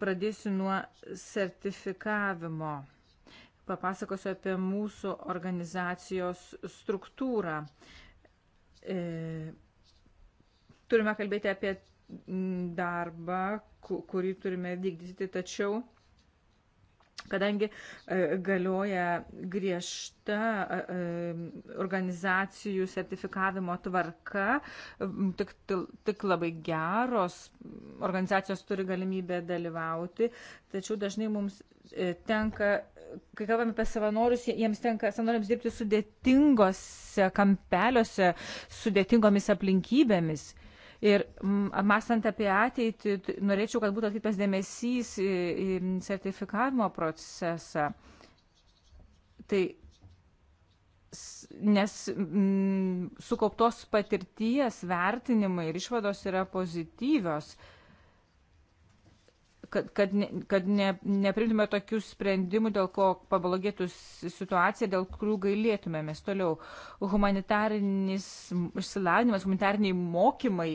pradėsiu nuo sertifikavimo papasakosiu apie mūsų organizacijos struktūrą. E, turime kalbėti apie darbą, kurį turime vykdyti, tačiau kadangi e, galioja griežta e, organizacijų sertifikavimo tvarka, tik, tik labai geros organizacijos turi galimybę dalyvauti, tačiau dažnai mums tenka kai kalbame apie savanorius, jiems tenka savanoriams dirbti sudėtingose kampeliuose, sudėtingomis aplinkybėmis. Ir mąstant apie ateitį, norėčiau, kad būtų atkreiptas dėmesys į, į sertifikavimo procesą. Tai nes m, sukauptos patirties vertinimai ir išvados yra pozityvios. Uh, kad, kad, ne, kad ne, neprimtume tokių sprendimų, dėl ko pablogėtų situacija, dėl kurių gailėtumėmės toliau. Humanitarinis išsilavinimas, humanitariniai mokymai.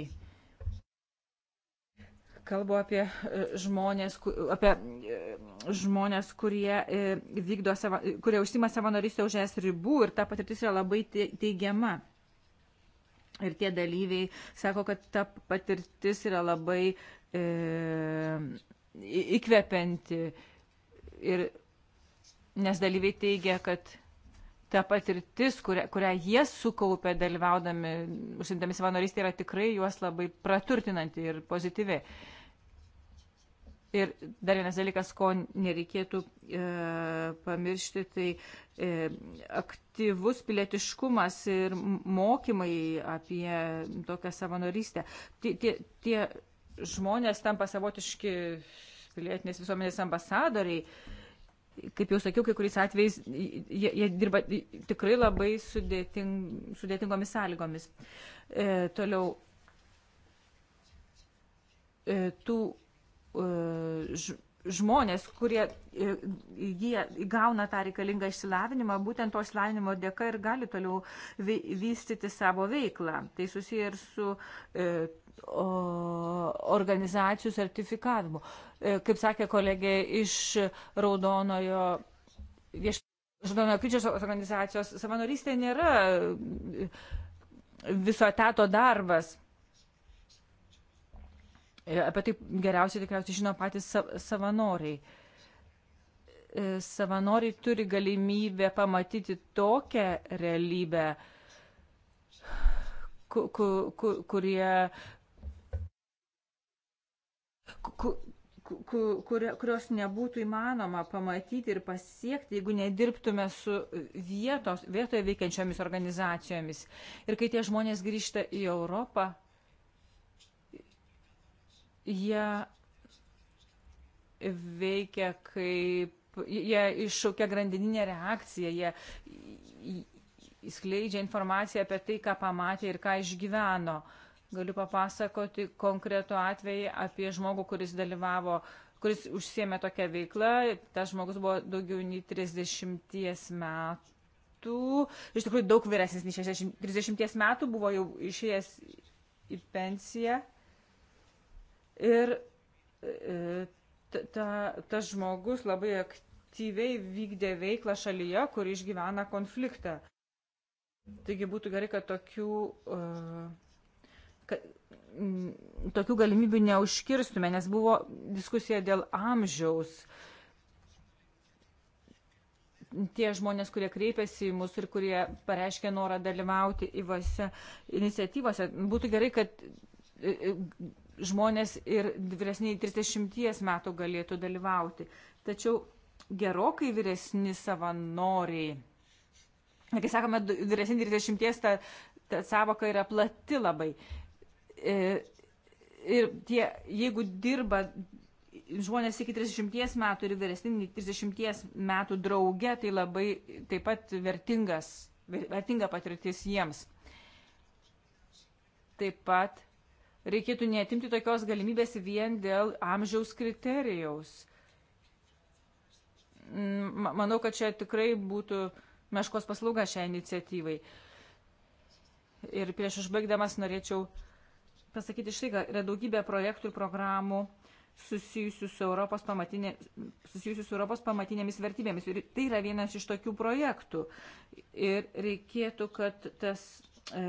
Kalbu apie e, žmonės, apie e, žmonės kurie, e, vykdo, savo, kurie užsima savanorystę už es ribų ir ta patirtis yra labai teigiama. Ir tie dalyviai sako, kad ta patirtis yra labai e, įkvepianti, ir, nes dalyviai teigia, kad ta patirtis, kurią, kurią jie sukaupė dalyvaudami, užsimdami savanorystį, yra tikrai juos labai praturtinanti ir pozityvi. Ir dar vienas dalykas, ko nereikėtų e, pamiršti, tai e, aktyvus pilietiškumas ir mokymai apie tokią savanorystę. Tie, tie, tie žmonės tampa savotiški pilietinės visuomenės ambasadoriai. Kaip jau sakiau, kai kuriais atvejais jie, jie dirba tikrai labai sudėting, sudėtingomis sąlygomis. E, toliau, e, tų e, ž, žmonės, kurie e, jie gauna tą reikalingą išsilavinimą, būtent to išsilavinimo dėka ir gali toliau vystyti savo veiklą. Tai susiję ir su e, organizacijų sertifikavimu. E, kaip sakė kolegė iš Raudonojo vieš... Žinojo, kryčios organizacijos savanorystė nėra viso etato darbas. E, apie tai geriausiai tikriausiai žino patys savanoriai. E, savanoriai turi galimybę pamatyti tokią realybę, kurie kurios nebūtų įmanoma pamatyti ir pasiekti, jeigu nedirbtume su vietos, vietoje veikiančiomis organizacijomis. Ir kai tie žmonės grįžta į Europą, jie veikia kaip, jie iššaukia grandininę reakciją, jie įskleidžia informaciją apie tai, ką pamatė ir ką išgyveno. Uh, Galiu papasakoti konkretų atvejį apie žmogų, kuris dalyvavo, kuris užsiemė tokią veiklą. Tas žmogus buvo daugiau nei 30 metų. Iš tikrųjų, daug vyresnis nei 60, 30 metų buvo jau išėjęs į pensiją. Ir tas e, ta, ta žmogus labai aktyviai vykdė veiklą šalyje, kur išgyvena konfliktą. Taigi būtų gerai, kad tokių uh, kad mm, tokių galimybių neužkirstume, nes buvo diskusija dėl amžiaus. Tie žmonės, kurie kreipiasi į mus ir kurie pareiškia norą dalyvauti įvose iniciatyvose, būtų gerai, kad e, e, žmonės ir vyresniai 30 metų galėtų dalyvauti. Tačiau gerokai vyresni savanoriai. Kai sakome, vyresni 30, ta, ta savoka yra plati labai. E, ir tie, jeigu dirba žmonės iki 30 metų ir vyresni 30 metų drauge, tai labai taip pat vertingas, vertinga patirtis jiems. Taip pat reikėtų netimti tokios galimybės vien dėl amžiaus kriterijaus. Manau, kad čia tikrai būtų meškos paslauga šiai iniciatyvai. Ir prieš užbaigdamas norėčiau uh, pasakyti štai, kad yra daugybė projektų ir programų susijusių su Europos, pamatinė, susijusių su Europos pamatinėmis vertybėmis. Ir tai yra vienas iš tokių projektų. Ir reikėtų, kad tas e,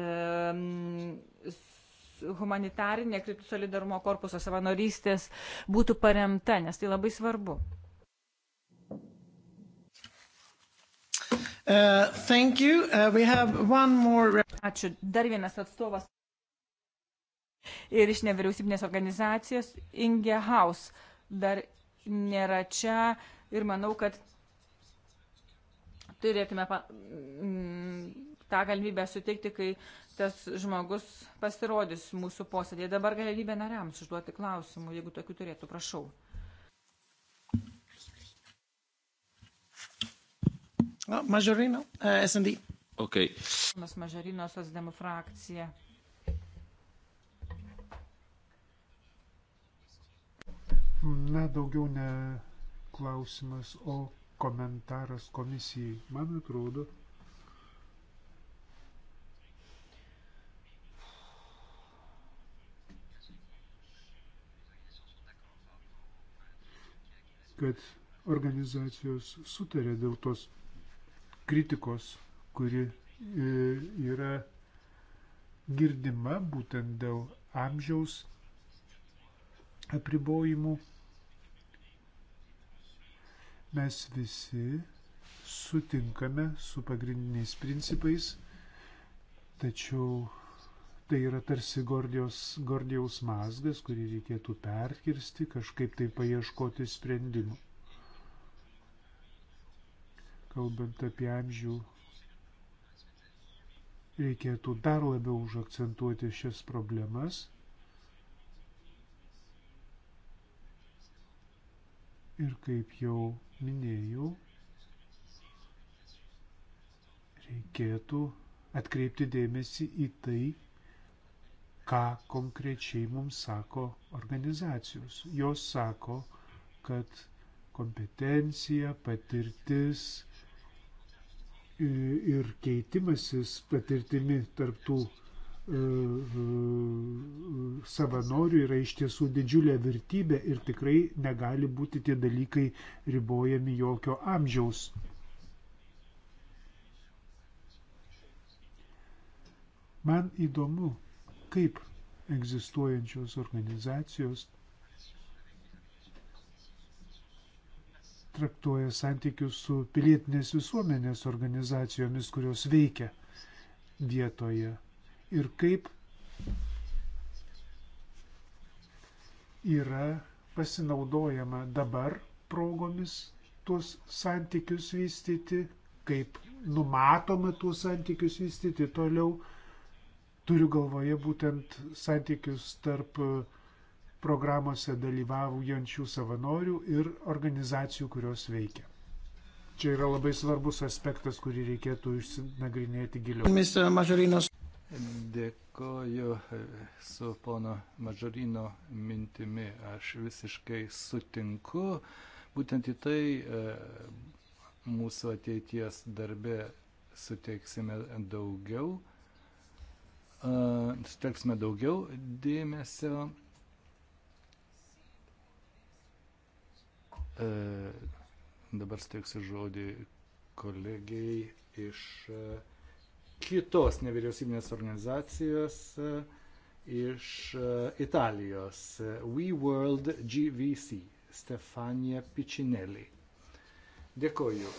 humanitarinė kritų solidarumo korpuso savanorystės būtų paremta, nes tai labai svarbu. Uh, thank you. Uh, we have one more. Ačiū. Dar vienas atstovas ir iš nevyriausybinės organizacijos Inge House. Dar nėra čia ir manau, kad turėtume pa, m, mm, tą galimybę sutikti, kai tas žmogus pasirodys mūsų posėdėje. Dabar galimybė nariams užduoti klausimų, jeigu tokių turėtų, prašau. Ah, Mažarino, eh, SD. Okay. Mažarino, Sosdemų frakcija. Na, daugiau ne klausimas, o komentaras komisijai. Man atrodo, kad organizacijos sutarė dėl tos kritikos, kuri e, yra girdima būtent dėl amžiaus apribojimų. Mes visi sutinkame su pagrindiniais principais, tačiau tai yra tarsi Gordijos, Gordijaus mazgas, kurį reikėtų perkirsti, kažkaip tai paieškoti sprendimų. Kalbant apie amžių, reikėtų dar labiau užakcentuoti šias problemas Ir kaip jau minėjau, reikėtų atkreipti dėmesį į tai, ką konkrečiai mums sako organizacijos. Jos sako, kad kompetencija, patirtis ir keitimasis patirtimi tarptų E, e, savanorių yra iš tiesų didžiulė vertybė ir tikrai negali būti tie dalykai ribojami jokio amžiaus. Man įdomu, kaip egzistuojančios organizacijos traktuoja santykius su pilietinės visuomenės organizacijomis, kurios veikia vietoje ir kaip yra pasinaudojama dabar progomis tuos santykius vystyti, kaip numatoma tuos santykius vystyti toliau. Turiu galvoje būtent santykius tarp programuose dalyvaujančių savanorių ir organizacijų, kurios veikia. Čia yra labai svarbus aspektas, kurį reikėtų išsinagrinėti giliau. Dėkoju e, su pono Mažarino mintimi. Aš visiškai sutinku. Būtent į tai e, mūsų ateities darbe suteiksime daugiau, e, suteiksime daugiau dėmesio. Dabar steiksiu žodį kolegijai iš uh, kitos nevyriausybinės organizacijos e, iš e, Italijos e, We World GVC Stefanija Pičinelį. Dėkoju,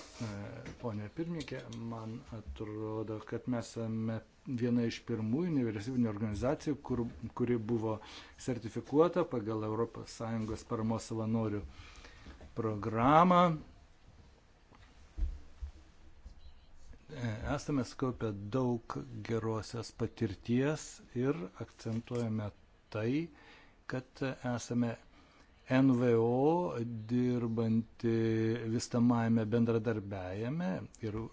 ponė pirmininkė. Man atrodo, kad mes esame viena iš pirmųjų nevyriausybinio organizacijų, kur, kuri buvo sertifikuota pagal ES paramos savanorių programą. E, esame skaupę daug gerosios patirties ir akcentuojame tai, kad esame NVO dirbanti vistamajame bendradarbiajame ir e,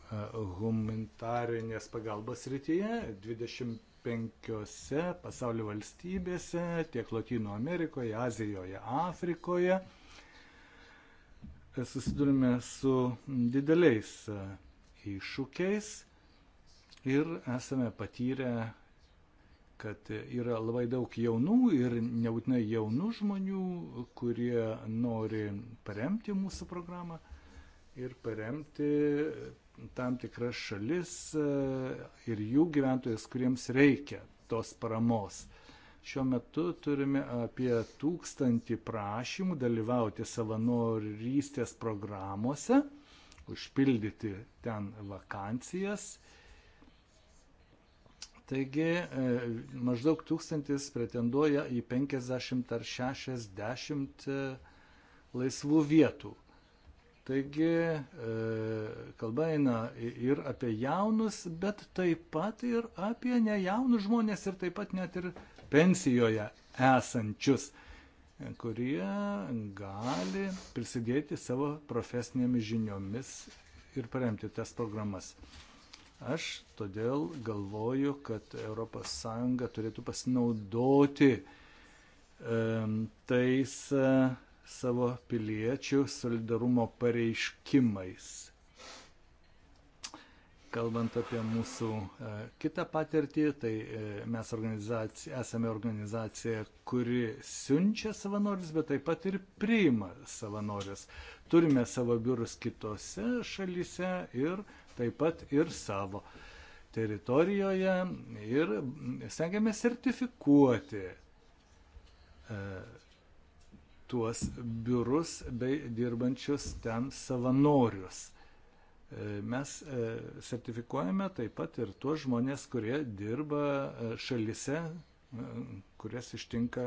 humanitarinės pagalbos rytyje 25 pasaulio valstybėse, tiek Latino Amerikoje, Azijoje, Afrikoje. E, susidurime su dideliais iššūkiais ir esame patyrę, kad yra labai daug jaunų ir nebūtinai jaunų žmonių, kurie nori paremti mūsų programą ir paremti tam tikras šalis e, ir jų gyventojus, kuriems reikia tos paramos. Šiuo metu turime apie tūkstantį prašymų dalyvauti savanorystės programuose užpildyti ten vakancijas. Taigi e, maždaug tūkstantis pretenduoja į 50 ar 60 e, laisvų vietų. Taigi e, kalba eina ir apie jaunus, bet taip pat ir apie nejaunus žmonės ir taip pat net ir pensijoje esančius kurie gali prisidėti savo profesinėmis žiniomis ir paremti tas programas. Aš todėl galvoju, kad ES turėtų pasinaudoti tais e, savo piliečių solidarumo pareiškimais. Kalbant apie mūsų e, kitą patirtį, tai e, mes organizacija, esame organizacija, kuri siunčia savanorius, bet taip pat ir priima savanorius. Turime savo biurus kitose šalyse ir taip pat ir savo teritorijoje ir stengiame sertifikuoti e, tuos biurus bei dirbančius ten savanorius E, mes e, sertifikuojame taip pat ir tuos žmonės, kurie dirba e, šalise, kurias ištinka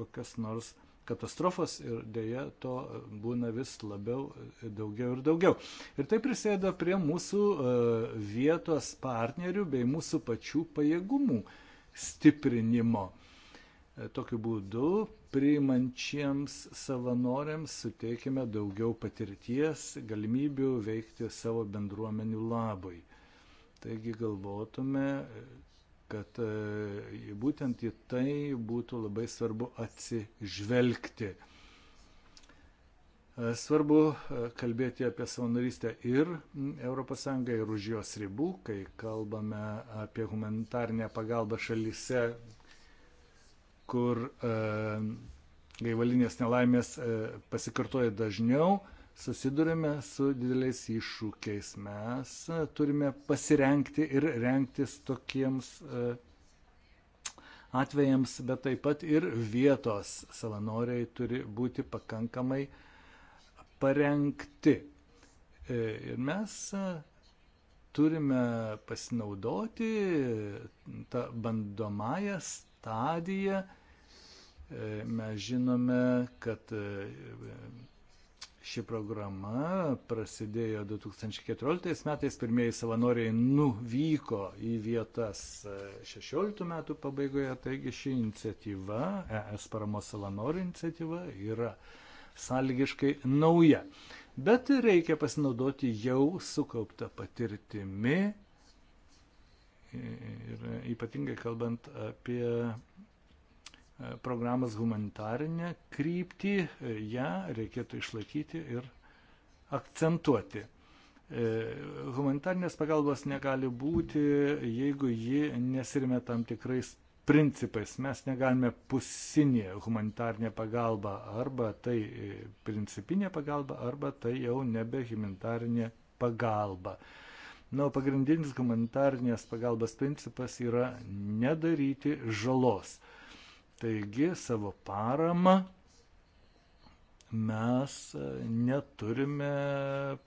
kokias nors katastrofos ir dėja to būna vis labiau, daugiau ir daugiau. Ir tai prisėda prie mūsų vietos partnerių bei mūsų pačių pajėgumų stiprinimo. E, tokiu būdu priimančiems savanoriams suteikime daugiau patirties, galimybių veikti savo bendruomenių labui. Taigi galvotume, e, kad e, būtent į tai būtų labai svarbu atsižvelgti. Svarbu kalbėti apie savanorystę ir ES, ir už jos ribų, kai kalbame apie humanitarnę pagalbą šalyse, kur e, gaivalinės nelaimės e, pasikartoja dažniau, susidurime su dideliais iššūkiais. Mes turime pasirenkti ir renktis tokiems e, atvejams, bet taip pat ir vietos savanoriai turi būti pakankamai parengti. Ir mes turime pasinaudoti tą bandomąją stadiją, Mes žinome, kad e, ši programa prasidėjo 2014 metais, pirmieji savanoriai nuvyko į vietas 16 e, metų pabaigoje, taigi ši iniciatyva, ES paramos savanorių iniciatyva, yra sąlygiškai nauja. Bet reikia pasinaudoti jau sukauptą patirtimi e, ir ypatingai kalbant apie E, programos humanitarinę kryptį, e, ją reikėtų išlaikyti ir akcentuoti. E, humanitarnės pagalbos negali būti, jeigu ji nesirime tam tikrais principais. Mes negalime pusinė humanitarnė pagalba arba tai principinė pagalba arba tai jau nebe humanitarinė pagalba. Na, o pagrindinis humanitarnės pagalbos principas yra nedaryti žalos. E, Taigi savo paramą mes e, neturime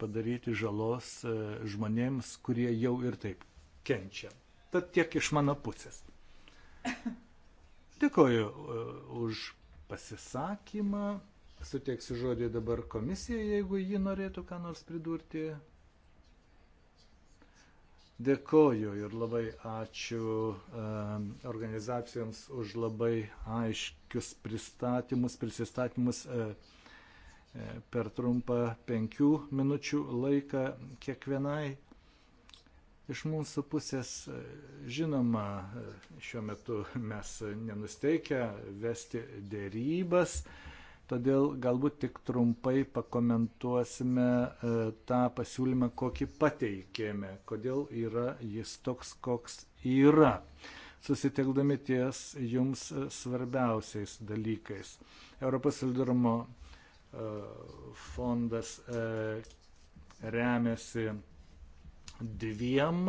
padaryti žalos e, žmonėms, kurie jau ir taip kenčia. Tad tiek iš mano pusės. Dėkoju e, už pasisakymą. Suteiksiu žodį dabar komisijai, jeigu ji norėtų ką nors pridurti. Dėkoju ir labai ačiū organizacijoms už labai aiškius pristatymus, prisistatymus e, e, per trumpą penkių minučių laiką kiekvienai. Iš mūsų pusės, žinoma, šiuo metu mes nenusteikę vesti dėrybas, todėl galbūt tik trumpai pakomentuosime e, tą pasiūlymą, kokį pateikėme, kodėl yra jis toks, koks yra, susitelkdami ties jums e, svarbiausiais dalykais. Europos solidarumo e, fondas remiasi dviem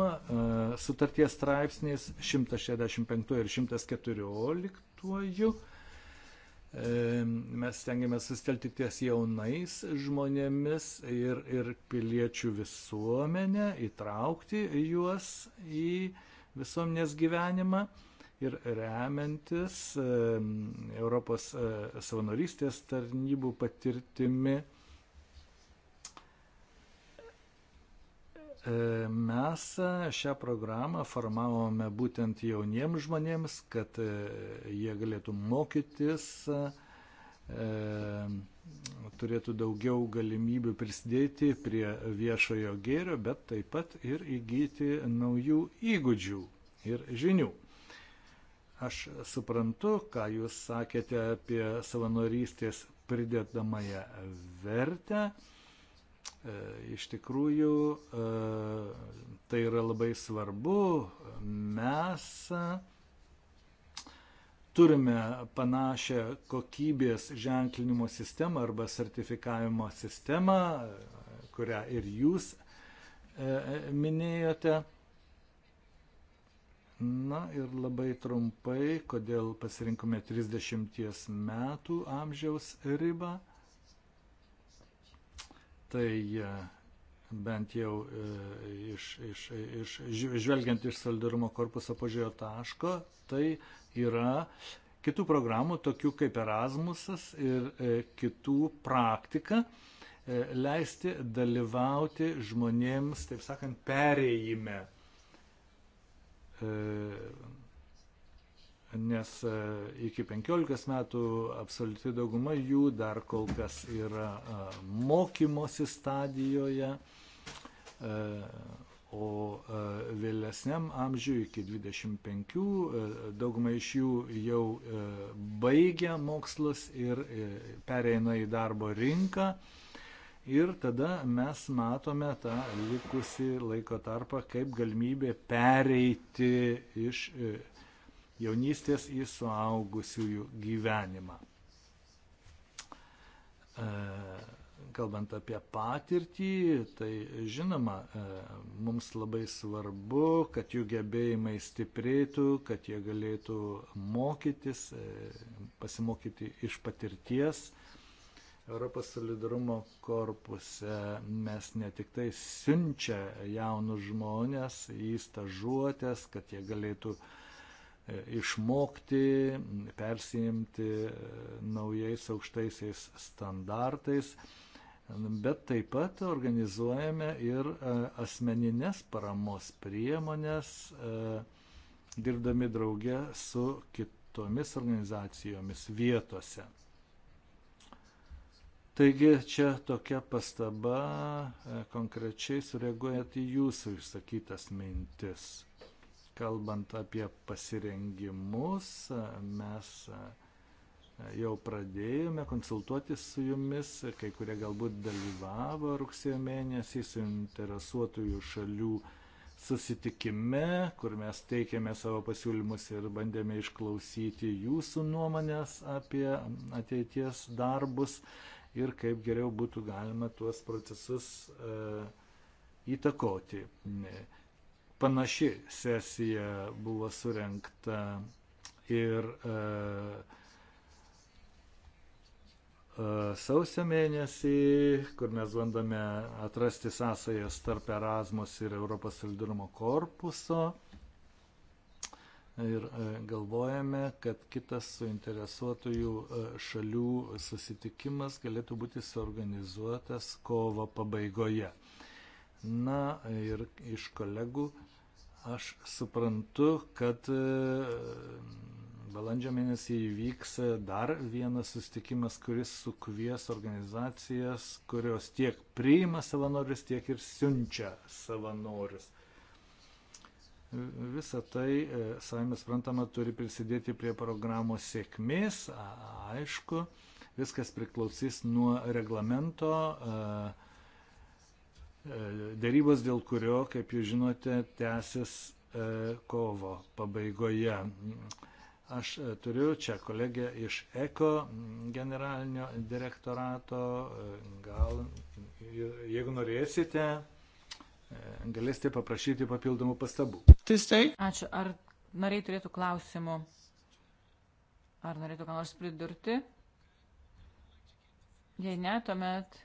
sutarties straipsniais 165 ir 114 Mes stengiamės sustelti ties jaunais žmonėmis ir, ir piliečių visuomenę, įtraukti juos į visuomenės gyvenimą ir remiantis Europos e, savanorystės tarnybų patirtimi E, mes šią programą formavome būtent jauniems žmonėms, kad e, jie galėtų mokytis, e, turėtų daugiau galimybių prisidėti prie viešojo gėrio, bet taip pat ir įgyti naujų įgūdžių ir žinių. Aš suprantu, ką Jūs sakėte apie savanorystės pridedamąją vertę. E, iš tikrųjų, e, tai yra labai svarbu. Mes e, turime panašią kokybės ženklinimo sistemą arba sertifikavimo sistemą, kurią ir jūs minėjote. Na ir labai trumpai, kodėl pasirinkome 30 metų amžiaus ribą tai e, bent jau e, iš, iš, iš, žvelgiant iš solidarumo korpuso požiūrio taško, tai yra kitų programų, tokių kaip Erasmusas ir e, kitų praktika, leisti dalyvauti žmonėms, taip sakant, perėjime nes e, iki 15 metų absoliuti dauguma jų dar kol kas yra e, mokymosi stadijoje, e, o vėlesniam amžiui iki 25 dauguma iš jų jau baigia mokslus ir pereina į darbo rinką. Ir tada mes matome tą likusi laiko tarpą kaip galimybė pereiti iš jaunystės į suaugusiųjų gyvenimą. E, kalbant apie patirtį, tai žinoma, e, mums labai svarbu, kad jų gebėjimai stiprėtų, kad jie galėtų mokytis, e, pasimokyti iš patirties. Europos solidarumo korpuse mes ne tik tai siunčia jaunus žmonės į stažuotės, kad jie galėtų uh, išmokti, persijimti e, naujais aukštaisiais standartais, bet taip pat organizuojame ir e, asmeninės paramos priemonės, e, dirbdami drauge su kitomis organizacijomis vietose. Taigi čia tokia pastaba konkrečiai sureaguojant į jūsų išsakytas mintis. Kalbant apie pasirengimus, mes jau pradėjome konsultuotis su jumis, kai kurie galbūt dalyvavo rugsėjo mėnesį suinteresuotųjų šalių susitikime, kur mes teikėme savo pasiūlymus ir bandėme išklausyti jūsų nuomonės apie ateities darbus ir kaip geriau būtų galima tuos procesus e, įtakoti. Panaši sesija buvo surenkta ir e, e, sausio mėnesį, kur mes bandome atrasti sąsajas tarp Erasmus ir Europos solidarumo korpuso. Ir e, galvojame, kad kitas suinteresuotųjų e, šalių susitikimas galėtų būti suorganizuotas kovo pabaigoje. Na ir iš kolegų Aš suprantu, kad e, balandžio mėnesį įvyks e, dar vienas sustikimas, kuris sukvies organizacijas, kurios tiek priima savanorius, tiek ir siunčia savanorius. Visą tai, e, savime sprantama, turi prisidėti prie programos sėkmės, aišku, viskas priklausys nuo reglamento. A, E, dėrybos dėl kurio, kaip jūs žinote, tęsis e, kovo pabaigoje. Aš e, turiu čia kolegę iš ECO generalinio direktorato. Gal, jeigu norėsite, galėsite paprašyti papildomų pastabų. Tistai. Ačiū. Ar nariai turėtų klausimų? Ar norėtų ką nors pridurti? Jei ne, tuomet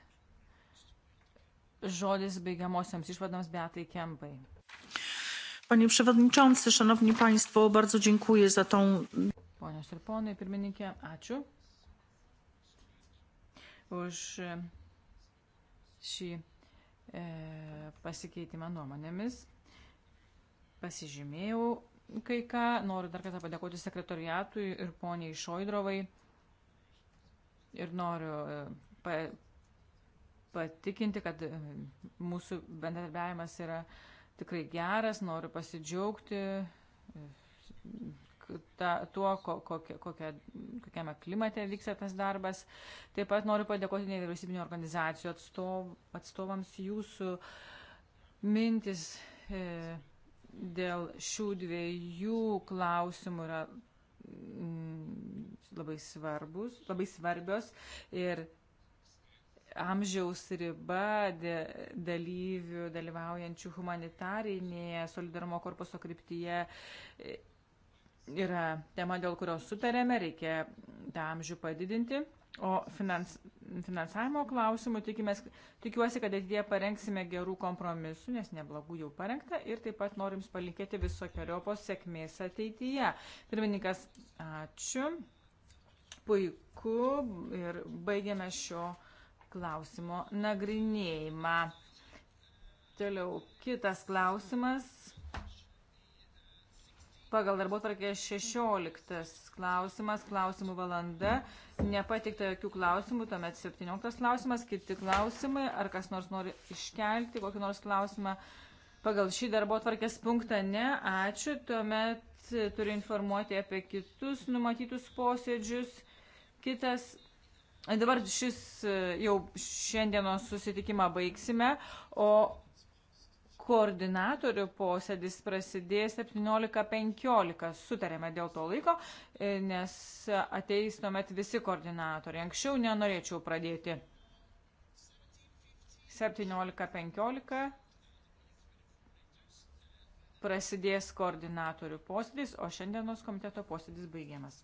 Žodis baigiamosioms išvadoms Beatai Kempai. Panie Przewodniczący, Szanowni Państwo, bardzo dziękuję za tą. Ponios ir ponai, pirmininkė, ačiū už e, šį e, pasikeitimą nuomonėmis. Pasižymėjau kai ką, noriu dar kartą padėkoti sekretoriatui ir poniai Šoidrovai ir noriu e, patikinti, kad e, mūsų bendradarbiavimas yra tikrai geras, noriu pasidžiaugti e, ta, tuo, kokia, kokia, kokiame klimate vyksta tas darbas. Taip pat noriu padėkoti nevyriausybinio organizacijų atstov, atstovams jūsų mintis e, dėl šių dviejų klausimų yra mm, labai svarbus, labai svarbios ir amžiaus riba dalyvių dalyvaujančių humanitarinėje solidarumo korpuso kryptyje e, yra tema, dėl kurios sutarėme, reikia tą amžių padidinti. O finans, finansavimo klausimų tikimės, tikiuosi, kad ateityje parengsime gerų kompromisų, nes neblagų jau parengta ir taip pat norim palinkėti visokiojopos sėkmės ateityje. Pirmininkas, ačiū. Puiku ir baigiame šio klausimo nagrinėjimą. Toliau kitas klausimas. Pagal darbo tvarkė 16 klausimas, klausimų valanda. Nepatikta jokių klausimų, tuomet 17 klausimas, kiti klausimai, ar kas nors nori iškelti kokį nors klausimą. Pagal šį darbo tvarkės punktą ne, ačiū, tuomet turiu informuoti apie kitus numatytus posėdžius. Kitas Dabar šis e, jau šiandienos susitikimą baigsime, o koordinatorių posėdis prasidės 17.15. Sutarėme dėl to laiko, e, nes ateis tuomet visi koordinatoriai. Anksčiau nenorėčiau pradėti. 17.15 prasidės koordinatorių posėdis, o šiandienos komiteto posėdis baigiamas.